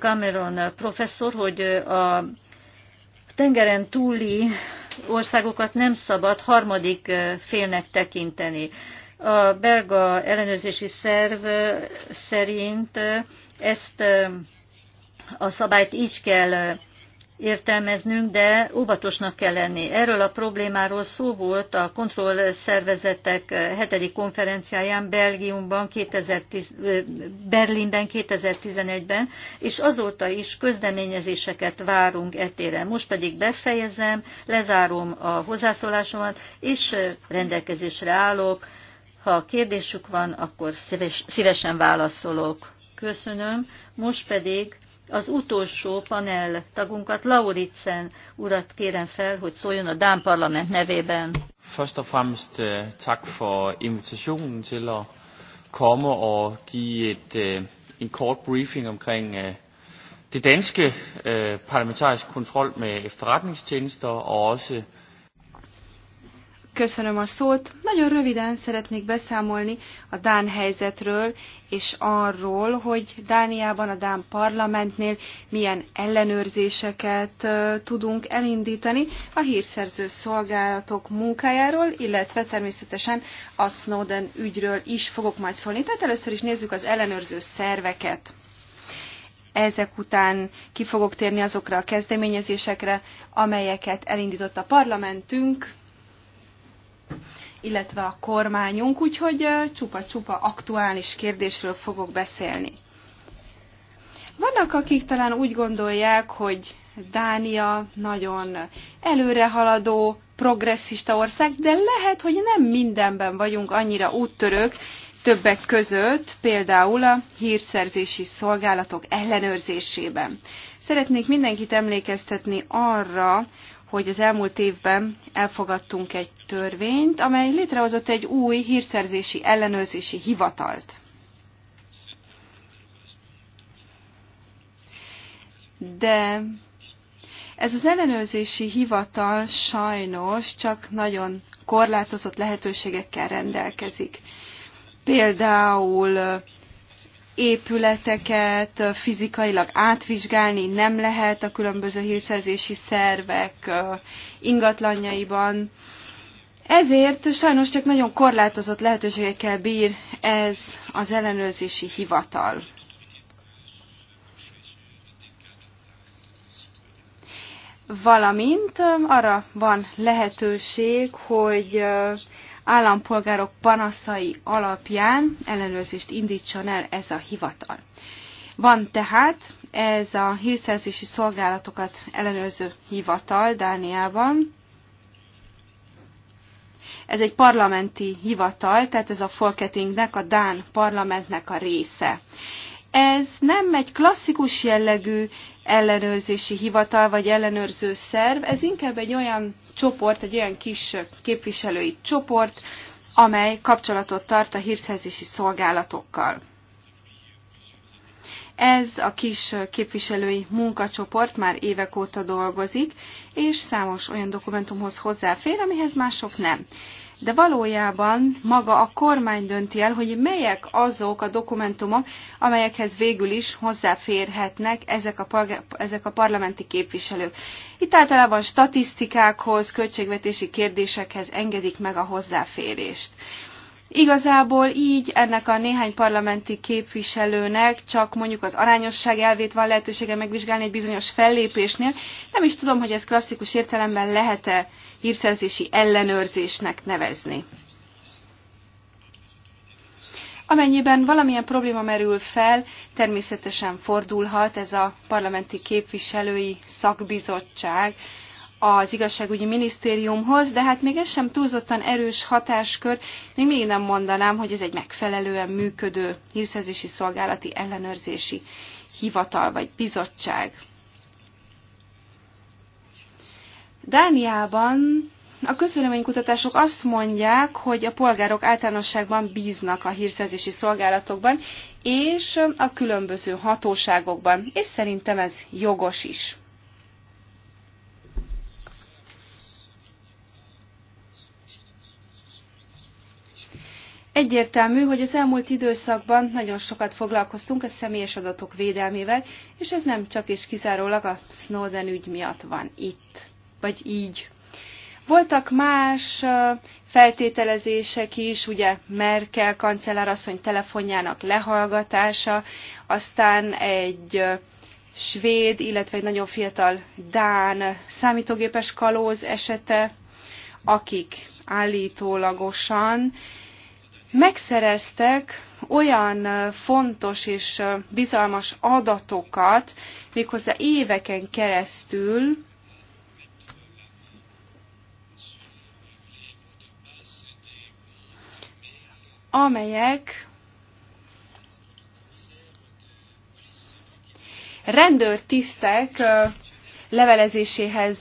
Cameron professzor, hogy a tengeren túli országokat nem szabad harmadik e, félnek tekinteni. A belga ellenőrzési szerv szerint ezt eh, a szabályt így kell eh, értelmeznünk, de óvatosnak kell lenni. Erről a problémáról szó volt a kontrollszervezetek eh, hetedik konferenciáján Belgiumban 2010, Berlinben 2011-ben, és azóta is közdeményezéseket várunk etére. Most pedig befejezem, lezárom a hozzászólásomat, és rendelkezésre állok ha kérdésük van, akkor szíves, szívesen válaszolok. Köszönöm. Most pedig az utolsó panel tagunkat, Lauritzen urat kérem fel, hogy szóljon a Dán Parlament nevében. Først og fremmest tak for invitationen til at komme og give et, øh, en kort briefing omkring øh, det danske øh, parlamentariske kontrol med efterretningstjenester og også Köszönöm a szót. Nagyon röviden szeretnék beszámolni a Dán helyzetről, és arról, hogy Dániában, a Dán parlamentnél milyen ellenőrzéseket tudunk elindítani a hírszerző szolgálatok munkájáról, illetve természetesen a Snowden ügyről is fogok majd szólni. Tehát először is nézzük az ellenőrző szerveket ezek után ki fogok térni azokra a kezdeményezésekre, amelyeket elindított a parlamentünk illetve a kormányunk, úgyhogy csupa-csupa aktuális kérdésről fogok beszélni. Vannak, akik talán úgy gondolják, hogy Dánia nagyon előrehaladó, progresszista ország, de lehet, hogy nem mindenben vagyunk annyira úttörők, többek között például a hírszerzési szolgálatok ellenőrzésében. Szeretnék mindenkit emlékeztetni arra, hogy az elmúlt évben elfogadtunk egy törvényt, amely létrehozott egy új hírszerzési ellenőrzési hivatalt. De ez az ellenőrzési hivatal sajnos csak nagyon korlátozott lehetőségekkel rendelkezik. Például épületeket fizikailag átvizsgálni nem lehet a különböző hírszerzési szervek ingatlanjaiban. Ezért sajnos csak nagyon korlátozott lehetőségekkel bír ez az ellenőrzési hivatal. Valamint arra van lehetőség, hogy állampolgárok panaszai alapján ellenőrzést indítson el ez a hivatal. Van tehát ez a hírszerzési szolgálatokat ellenőrző hivatal Dániában. Ez egy parlamenti hivatal, tehát ez a Folketingnek, a Dán parlamentnek a része ez nem egy klasszikus jellegű ellenőrzési hivatal vagy ellenőrző szerv, ez inkább egy olyan csoport, egy olyan kis képviselői csoport, amely kapcsolatot tart a hírszerzési szolgálatokkal. Ez a kis képviselői munkacsoport már évek óta dolgozik, és számos olyan dokumentumhoz hozzáfér, amihez mások nem de valójában maga a kormány dönti el, hogy melyek azok a dokumentumok, amelyekhez végül is hozzáférhetnek ezek a, ezek a parlamenti képviselők. Itt általában statisztikákhoz, költségvetési kérdésekhez engedik meg a hozzáférést. Igazából így ennek a néhány parlamenti képviselőnek csak mondjuk az arányosság elvét van lehetősége megvizsgálni egy bizonyos fellépésnél. Nem is tudom, hogy ez klasszikus értelemben lehet-e hírszerzési ellenőrzésnek nevezni. Amennyiben valamilyen probléma merül fel, természetesen fordulhat ez a parlamenti képviselői szakbizottság az igazságügyi minisztériumhoz, de hát még ez sem túlzottan erős hatáskör, még még nem mondanám, hogy ez egy megfelelően működő hírszerzési szolgálati ellenőrzési hivatal vagy bizottság. Dániában a közvéleménykutatások azt mondják, hogy a polgárok általánosságban bíznak a hírszerzési szolgálatokban és a különböző hatóságokban, és szerintem ez jogos is. Egyértelmű, hogy az elmúlt időszakban nagyon sokat foglalkoztunk a személyes adatok védelmével, és ez nem csak és kizárólag a Snowden ügy miatt van itt, vagy így. Voltak más feltételezések is, ugye Merkel kancellárasszony telefonjának lehallgatása, aztán egy svéd, illetve egy nagyon fiatal dán számítógépes kalóz esete, akik állítólagosan megszereztek olyan fontos és bizalmas adatokat, méghozzá éveken keresztül, amelyek rendőrtisztek levelezéséhez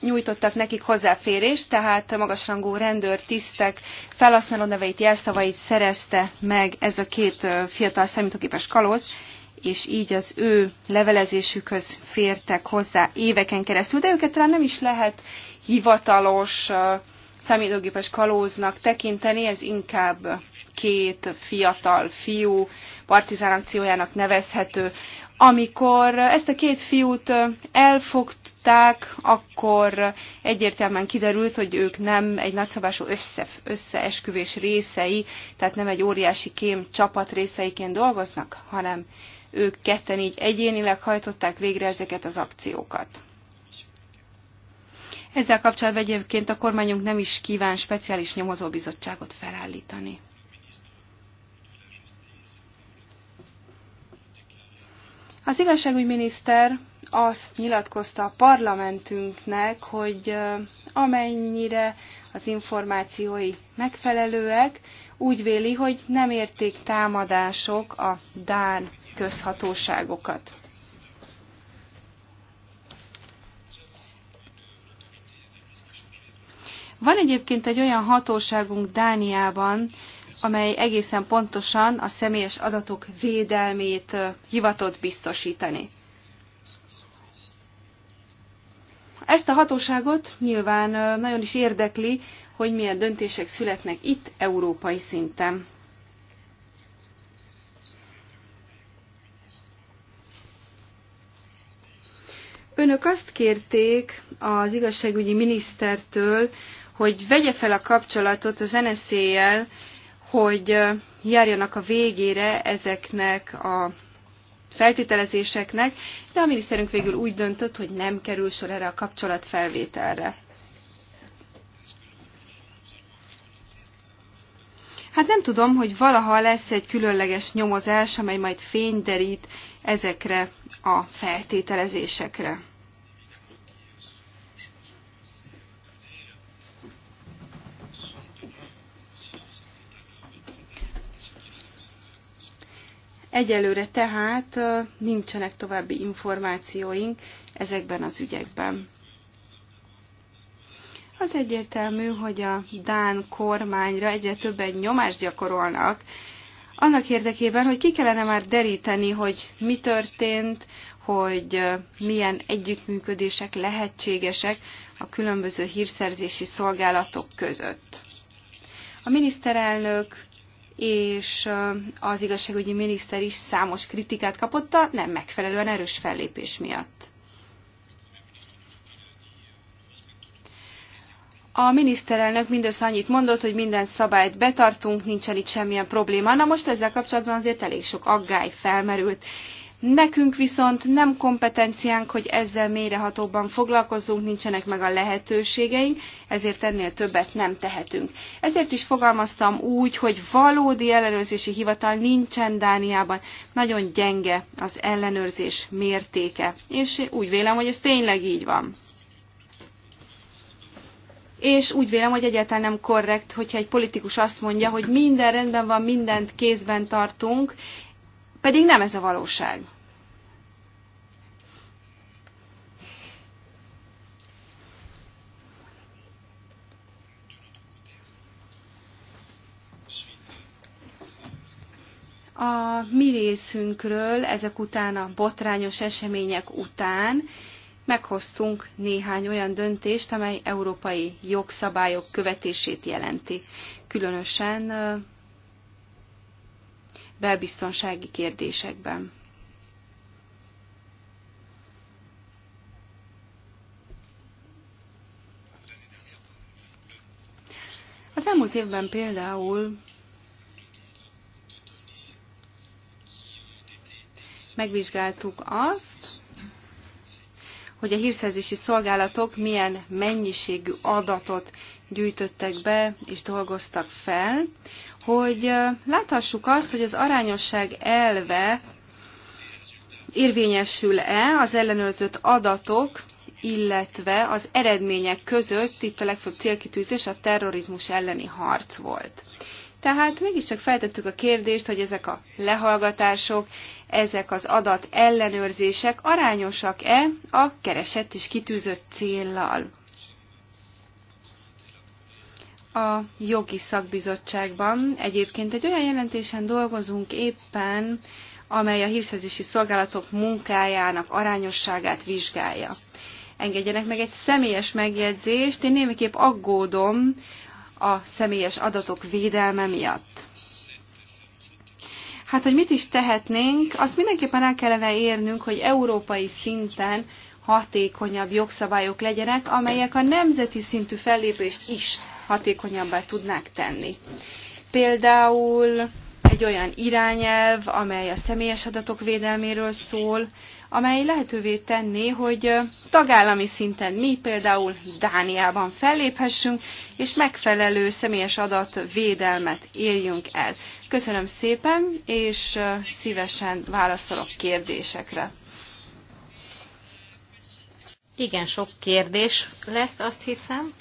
nyújtottak nekik hozzáférést, tehát magasrangú rendőr, tisztek felhasználó neveit, jelszavait szerezte meg ez a két fiatal számítógépes kalóz, és így az ő levelezésükhöz fértek hozzá éveken keresztül, de őket talán nem is lehet hivatalos számítógépes kalóznak tekinteni, ez inkább két fiatal fiú partizán akciójának nevezhető. Amikor ezt a két fiút elfogták, akkor egyértelműen kiderült, hogy ők nem egy nagyszabású össze, összeesküvés részei, tehát nem egy óriási kém csapat részeiként dolgoznak, hanem ők ketten így egyénileg hajtották végre ezeket az akciókat. Ezzel kapcsolatban egyébként a kormányunk nem is kíván speciális nyomozóbizottságot felállítani. Az igazságügyminiszter azt nyilatkozta a parlamentünknek, hogy amennyire az információi megfelelőek, úgy véli, hogy nem érték támadások a Dán közhatóságokat. Van egyébként egy olyan hatóságunk Dániában, amely egészen pontosan a személyes adatok védelmét hivatott biztosítani. Ezt a hatóságot nyilván nagyon is érdekli, hogy milyen döntések születnek itt európai szinten. Önök azt kérték az igazságügyi minisztertől, hogy vegye fel a kapcsolatot az NSZ-jel, hogy járjanak a végére ezeknek a feltételezéseknek, de a miniszterünk végül úgy döntött, hogy nem kerül sor erre a kapcsolatfelvételre. Hát nem tudom, hogy valaha lesz egy különleges nyomozás, amely majd fényderít ezekre a feltételezésekre. Egyelőre tehát nincsenek további információink ezekben az ügyekben. Az egyértelmű, hogy a Dán kormányra egyre többen nyomást gyakorolnak, annak érdekében, hogy ki kellene már deríteni, hogy mi történt, hogy milyen együttműködések lehetségesek a különböző hírszerzési szolgálatok között. A miniszterelnök és az igazságügyi miniszter is számos kritikát kapott a nem megfelelően erős fellépés miatt. A miniszterelnök mindössze annyit mondott, hogy minden szabályt betartunk, nincsen itt semmilyen probléma. Na most ezzel kapcsolatban azért elég sok aggály felmerült, Nekünk viszont nem kompetenciánk, hogy ezzel mélyrehatóban foglalkozzunk, nincsenek meg a lehetőségeink, ezért ennél többet nem tehetünk. Ezért is fogalmaztam úgy, hogy valódi ellenőrzési hivatal nincsen Dániában. Nagyon gyenge az ellenőrzés mértéke, és úgy vélem, hogy ez tényleg így van és úgy vélem, hogy egyáltalán nem korrekt, hogyha egy politikus azt mondja, hogy minden rendben van, mindent kézben tartunk, pedig nem ez a valóság. a mi részünkről ezek után a botrányos események után meghoztunk néhány olyan döntést, amely európai jogszabályok követését jelenti. Különösen belbiztonsági kérdésekben. Az elmúlt évben például megvizsgáltuk azt, hogy a hírszerzési szolgálatok milyen mennyiségű adatot gyűjtöttek be és dolgoztak fel, hogy láthassuk azt, hogy az arányosság elve érvényesül-e az ellenőrzött adatok, illetve az eredmények között itt a legfőbb célkitűzés a terrorizmus elleni harc volt. Tehát mégiscsak feltettük a kérdést, hogy ezek a lehallgatások, ezek az adat ellenőrzések arányosak-e a keresett és kitűzött céllal a jogi szakbizottságban. Egyébként egy olyan jelentésen dolgozunk éppen, amely a hírszerzési szolgálatok munkájának arányosságát vizsgálja. Engedjenek meg egy személyes megjegyzést, én némiképp aggódom a személyes adatok védelme miatt. Hát, hogy mit is tehetnénk, azt mindenképpen el kellene érnünk, hogy európai szinten hatékonyabb jogszabályok legyenek, amelyek a nemzeti szintű fellépést is hatékonyabbá tudnák tenni. Például egy olyan irányelv, amely a személyes adatok védelméről szól, amely lehetővé tenné, hogy tagállami szinten mi például Dániában felléphessünk, és megfelelő személyes adatvédelmet érjünk el. Köszönöm szépen, és szívesen válaszolok kérdésekre. Igen, sok kérdés lesz, azt hiszem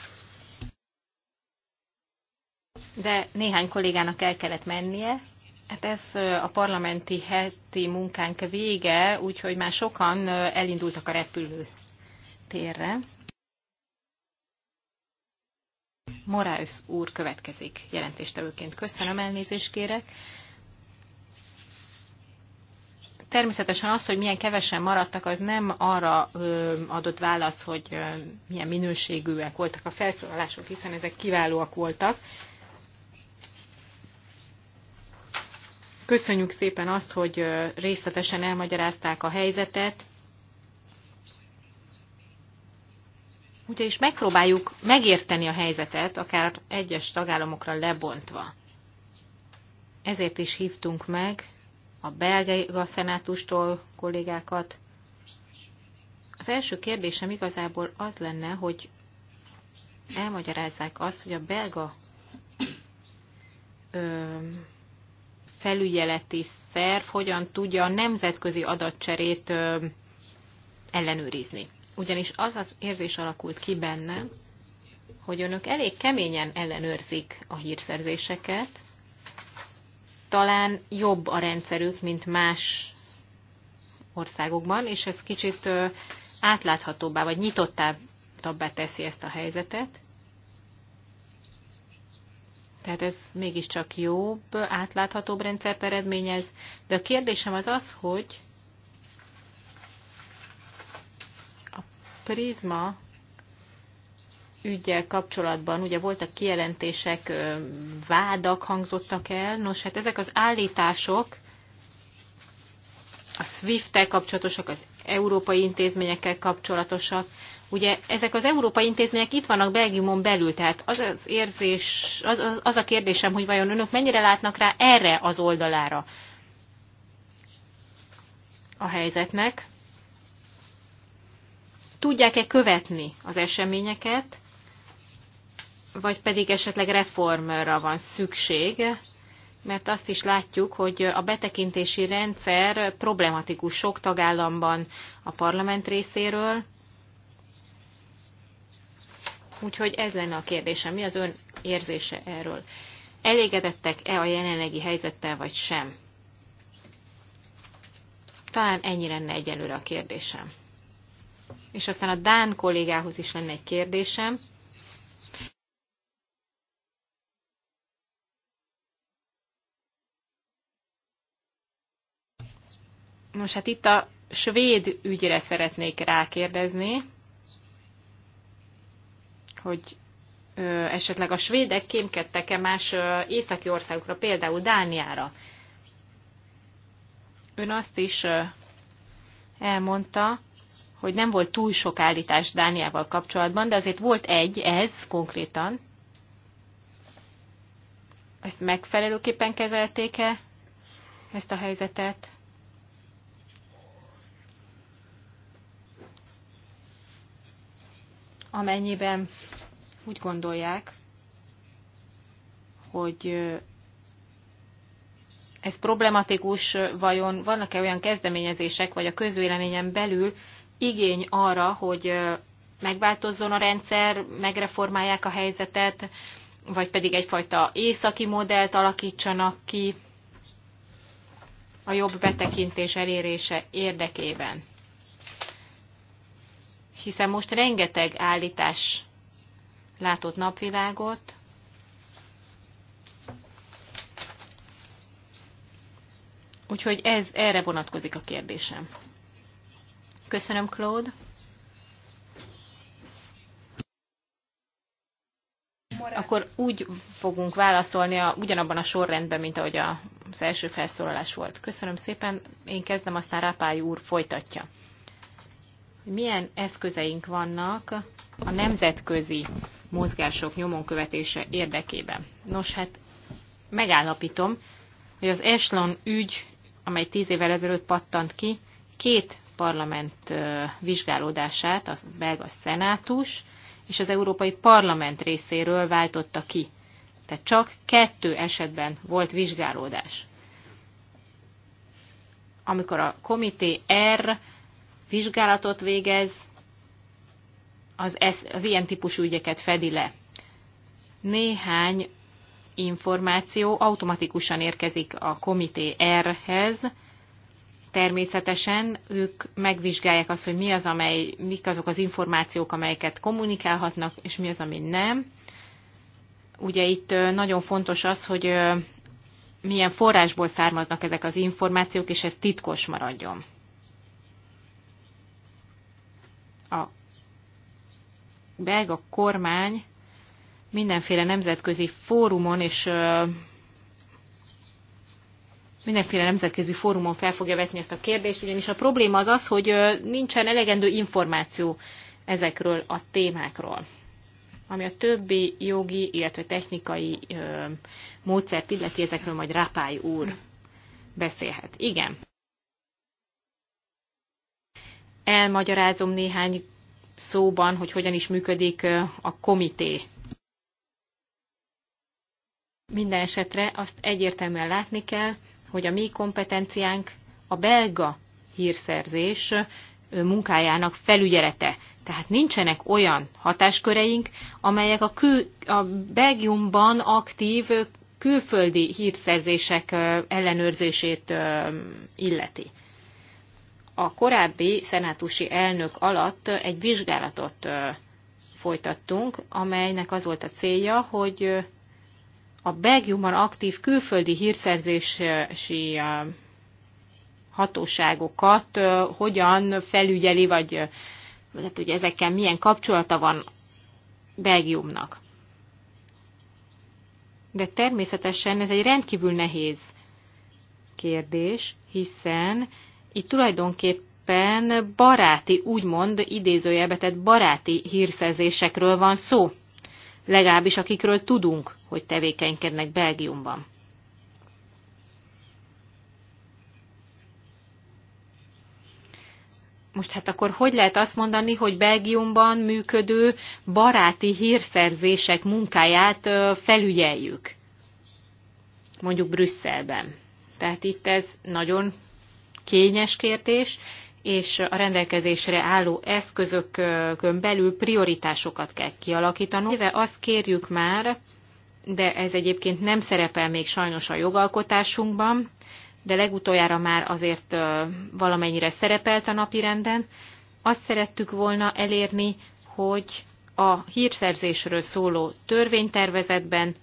de néhány kollégának el kellett mennie. Hát ez a parlamenti heti munkánk vége, úgyhogy már sokan elindultak a térre. Morales úr következik jelentéstevőként. Köszönöm, elnézést kérek. Természetesen az, hogy milyen kevesen maradtak, az nem arra ö, adott válasz, hogy ö, milyen minőségűek voltak a felszólalások, hiszen ezek kiválóak voltak. Köszönjük szépen azt, hogy részletesen elmagyarázták a helyzetet. Ugye is megpróbáljuk megérteni a helyzetet, akár egyes tagállamokra lebontva. Ezért is hívtunk meg a belga szenátustól kollégákat. Az első kérdésem igazából az lenne, hogy elmagyarázzák azt, hogy a belga ö, felügyeleti szerv hogyan tudja a nemzetközi adatcserét ellenőrizni. Ugyanis az az érzés alakult ki benne, hogy önök elég keményen ellenőrzik a hírszerzéseket, talán jobb a rendszerük, mint más országokban, és ez kicsit átláthatóbbá vagy nyitottábbá teszi ezt a helyzetet. Tehát ez mégiscsak jobb, átláthatóbb rendszert eredményez. De a kérdésem az az, hogy a prizma ügyel kapcsolatban ugye voltak kijelentések, vádak hangzottak el. Nos, hát ezek az állítások a SWIFT-tel kapcsolatosak, az európai intézményekkel kapcsolatosak. Ugye ezek az európai intézmények itt vannak Belgiumon belül, tehát az az érzés, az, az, az a kérdésem, hogy vajon önök mennyire látnak rá erre az oldalára a helyzetnek. Tudják-e követni az eseményeket, vagy pedig esetleg reformra van szükség, mert azt is látjuk, hogy a betekintési rendszer problematikus sok tagállamban a parlament részéről. Úgyhogy ez lenne a kérdésem. Mi az ön érzése erről? Elégedettek-e a jelenlegi helyzettel, vagy sem? Talán ennyi lenne egyelőre a kérdésem. És aztán a Dán kollégához is lenne egy kérdésem. Nos, hát itt a svéd ügyre szeretnék rákérdezni, hogy ö, esetleg a svédek kémkedtek-e más ö, északi országokra, például Dániára. Ön azt is ö, elmondta, hogy nem volt túl sok állítás Dániával kapcsolatban, de azért volt egy, ez konkrétan. Ezt megfelelőképpen kezelték-e, ezt a helyzetet? amennyiben úgy gondolják, hogy ez problematikus, vajon vannak-e olyan kezdeményezések, vagy a közvéleményen belül igény arra, hogy megváltozzon a rendszer, megreformálják a helyzetet, vagy pedig egyfajta északi modellt alakítsanak ki a jobb betekintés elérése érdekében hiszen most rengeteg állítás látott napvilágot, Úgyhogy ez erre vonatkozik a kérdésem. Köszönöm, Claude. Akkor úgy fogunk válaszolni a, ugyanabban a sorrendben, mint ahogy a, az első felszólalás volt. Köszönöm szépen, én kezdem, aztán Rápály úr folytatja milyen eszközeink vannak a nemzetközi mozgások nyomon követése érdekében. Nos, hát megállapítom, hogy az Eslon ügy, amely tíz évvel ezelőtt pattant ki, két parlament vizsgálódását, a belga szenátus és az Európai Parlament részéről váltotta ki. Tehát csak kettő esetben volt vizsgálódás. Amikor a komité R vizsgálatot végez, az, az ilyen típusú ügyeket fedi le. Néhány információ automatikusan érkezik a komité R-hez. Természetesen ők megvizsgálják azt, hogy mi az, amely, mik azok az információk, amelyeket kommunikálhatnak, és mi az, ami nem. Ugye itt nagyon fontos az, hogy milyen forrásból származnak ezek az információk, és ez titkos maradjon. a belga kormány mindenféle nemzetközi fórumon és mindenféle nemzetközi fórumon fel fogja vetni ezt a kérdést, ugyanis a probléma az az, hogy nincsen elegendő információ ezekről a témákról. Ami a többi jogi, illetve technikai módszert illeti, ezekről majd Rapály úr beszélhet. Igen elmagyarázom néhány szóban, hogy hogyan is működik a komité. Minden esetre azt egyértelműen látni kell, hogy a mi kompetenciánk a belga hírszerzés munkájának felügyelete. Tehát nincsenek olyan hatásköreink, amelyek a, kül, a Belgiumban aktív külföldi hírszerzések ellenőrzését illeti a korábbi szenátusi elnök alatt egy vizsgálatot folytattunk, amelynek az volt a célja, hogy a Belgiumban aktív külföldi hírszerzési hatóságokat hogyan felügyeli, vagy hát ugye ezekkel milyen kapcsolata van Belgiumnak. De természetesen ez egy rendkívül nehéz kérdés, hiszen itt tulajdonképpen baráti, úgymond idézőjelbe tett baráti hírszerzésekről van szó, legalábbis akikről tudunk, hogy tevékenykednek Belgiumban. Most hát akkor hogy lehet azt mondani, hogy Belgiumban működő baráti hírszerzések munkáját felügyeljük? Mondjuk Brüsszelben. Tehát itt ez nagyon kényes kérdés, és a rendelkezésre álló eszközökön belül prioritásokat kell kialakítanunk. Éve azt kérjük már, de ez egyébként nem szerepel még sajnos a jogalkotásunkban, de legutoljára már azért valamennyire szerepelt a renden. Azt szerettük volna elérni, hogy a hírszerzésről szóló törvénytervezetben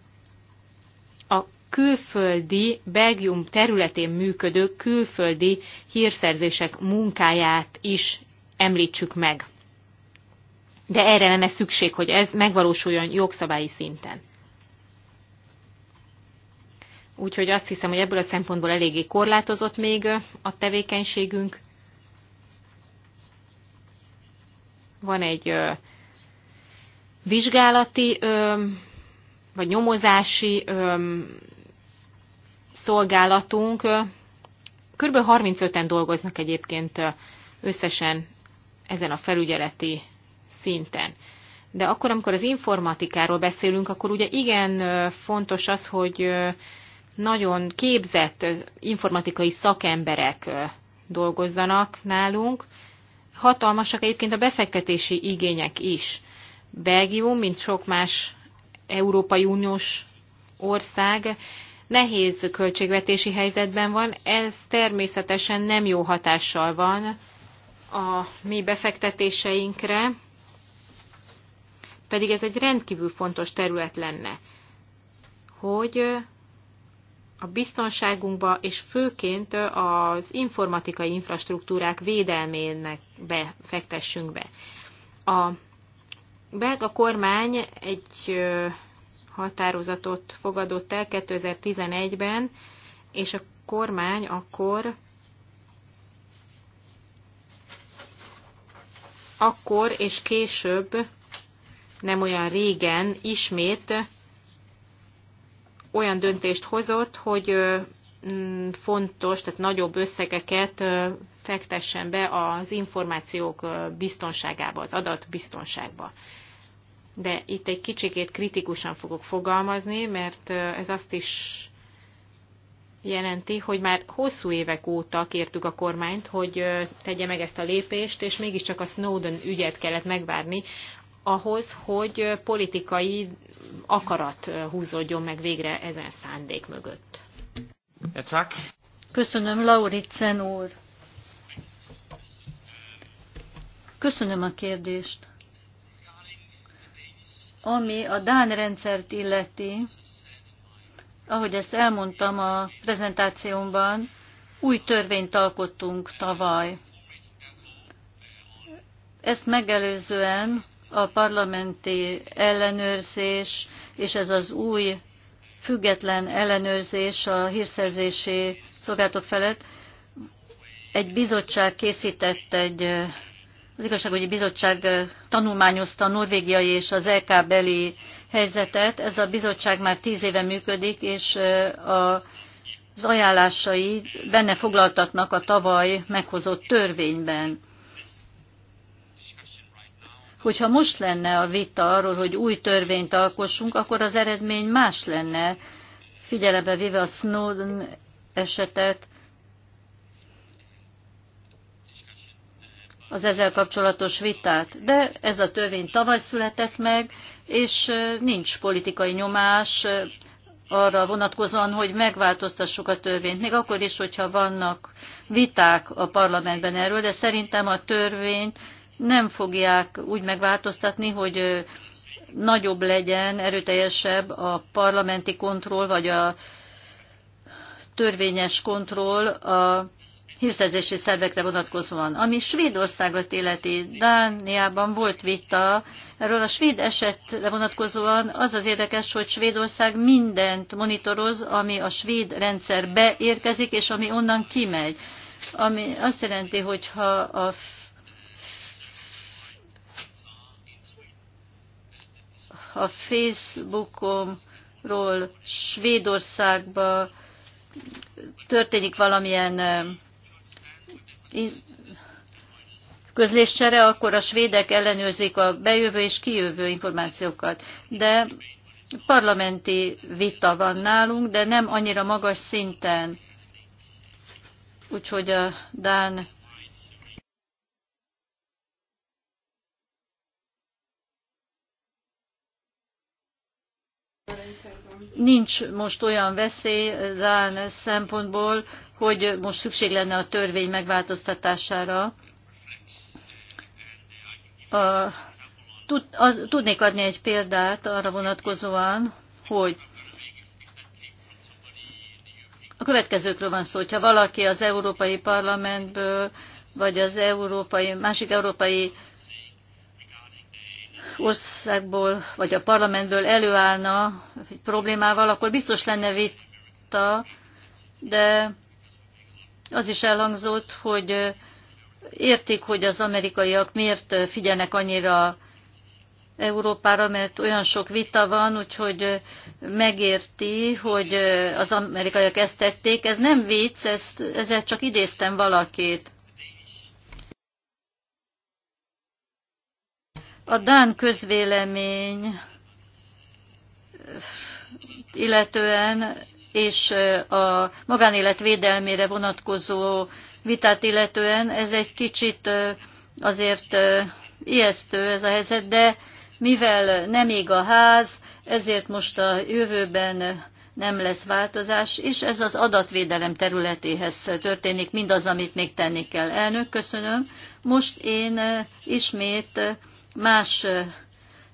a külföldi, Belgium területén működő külföldi hírszerzések munkáját is említsük meg. De erre lenne szükség, hogy ez megvalósuljon jogszabályi szinten. Úgyhogy azt hiszem, hogy ebből a szempontból eléggé korlátozott még a tevékenységünk. Van egy ö, vizsgálati ö, vagy nyomozási ö, szolgálatunk, kb. 35-en dolgoznak egyébként összesen ezen a felügyeleti szinten. De akkor, amikor az informatikáról beszélünk, akkor ugye igen fontos az, hogy nagyon képzett informatikai szakemberek dolgozzanak nálunk. Hatalmasak egyébként a befektetési igények is. Belgium, mint sok más Európai Uniós ország, nehéz költségvetési helyzetben van, ez természetesen nem jó hatással van a mi befektetéseinkre, pedig ez egy rendkívül fontos terület lenne, hogy a biztonságunkba és főként az informatikai infrastruktúrák védelmének befektessünk be. A belga kormány egy határozatot fogadott el 2011-ben, és a kormány akkor akkor és később, nem olyan régen ismét olyan döntést hozott, hogy mm, fontos, tehát nagyobb összegeket fektessen be az információk biztonságába, az adatbiztonságba de itt egy kicsikét kritikusan fogok fogalmazni, mert ez azt is jelenti, hogy már hosszú évek óta kértük a kormányt, hogy tegye meg ezt a lépést, és mégiscsak a Snowden ügyet kellett megvárni ahhoz, hogy politikai akarat húzódjon meg végre ezen szándék mögött. Csak. Köszönöm, Lauritzen úr. Köszönöm a kérdést. Ami a Dán rendszert illeti, ahogy ezt elmondtam a prezentációmban, új törvényt alkottunk tavaly. Ezt megelőzően a parlamenti ellenőrzés és ez az új független ellenőrzés a hírszerzési szolgáltatók felett egy bizottság készített egy az igazságügyi bizottság tanulmányozta a norvégiai és az LK e beli helyzetet. Ez a bizottság már tíz éve működik, és a az ajánlásai benne foglaltatnak a tavaly meghozott törvényben. Hogyha most lenne a vita arról, hogy új törvényt alkossunk, akkor az eredmény más lenne, figyelembe véve a Snowden esetet, az ezzel kapcsolatos vitát. De ez a törvény tavaly született meg, és nincs politikai nyomás arra vonatkozóan, hogy megváltoztassuk a törvényt. Még akkor is, hogyha vannak viták a parlamentben erről, de szerintem a törvényt nem fogják úgy megváltoztatni, hogy nagyobb legyen, erőteljesebb a parlamenti kontroll, vagy a törvényes kontroll a hirdetési szervekre vonatkozóan. Ami Svédországot életi, Dániában volt vita, erről a svéd esetre vonatkozóan az az érdekes, hogy Svédország mindent monitoroz, ami a svéd rendszerbe érkezik, és ami onnan kimegy. Ami azt jelenti, hogy ha a a Facebookomról Svédországba történik valamilyen közléscsere, akkor a svédek ellenőrzik a bejövő és kijövő információkat. De parlamenti vita van nálunk, de nem annyira magas szinten. Úgyhogy a Dán nincs most olyan veszély Dán szempontból, hogy most szükség lenne a törvény megváltoztatására. A, tud, a, tudnék adni egy példát arra vonatkozóan, hogy a következőkről van szó, hogyha valaki az Európai Parlamentből, vagy az európai, másik európai országból, vagy a parlamentből előállna egy problémával, akkor biztos lenne vita, de az is elhangzott, hogy értik, hogy az amerikaiak miért figyelnek annyira Európára, mert olyan sok vita van, úgyhogy megérti, hogy az amerikaiak ezt tették. Ez nem vicc, ezt, ezzel csak idéztem valakit. A Dán közvélemény illetően és a magánélet védelmére vonatkozó vitát illetően ez egy kicsit azért ijesztő ez a helyzet, de mivel nem ég a ház, ezért most a jövőben nem lesz változás, és ez az adatvédelem területéhez történik mindaz, amit még tenni kell. Elnök, köszönöm. Most én ismét más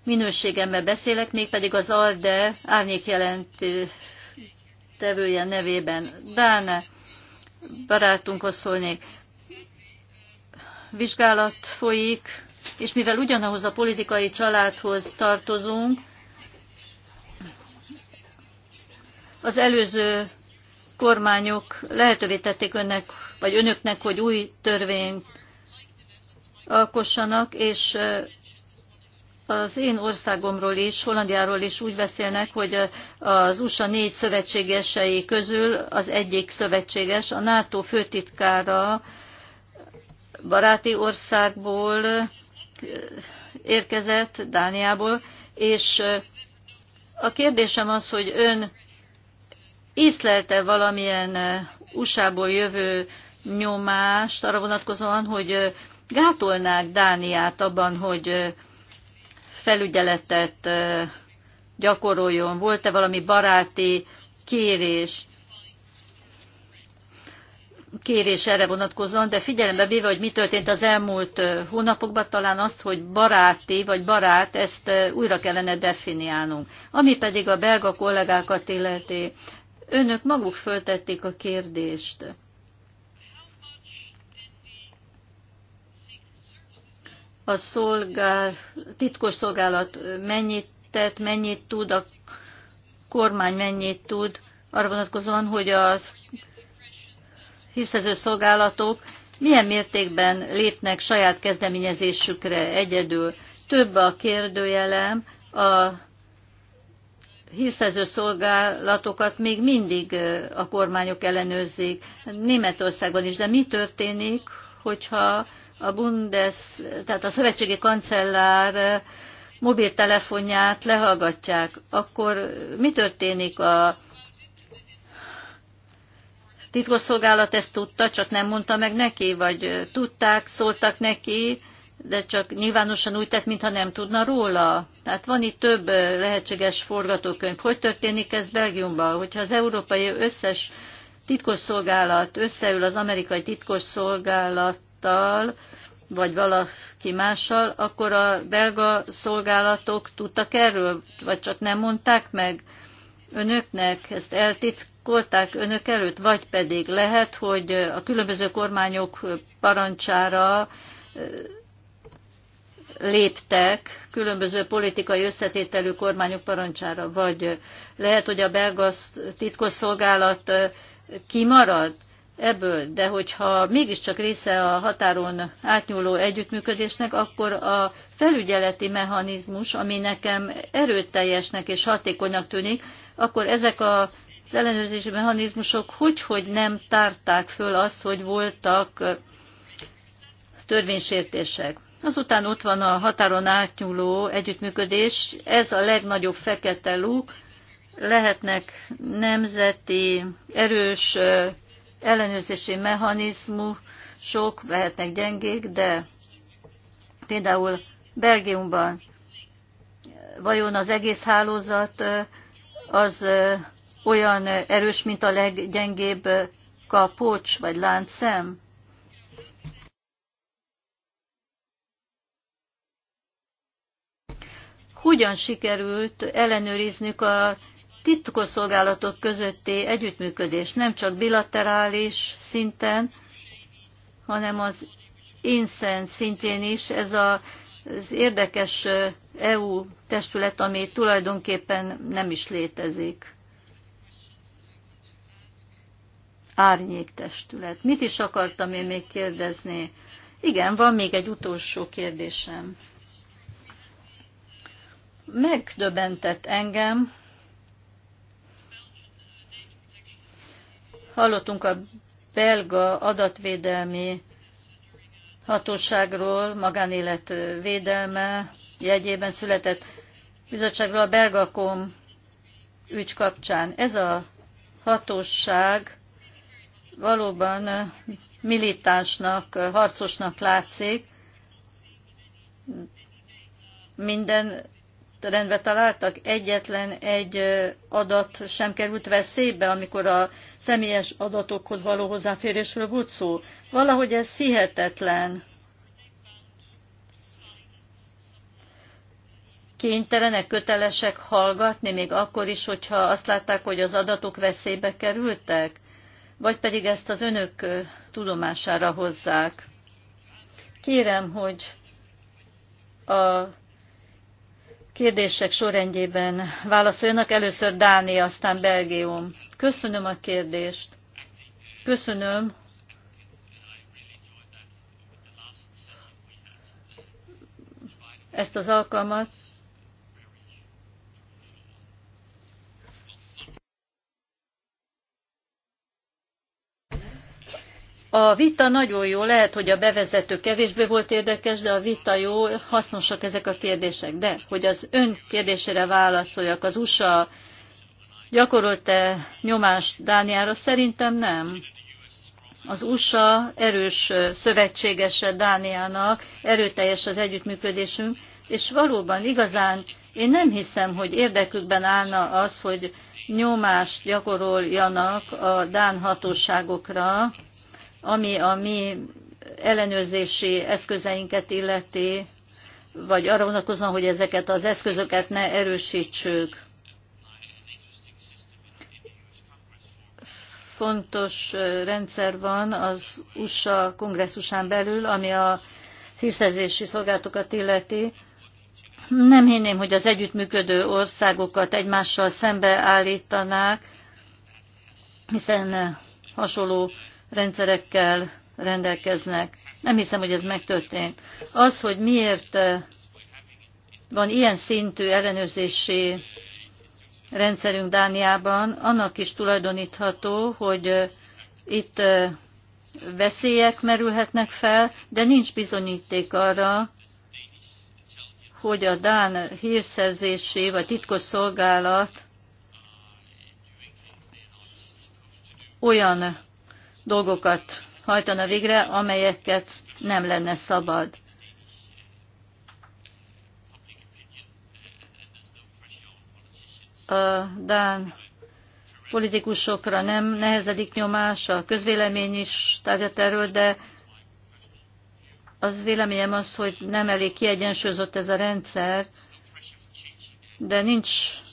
minőségemmel beszélek, mégpedig az ALDE árnyékjelentő tevője nevében. Dáne, barátunkhoz szólnék. Vizsgálat folyik, és mivel ugyanahoz a politikai családhoz tartozunk, az előző kormányok lehetővé tették önnek, vagy önöknek, hogy új törvényt alkossanak, és az én országomról is, Hollandiáról is úgy beszélnek, hogy az USA négy szövetségesei közül az egyik szövetséges, a NATO főtitkára baráti országból érkezett, Dániából, és a kérdésem az, hogy ön észlelte valamilyen USA-ból jövő nyomást arra vonatkozóan, hogy gátolnák Dániát abban, hogy felügyeletet gyakoroljon? Volt-e valami baráti kérés? kérés erre vonatkozóan, de figyelembe véve, hogy mi történt az elmúlt hónapokban, talán azt, hogy baráti vagy barát, ezt újra kellene definiálnunk. Ami pedig a belga kollégákat illeti, önök maguk föltették a kérdést. a szolgál, titkos szolgálat mennyit tett, mennyit tud, a kormány mennyit tud, arra vonatkozóan, hogy a hiszező szolgálatok milyen mértékben lépnek saját kezdeményezésükre egyedül. Több a kérdőjelem, a hiszező szolgálatokat még mindig a kormányok ellenőrzik, Németországban is, de mi történik, hogyha a Bundes, tehát a szövetségi kancellár mobiltelefonját lehallgatják, akkor mi történik a titkosszolgálat ezt tudta, csak nem mondta meg neki, vagy tudták, szóltak neki, de csak nyilvánosan úgy tett, mintha nem tudna róla. Tehát van itt több lehetséges forgatókönyv. Hogy történik ez Belgiumban? Hogyha az európai összes titkosszolgálat összeül az amerikai titkosszolgálat szolgálattal, vagy valaki mással, akkor a belga szolgálatok tudtak erről, vagy csak nem mondták meg önöknek, ezt eltitkolták önök előtt, vagy pedig lehet, hogy a különböző kormányok parancsára léptek különböző politikai összetételű kormányok parancsára, vagy lehet, hogy a belga titkosszolgálat kimarad, ebből, de hogyha mégiscsak része a határon átnyúló együttműködésnek, akkor a felügyeleti mechanizmus, ami nekem erőteljesnek és hatékonynak tűnik, akkor ezek a az ellenőrzési mechanizmusok hogy, hogy nem tárták föl azt, hogy voltak törvénysértések. Azután ott van a határon átnyúló együttműködés, ez a legnagyobb fekete luk, lehetnek nemzeti erős ellenőrzési mechanizmusok lehetnek gyengék, de például Belgiumban vajon az egész hálózat az olyan erős, mint a leggyengébb kapocs vagy láncszem? Hogyan sikerült ellenőriznük a titkosszolgálatok közötti együttműködés nem csak bilaterális szinten, hanem az INSEN szintjén is ez a, az érdekes EU testület, ami tulajdonképpen nem is létezik. Árnyék testület. Mit is akartam én még kérdezni? Igen, van még egy utolsó kérdésem. Megdöbentett engem, Hallottunk a belga adatvédelmi hatóságról, magánélet védelme jegyében született bizottságról a belgakom ügy kapcsán. Ez a hatóság valóban militánsnak, harcosnak látszik. Minden rendbe találtak, egyetlen egy adat sem került veszélybe, amikor a személyes adatokhoz való hozzáférésről volt szó. Valahogy ez hihetetlen. Kénytelenek, kötelesek hallgatni, még akkor is, hogyha azt látták, hogy az adatok veszélybe kerültek? Vagy pedig ezt az önök tudomására hozzák? Kérem, hogy a kérdések sorrendjében válaszoljanak. Először Dánia, aztán Belgium. Köszönöm a kérdést. Köszönöm. Ezt az alkalmat. A vita nagyon jó, lehet, hogy a bevezető kevésbé volt érdekes, de a vita jó, hasznosak ezek a kérdések. De, hogy az ön kérdésére válaszoljak, az USA gyakorolt-e nyomást Dániára? Szerintem nem. Az USA erős szövetségese Dániának, erőteljes az együttműködésünk, és valóban igazán én nem hiszem, hogy érdekükben állna az, hogy nyomást gyakoroljanak a Dán hatóságokra, ami a mi ellenőrzési eszközeinket illeti, vagy arra vonatkozóan, hogy ezeket az eszközöket ne erősítsük. fontos rendszer van az USA kongresszusán belül, ami a hírszerzési szolgálatokat illeti. Nem hinném, hogy az együttműködő országokat egymással szembeállítanák, hiszen hasonló rendszerekkel rendelkeznek. Nem hiszem, hogy ez megtörtént. Az, hogy miért van ilyen szintű ellenőrzési rendszerünk Dániában annak is tulajdonítható, hogy itt veszélyek merülhetnek fel, de nincs bizonyíték arra, hogy a Dán hírszerzési vagy titkos szolgálat olyan dolgokat hajtana végre, amelyeket nem lenne szabad. a Dán politikusokra nem nehezedik nyomás, a közvélemény is tárgyat erről, de az véleményem az, hogy nem elég kiegyensúlyozott ez a rendszer, de nincs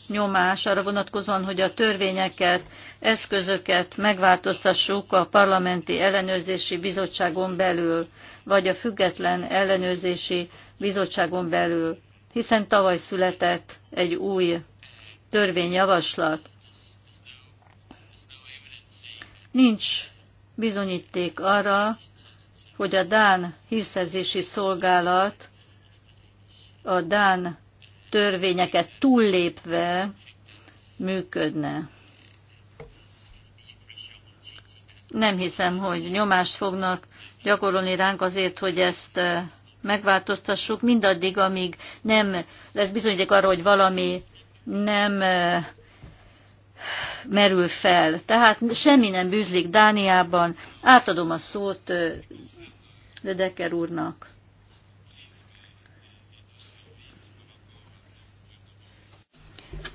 nyomás arra vonatkozóan, hogy a törvényeket, eszközöket megváltoztassuk a parlamenti ellenőrzési bizottságon belül, vagy a független ellenőrzési bizottságon belül, hiszen tavaly született egy új törvényjavaslat. Nincs bizonyíték arra, hogy a Dán hírszerzési szolgálat a Dán törvényeket túllépve működne. Nem hiszem, hogy nyomást fognak gyakorolni ránk azért, hogy ezt eh, megváltoztassuk, mindaddig, amíg nem lesz bizonyíték arra, hogy valami nem merül fel. Tehát semmi nem bűzlik Dániában. Átadom a szót Ledeker úrnak.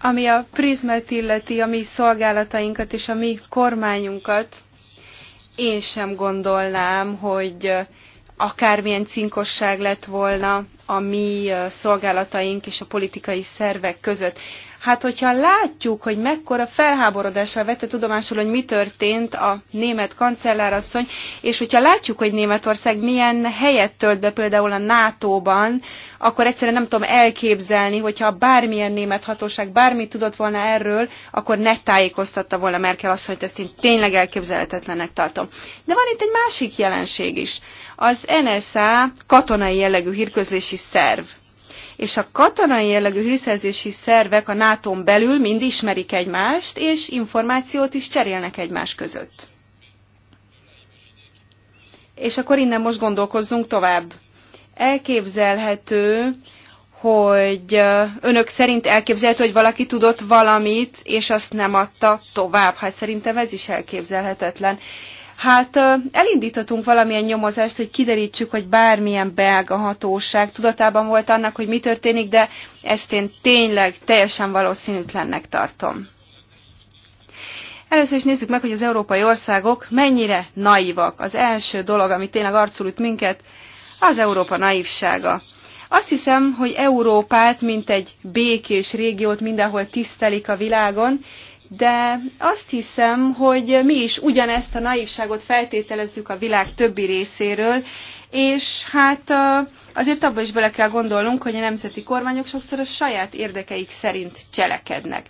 Ami a prizmet illeti, a mi szolgálatainkat és a mi kormányunkat, én sem gondolnám, hogy akármilyen cinkosság lett volna a mi szolgálataink és a politikai szervek között. Hát, hogyha látjuk, hogy mekkora felháborodással vette tudomásul, hogy mi történt a német kancellárasszony, és hogyha látjuk, hogy Németország milyen helyet tölt be például a NATO-ban, akkor egyszerűen nem tudom elképzelni, hogyha bármilyen német hatóság bármit tudott volna erről, akkor ne tájékoztatta volna Merkel asszonyt, ezt én tényleg elképzelhetetlennek tartom. De van itt egy másik jelenség is. Az NSA katonai jellegű hírközlési szerv és a katonai jellegű hírszerzési szervek a nato belül mind ismerik egymást, és információt is cserélnek egymás között. És akkor innen most gondolkozzunk tovább. Elképzelhető, hogy önök szerint elképzelhető, hogy valaki tudott valamit, és azt nem adta tovább. Hát szerintem ez is elképzelhetetlen hát elindítottunk valamilyen nyomozást, hogy kiderítsük, hogy bármilyen belga hatóság tudatában volt annak, hogy mi történik, de ezt én tényleg teljesen valószínűtlennek tartom. Először is nézzük meg, hogy az európai országok mennyire naivak. Az első dolog, ami tényleg arcul üt minket, az Európa naivsága. Azt hiszem, hogy Európát, mint egy békés régiót mindenhol tisztelik a világon, de azt hiszem, hogy mi is ugyanezt a naivságot feltételezzük a világ többi részéről, és hát azért abba is bele kell gondolnunk, hogy a nemzeti kormányok sokszor a saját érdekeik szerint cselekednek.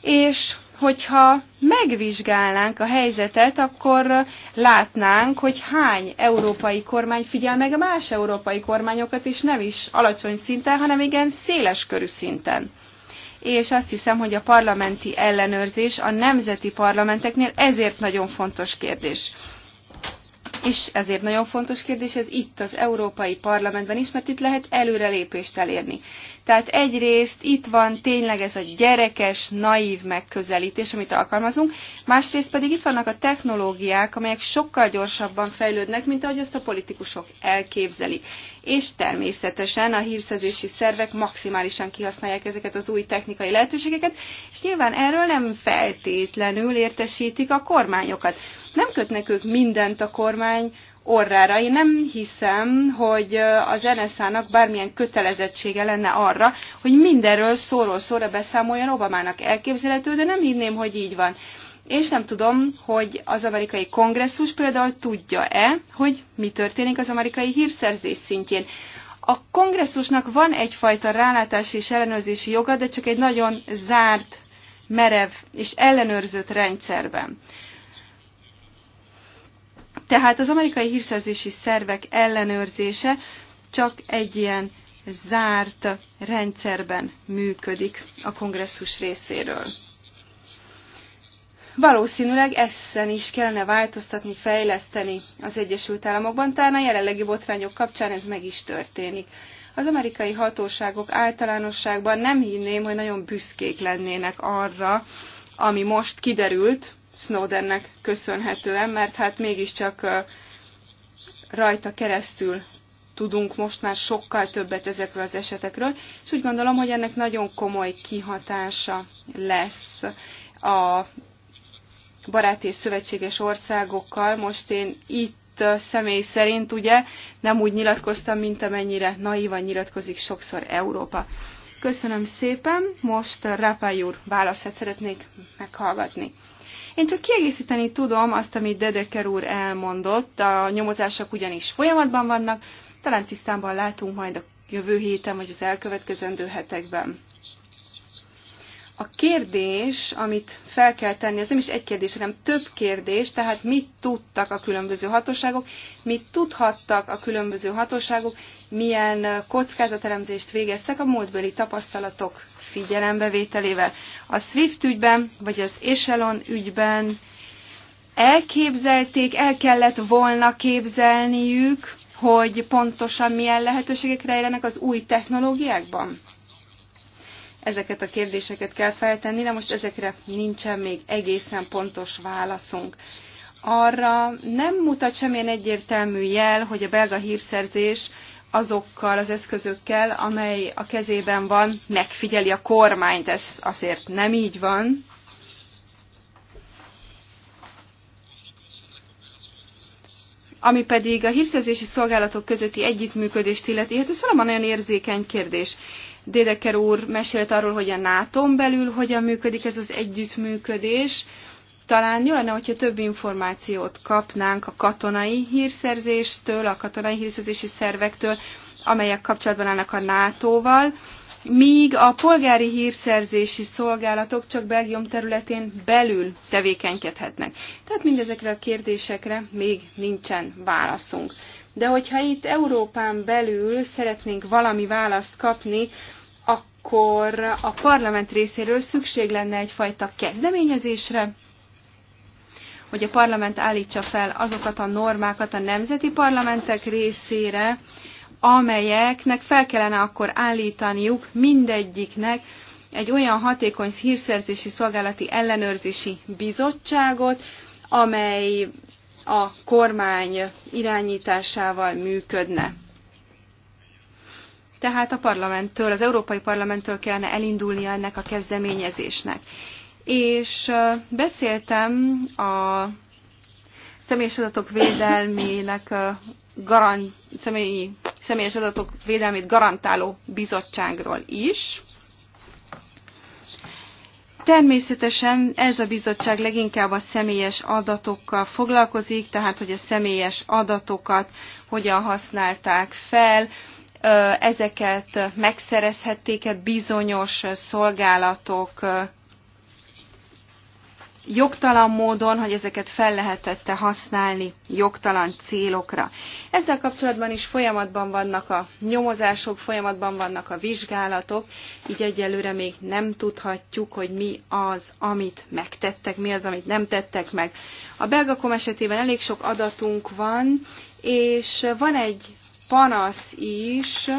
És hogyha megvizsgálnánk a helyzetet, akkor látnánk, hogy hány európai kormány figyel meg a más európai kormányokat, és nem is alacsony szinten, hanem igen széles körű szinten és azt hiszem, hogy a parlamenti ellenőrzés a nemzeti parlamenteknél ezért nagyon fontos kérdés. És ezért nagyon fontos kérdés ez itt az Európai Parlamentben is, mert itt lehet előrelépést elérni. Tehát egyrészt itt van tényleg ez a gyerekes, naív megközelítés, amit alkalmazunk, másrészt pedig itt vannak a technológiák, amelyek sokkal gyorsabban fejlődnek, mint ahogy azt a politikusok elképzelik. És természetesen a hírszerzési szervek maximálisan kihasználják ezeket az új technikai lehetőségeket, és nyilván erről nem feltétlenül értesítik a kormányokat. Nem kötnek ők mindent a kormány orrára. Én nem hiszem, hogy az NSZ-nak bármilyen kötelezettsége lenne arra, hogy mindenről szóról szóra beszámoljon Obamának. Elképzelhető, de nem hinném, hogy így van. És nem tudom, hogy az amerikai kongresszus például tudja-e, hogy mi történik az amerikai hírszerzés szintjén. A kongresszusnak van egyfajta rálátási és ellenőrzési joga, de csak egy nagyon zárt, merev és ellenőrzött rendszerben. Tehát az amerikai hírszerzési szervek ellenőrzése csak egy ilyen zárt rendszerben működik a kongresszus részéről. Valószínűleg eszen is kellene változtatni, fejleszteni az Egyesült Államokban, talán a jelenlegi botrányok kapcsán ez meg is történik. Az amerikai hatóságok általánosságban nem hinném, hogy nagyon büszkék lennének arra, ami most kiderült, Snowdennek köszönhetően, mert hát mégiscsak rajta keresztül tudunk most már sokkal többet ezekről az esetekről, és úgy gondolom, hogy ennek nagyon komoly kihatása lesz a baráti és szövetséges országokkal. Most én itt személy szerint ugye nem úgy nyilatkoztam, mint amennyire naívan nyilatkozik sokszor Európa. Köszönöm szépen, most Rapály úr válaszát szeretnék meghallgatni. Én csak kiegészíteni tudom azt, amit Dedeker úr elmondott, a nyomozások ugyanis folyamatban vannak, talán tisztában látunk majd a jövő héten, vagy az elkövetkezendő hetekben. A kérdés, amit fel kell tenni, az nem is egy kérdés, hanem több kérdés, tehát mit tudtak a különböző hatóságok, mit tudhattak a különböző hatóságok, milyen kockázatelemzést végeztek a múltbeli tapasztalatok figyelembevételével. A SWIFT ügyben, vagy az Echelon ügyben elképzelték, el kellett volna képzelniük, hogy pontosan milyen lehetőségek rejlenek az új technológiákban? Ezeket a kérdéseket kell feltenni, de most ezekre nincsen még egészen pontos válaszunk. Arra nem mutat semmilyen egyértelmű jel, hogy a belga hírszerzés azokkal az eszközökkel, amely a kezében van, megfigyeli a kormányt. Ez azért nem így van. Ami pedig a hírszerzési szolgálatok közötti együttműködést illeti, hát ez valóban olyan érzékeny kérdés. Dédeker úr mesélt arról, hogy a NATO-n belül hogyan működik ez az együttműködés, talán jó lenne, hogyha több információt kapnánk a katonai hírszerzéstől, a katonai hírszerzési szervektől, amelyek kapcsolatban állnak a NATO-val, míg a polgári hírszerzési szolgálatok csak Belgium területén belül tevékenykedhetnek. Tehát mindezekre a kérdésekre még nincsen válaszunk. De hogyha itt Európán belül szeretnénk valami választ kapni, akkor a parlament részéről szükség lenne egyfajta kezdeményezésre, hogy a parlament állítsa fel azokat a normákat a nemzeti parlamentek részére, amelyeknek fel kellene akkor állítaniuk mindegyiknek egy olyan hatékony hírszerzési szolgálati ellenőrzési bizottságot, amely a kormány irányításával működne. Tehát a parlamenttől, az Európai Parlamenttől kellene elindulnia ennek a kezdeményezésnek és beszéltem a személyes adatok védelmének garan, személyi, személyes adatok védelmét garantáló bizottságról is. Természetesen ez a bizottság leginkább a személyes adatokkal foglalkozik, tehát hogy a személyes adatokat hogyan használták fel, ezeket megszerezhették-e bizonyos szolgálatok jogtalan módon, hogy ezeket fel lehetette használni jogtalan célokra. Ezzel kapcsolatban is folyamatban vannak a nyomozások, folyamatban vannak a vizsgálatok, így egyelőre még nem tudhatjuk, hogy mi az, amit megtettek, mi az, amit nem tettek meg. A belgakom esetében elég sok adatunk van, és van egy panasz is,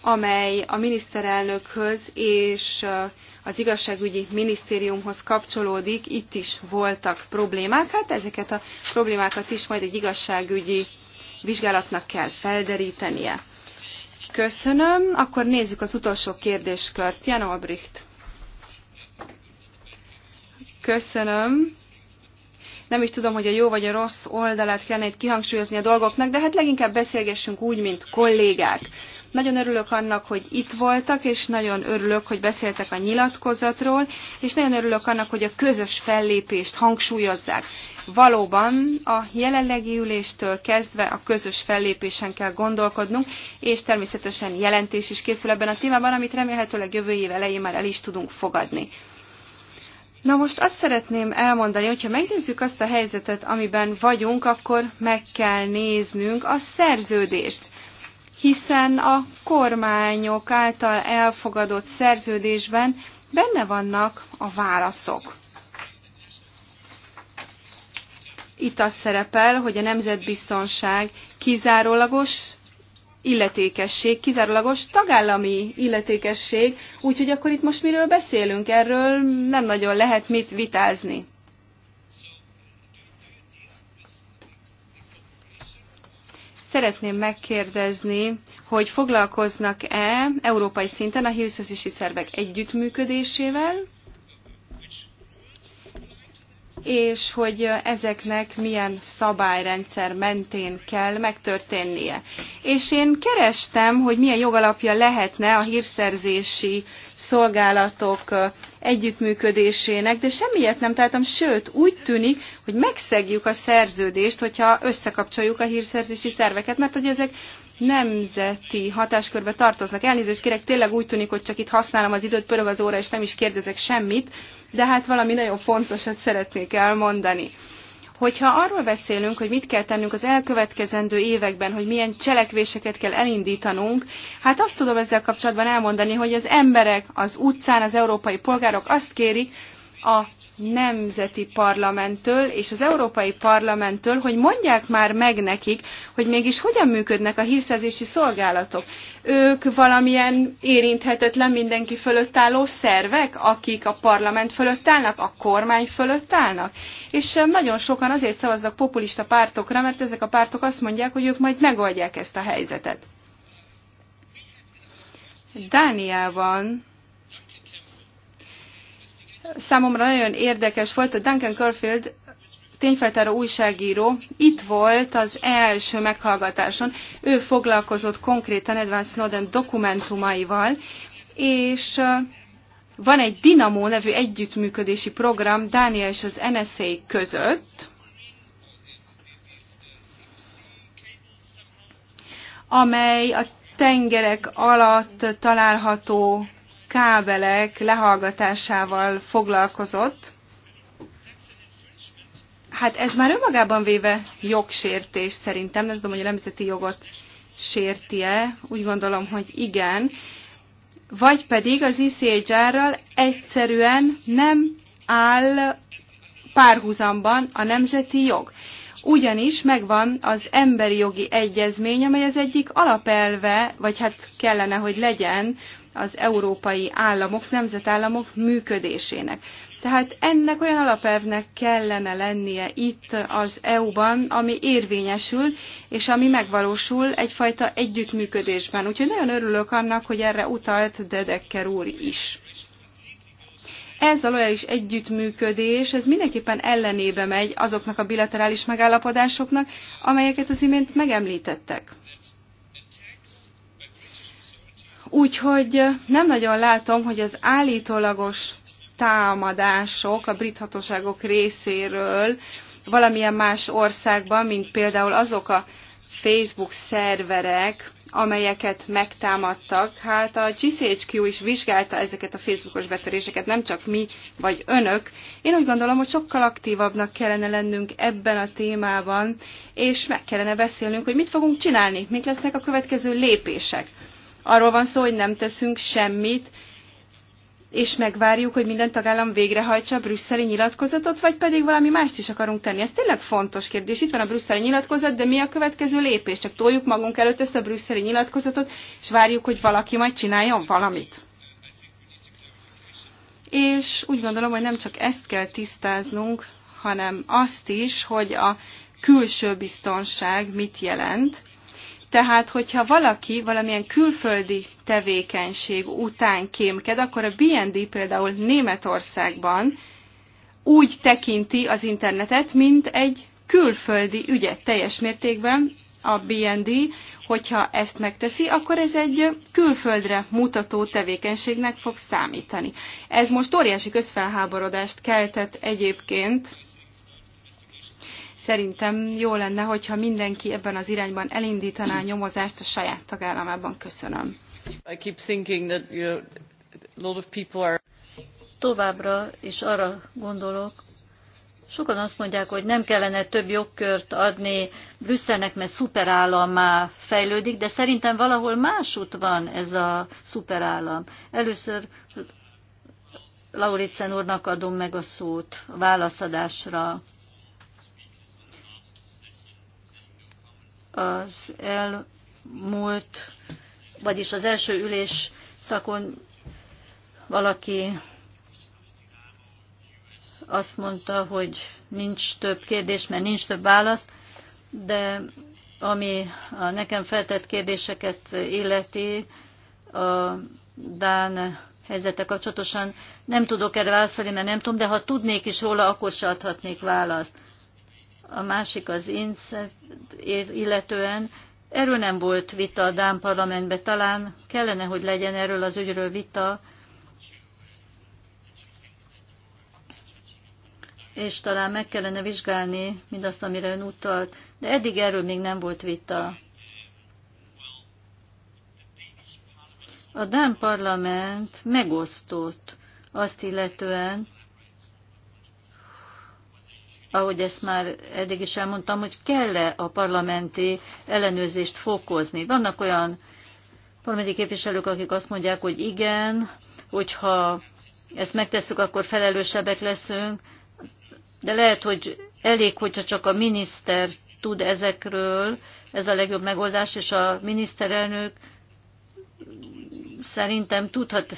amely a miniszterelnökhöz és az igazságügyi minisztériumhoz kapcsolódik, itt is voltak problémák, hát ezeket a problémákat is majd egy igazságügyi vizsgálatnak kell felderítenie. Köszönöm, akkor nézzük az utolsó kérdéskört. Jan Albrecht. Köszönöm nem is tudom, hogy a jó vagy a rossz oldalát kellene itt kihangsúlyozni a dolgoknak, de hát leginkább beszélgessünk úgy, mint kollégák. Nagyon örülök annak, hogy itt voltak, és nagyon örülök, hogy beszéltek a nyilatkozatról, és nagyon örülök annak, hogy a közös fellépést hangsúlyozzák. Valóban a jelenlegi üléstől kezdve a közös fellépésen kell gondolkodnunk, és természetesen jelentés is készül ebben a témában, amit remélhetőleg jövő év elején már el is tudunk fogadni. Na most azt szeretném elmondani, hogyha megnézzük azt a helyzetet, amiben vagyunk, akkor meg kell néznünk a szerződést hiszen a kormányok által elfogadott szerződésben benne vannak a válaszok. Itt az szerepel, hogy a nemzetbiztonság kizárólagos illetékesség, kizárólagos tagállami illetékesség, úgyhogy akkor itt most miről beszélünk, erről nem nagyon lehet mit vitázni. Szeretném megkérdezni, hogy foglalkoznak-e európai szinten a hírszerzési szervek együttműködésével, és hogy ezeknek milyen szabályrendszer mentén kell megtörténnie. És én kerestem, hogy milyen jogalapja lehetne a hírszerzési szolgálatok együttműködésének, de semmiért nem találtam, sőt, úgy tűnik, hogy megszegjük a szerződést, hogyha összekapcsoljuk a hírszerzési szerveket, mert hogy ezek nemzeti hatáskörbe tartoznak. Elnézést kérek, tényleg úgy tűnik, hogy csak itt használom az időt, pörög az óra, és nem is kérdezek semmit, de hát valami nagyon fontosat szeretnék elmondani. Hogyha arról beszélünk, hogy mit kell tennünk az elkövetkezendő években, hogy milyen cselekvéseket kell elindítanunk, hát azt tudom ezzel kapcsolatban elmondani, hogy az emberek az utcán, az európai polgárok azt kérik, a nemzeti parlamenttől és az Európai Parlamenttől, hogy mondják már meg nekik, hogy mégis hogyan működnek a hírszerzési szolgálatok. Ők valamilyen érinthetetlen mindenki fölött álló szervek, akik a parlament fölött állnak, a kormány fölött állnak. És nagyon sokan azért szavaznak populista pártokra, mert ezek a pártok azt mondják, hogy ők majd megoldják ezt a helyzetet. Dániában Számomra nagyon érdekes volt, hogy Duncan Curfield tényfeltáró újságíró itt volt az első meghallgatáson. Ő foglalkozott konkrétan Edward Snowden dokumentumaival, és van egy Dinamo nevű együttműködési program Dánia és az NSA között, amely a tengerek alatt található kábelek lehallgatásával foglalkozott. Hát ez már önmagában véve jogsértés szerintem, nem tudom, hogy a nemzeti jogot sérti-e, úgy gondolom, hogy igen, vagy pedig az ICHR-ral egyszerűen nem áll párhuzamban a nemzeti jog. Ugyanis megvan az emberi jogi egyezmény, amely az egyik alapelve, vagy hát kellene, hogy legyen az európai államok, nemzetállamok működésének. Tehát ennek olyan alapelvnek kellene lennie itt az EU-ban, ami érvényesül, és ami megvalósul egyfajta együttműködésben. Úgyhogy nagyon örülök annak, hogy erre utalt Dedekker úr is. Ez a lojális együttműködés, ez mindenképpen ellenébe megy azoknak a bilaterális megállapodásoknak, amelyeket az imént megemlítettek. Úgyhogy nem nagyon látom, hogy az állítólagos támadások a brit hatóságok részéről valamilyen más országban, mint például azok a Facebook szerverek, amelyeket megtámadtak. Hát a GCHQ is vizsgálta ezeket a Facebookos betöréseket, nem csak mi vagy önök. Én úgy gondolom, hogy sokkal aktívabbnak kellene lennünk ebben a témában, és meg kellene beszélnünk, hogy mit fogunk csinálni, mik lesznek a következő lépések. Arról van szó, hogy nem teszünk semmit, és megvárjuk, hogy minden tagállam végrehajtsa a brüsszeli nyilatkozatot, vagy pedig valami mást is akarunk tenni. Ez tényleg fontos kérdés. Itt van a brüsszeli nyilatkozat, de mi a következő lépés? Csak toljuk magunk előtt ezt a brüsszeli nyilatkozatot, és várjuk, hogy valaki majd csináljon valamit. És úgy gondolom, hogy nem csak ezt kell tisztáznunk, hanem azt is, hogy a külső biztonság mit jelent, tehát, hogyha valaki valamilyen külföldi tevékenység után kémked, akkor a BND például Németországban úgy tekinti az internetet, mint egy külföldi ügyet teljes mértékben a BND, hogyha ezt megteszi, akkor ez egy külföldre mutató tevékenységnek fog számítani. Ez most óriási közfelháborodást keltett egyébként Szerintem jó lenne, hogyha mindenki ebben az irányban elindítaná a nyomozást a saját tagállamában. Köszönöm. I keep thinking that you know, a lot of people are... Továbbra is arra gondolok, sokan azt mondják, hogy nem kellene több jogkört adni Brüsszelnek, mert már fejlődik, de szerintem valahol másút van ez a szuperállam. Először Lauricen úrnak adom meg a szót a válaszadásra. az elmúlt, vagyis az első ülés szakon valaki azt mondta, hogy nincs több kérdés, mert nincs több válasz, de ami a nekem feltett kérdéseket illeti, a Dán helyzete kapcsolatosan nem tudok erre válaszolni, mert nem tudom, de ha tudnék is róla, akkor se adhatnék választ a másik az INSZET illetően. Erről nem volt vita a Dán parlamentben, talán kellene, hogy legyen erről az ügyről vita, és talán meg kellene vizsgálni mindazt, amire ön utalt, de eddig erről még nem volt vita. A Dán parlament megosztott azt illetően, ahogy ezt már eddig is elmondtam, hogy kell-e a parlamenti ellenőrzést fokozni. Vannak olyan parlamenti képviselők, akik azt mondják, hogy igen, hogyha ezt megtesszük, akkor felelősebbek leszünk, de lehet, hogy elég, hogyha csak a miniszter tud ezekről, ez a legjobb megoldás, és a miniszterelnök szerintem tudhat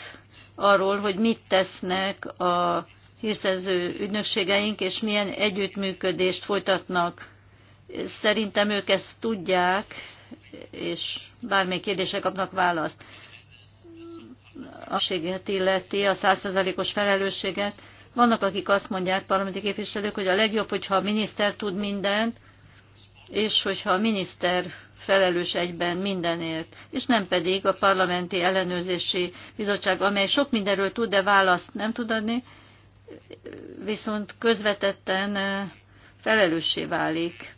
arról, hogy mit tesznek a hírszerző ügynökségeink, és milyen együttműködést folytatnak. Szerintem ők ezt tudják, és bármely kérdésre kapnak választ. A illeti a százszerzalékos felelősséget. Vannak, akik azt mondják, parlamenti képviselők, hogy a legjobb, hogyha a miniszter tud mindent, és hogyha a miniszter felelős egyben mindenért, és nem pedig a parlamenti ellenőrzési bizottság, amely sok mindenről tud, de választ nem tud adni, viszont közvetetten eh, felelőssé válik.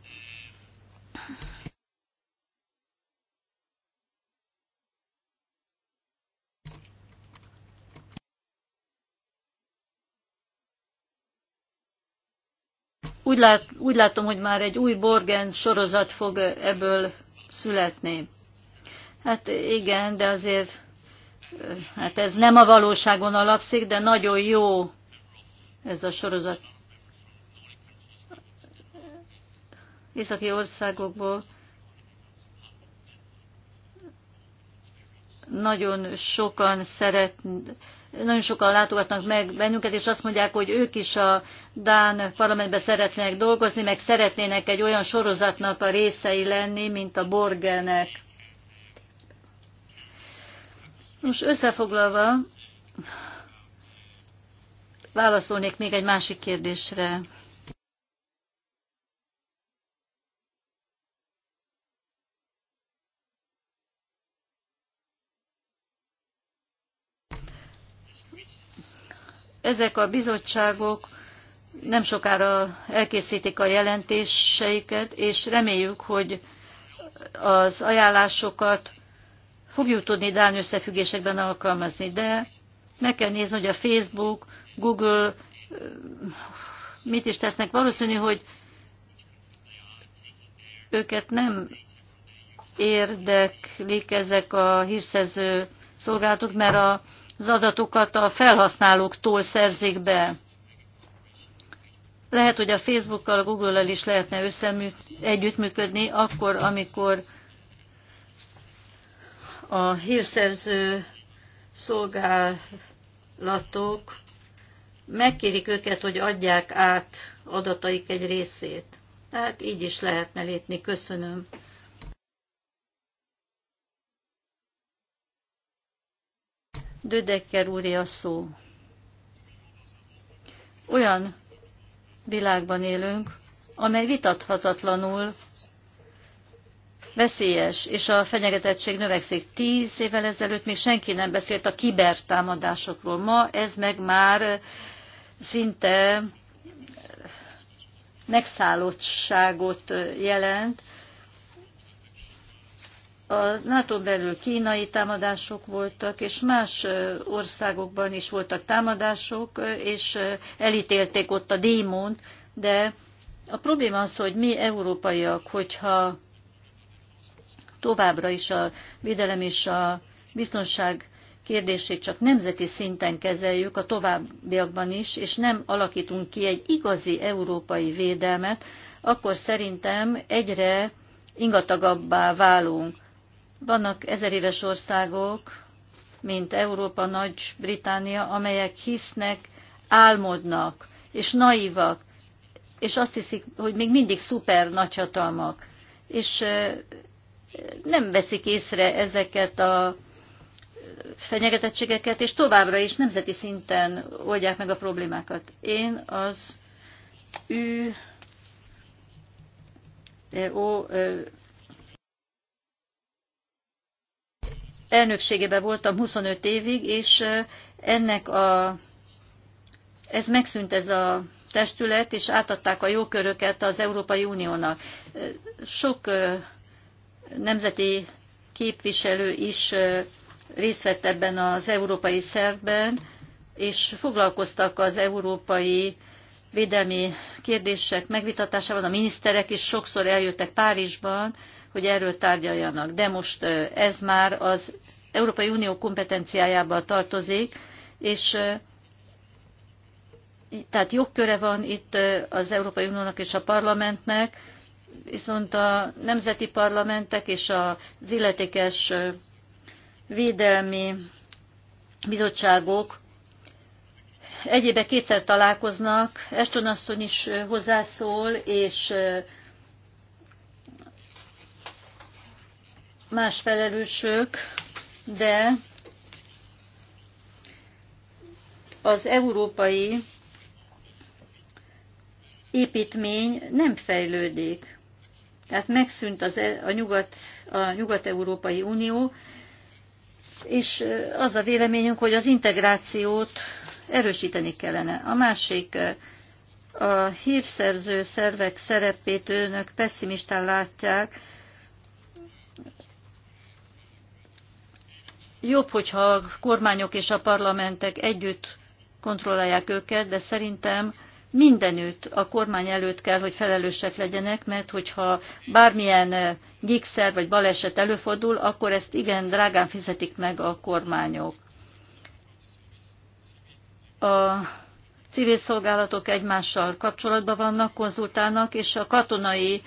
Úgy, lát, úgy látom, hogy már egy új Borgen sorozat fog eh, ebből születni. Hát igen, de azért eh, hát ez nem a valóságon alapszik, de nagyon jó ez a sorozat. Északi országokból nagyon sokan szeret, nagyon sokan látogatnak meg bennünket, és azt mondják, hogy ők is a Dán parlamentben szeretnének dolgozni, meg szeretnének egy olyan sorozatnak a részei lenni, mint a Borgenek. Most összefoglalva, válaszolnék még egy másik kérdésre. Ezek a bizottságok nem sokára elkészítik a jelentéseiket, és reméljük, hogy az ajánlásokat fogjuk tudni Dán összefüggésekben alkalmazni, de meg kell nézni, hogy a Facebook, Google mit is tesznek. Valószínű, hogy őket nem érdeklik ezek a hírszerző szolgálatok, mert az adatokat a felhasználóktól szerzik be. Lehet, hogy a Facebookkal, Google-el is lehetne összemű, együttműködni, akkor, amikor a hírszerző szolgálatok megkérik őket, hogy adják át adataik egy részét. Tehát így is lehetne lépni. Köszönöm. Dödekker úri a szó. Olyan világban élünk, amely vitathatatlanul veszélyes, és a fenyegetettség növekszik. Tíz évvel ezelőtt még senki nem beszélt a kibertámadásokról. Ma ez meg már szinte megszállottságot jelent. A NATO belül kínai támadások voltak, és más országokban is voltak támadások, és elítélték ott a démont, de a probléma az, hogy mi európaiak, hogyha továbbra is a védelem és a biztonság kérdését csak nemzeti szinten kezeljük a továbbiakban is, és nem alakítunk ki egy igazi európai védelmet, akkor szerintem egyre ingatagabbá válunk. Vannak ezer éves országok, mint Európa, Nagy-Británia, amelyek hisznek, álmodnak, és naivak és azt hiszik, hogy még mindig szuper nagyhatalmak. És nem veszik észre ezeket a fenyegetettségeket, és továbbra is nemzeti szinten oldják meg a problémákat. Én az ű ó, elnökségében voltam 25 évig, és ennek a, ez megszűnt ez a testület, és átadták a jóköröket az Európai Uniónak. Sok nemzeti képviselő is részt vett ebben az európai szervben, és foglalkoztak az európai védelmi kérdések megvitatásával. A miniszterek is sokszor eljöttek Párizsban, hogy erről tárgyaljanak. De most ez már az Európai Unió kompetenciájába tartozik, és tehát jogköre van itt az Európai Uniónak és a parlamentnek, viszont a nemzeti parlamentek és az illetékes védelmi bizottságok egyébe kétszer találkoznak, Eston asszony is hozzászól, és más felelősök, de az európai építmény nem fejlődik. Tehát megszűnt az, e- a, nyugat, a Nyugat-Európai Unió, és az a véleményünk, hogy az integrációt erősíteni kellene. A másik, a hírszerző szervek szerepét önök pessimistán látják. Jobb, hogyha a kormányok és a parlamentek együtt kontrollálják őket, de szerintem mindenütt a kormány előtt kell, hogy felelősek legyenek, mert hogyha bármilyen eh, gigszer vagy baleset előfordul, akkor ezt igen drágán fizetik meg a kormányok. A civil szolgálatok egymással kapcsolatban vannak, konzultálnak, és a katonai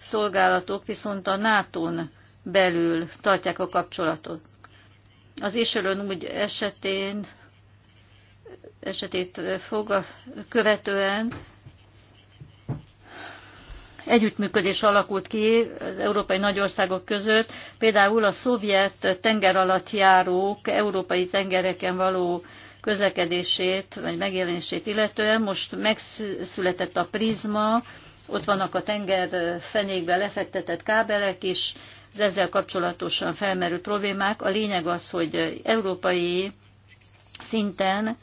szolgálatok viszont a NATO-n belül tartják a kapcsolatot. Az Éselön úgy esetén esetét fog követően együttműködés alakult ki az európai nagyországok között, például a szovjet járók európai tengereken való közlekedését vagy megjelenését illetően. Most megszületett a prizma, ott vannak a tenger fenékbe lefektetett kábelek is, az ezzel kapcsolatosan felmerült problémák. A lényeg az, hogy európai szinten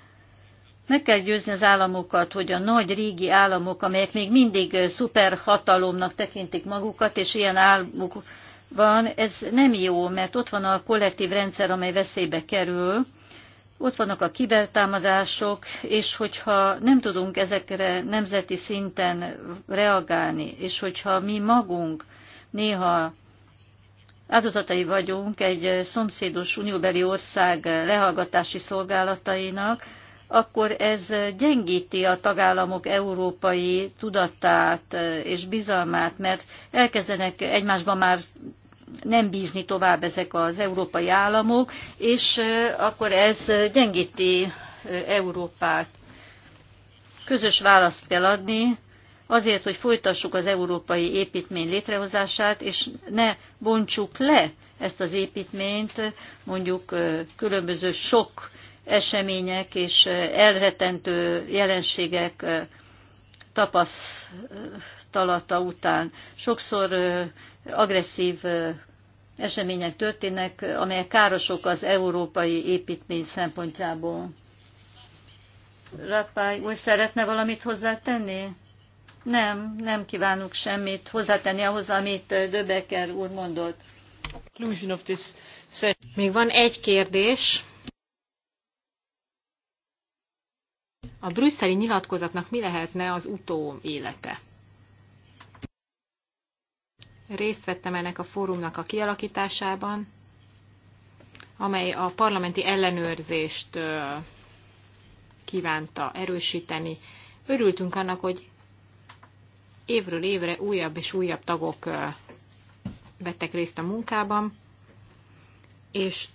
meg kell győzni az államokat, hogy a nagy régi államok, amelyek még mindig szuperhatalomnak tekintik magukat, és ilyen államok van, ez nem jó, mert ott van a kollektív rendszer, amely veszélybe kerül, ott vannak a kibertámadások, és hogyha nem tudunk ezekre nemzeti szinten reagálni, és hogyha mi magunk néha áldozatai vagyunk egy szomszédos unióbeli ország lehallgatási szolgálatainak, akkor ez gyengíti a tagállamok európai tudatát eh, és bizalmát, mert elkezdenek egymásban már nem bízni tovább ezek az európai államok, és eh, akkor ez gyengíti eh, Európát. Közös választ kell adni azért, hogy folytassuk az európai építmény létrehozását, és ne bontsuk le ezt az építményt mondjuk különböző sok események és elretentő jelenségek tapasztalata után. Sokszor agresszív események történnek, amelyek károsok az európai építmény szempontjából. Rappály úgy szeretne valamit hozzátenni? Nem, nem kívánok semmit hozzátenni ahhoz, amit Döbeker úr mondott. Még van egy kérdés, a brüsszeli nyilatkozatnak mi lehetne az utó élete. Részt vettem ennek a fórumnak a kialakításában, amely a parlamenti ellenőrzést kívánta erősíteni. Örültünk annak, hogy évről évre újabb és újabb tagok vettek részt a munkában, és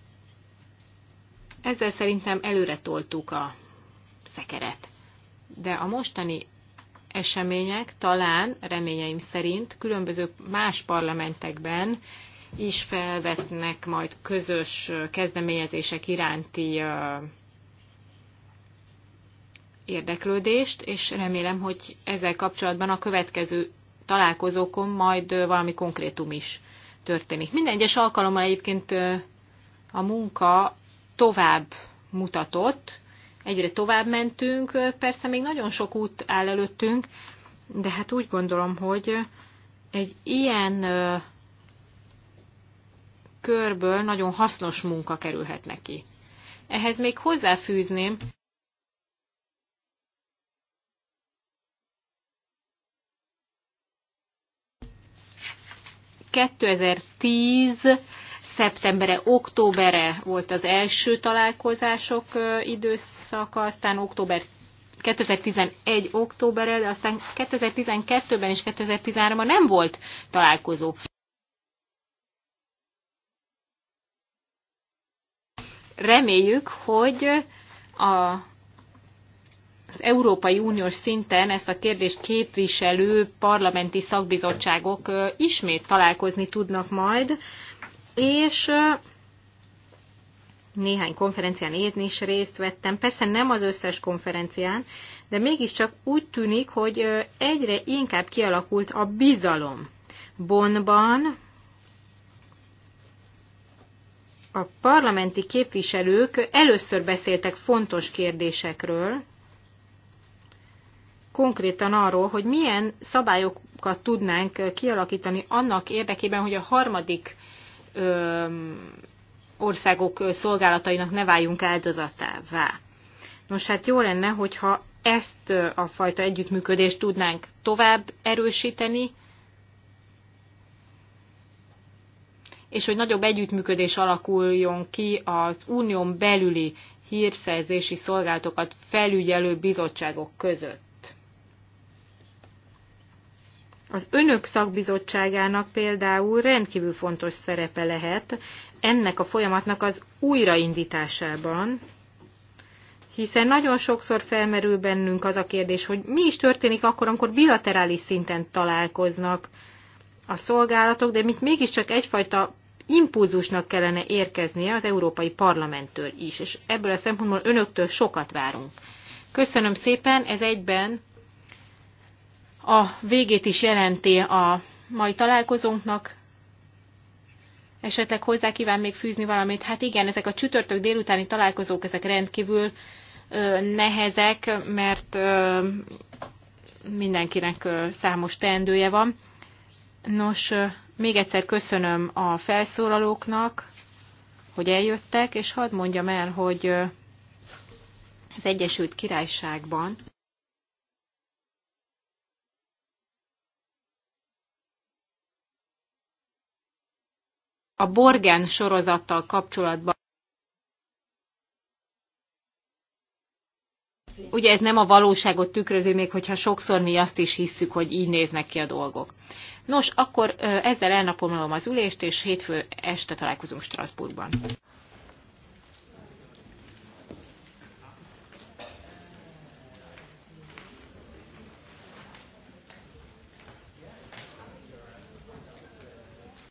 ezzel szerintem előre toltuk a szekeret. De a mostani események talán, reményeim szerint, különböző más parlamentekben is felvetnek majd közös kezdeményezések iránti érdeklődést, és remélem, hogy ezzel kapcsolatban a következő találkozókon majd valami konkrétum is történik. Minden egyes alkalommal egyébként a munka tovább mutatott, egyre tovább mentünk, persze még nagyon sok út áll előttünk, de hát úgy gondolom, hogy egy ilyen körből nagyon hasznos munka kerülhet neki. Ehhez még hozzáfűzném, tíz szeptembere, októberre volt az első találkozások időszaka, aztán október 2011 októberre, de aztán 2012-ben és 2013-ban nem volt találkozó. Reméljük, hogy a az Európai Uniós szinten ezt a kérdést képviselő parlamenti szakbizottságok ismét találkozni tudnak majd és néhány konferencián én is részt vettem, persze nem az összes konferencián, de mégiscsak úgy tűnik, hogy egyre inkább kialakult a bizalom. Bonban a parlamenti képviselők először beszéltek fontos kérdésekről, konkrétan arról, hogy milyen szabályokat tudnánk kialakítani annak érdekében, hogy a harmadik országok szolgálatainak ne váljunk áldozatává. Nos, hát jó lenne, hogyha ezt a fajta együttműködést tudnánk tovább erősíteni, és hogy nagyobb együttműködés alakuljon ki az unión belüli hírszerzési szolgálatokat felügyelő bizottságok között. Az önök szakbizottságának például rendkívül fontos szerepe lehet ennek a folyamatnak az újraindításában, hiszen nagyon sokszor felmerül bennünk az a kérdés, hogy mi is történik akkor, amikor bilaterális szinten találkoznak a szolgálatok, de mit mégiscsak egyfajta impulzusnak kellene érkeznie az Európai Parlamenttől is, és ebből a szempontból önöktől sokat várunk. Köszönöm szépen, ez egyben a végét is jelenti a mai találkozónknak. Esetleg hozzá kíván még fűzni valamit? Hát igen, ezek a csütörtök délutáni találkozók, ezek rendkívül ö, nehezek, mert ö, mindenkinek ö, számos teendője van. Nos, ö, még egyszer köszönöm a felszólalóknak, hogy eljöttek, és hadd mondjam el, hogy az Egyesült Királyságban a Borgen sorozattal kapcsolatban. Ugye ez nem a valóságot tükrözi, még hogyha sokszor mi azt is hisszük, hogy így néznek ki a dolgok. Nos, akkor ezzel elnapomlom az ülést, és hétfő este találkozunk Strasbourgban.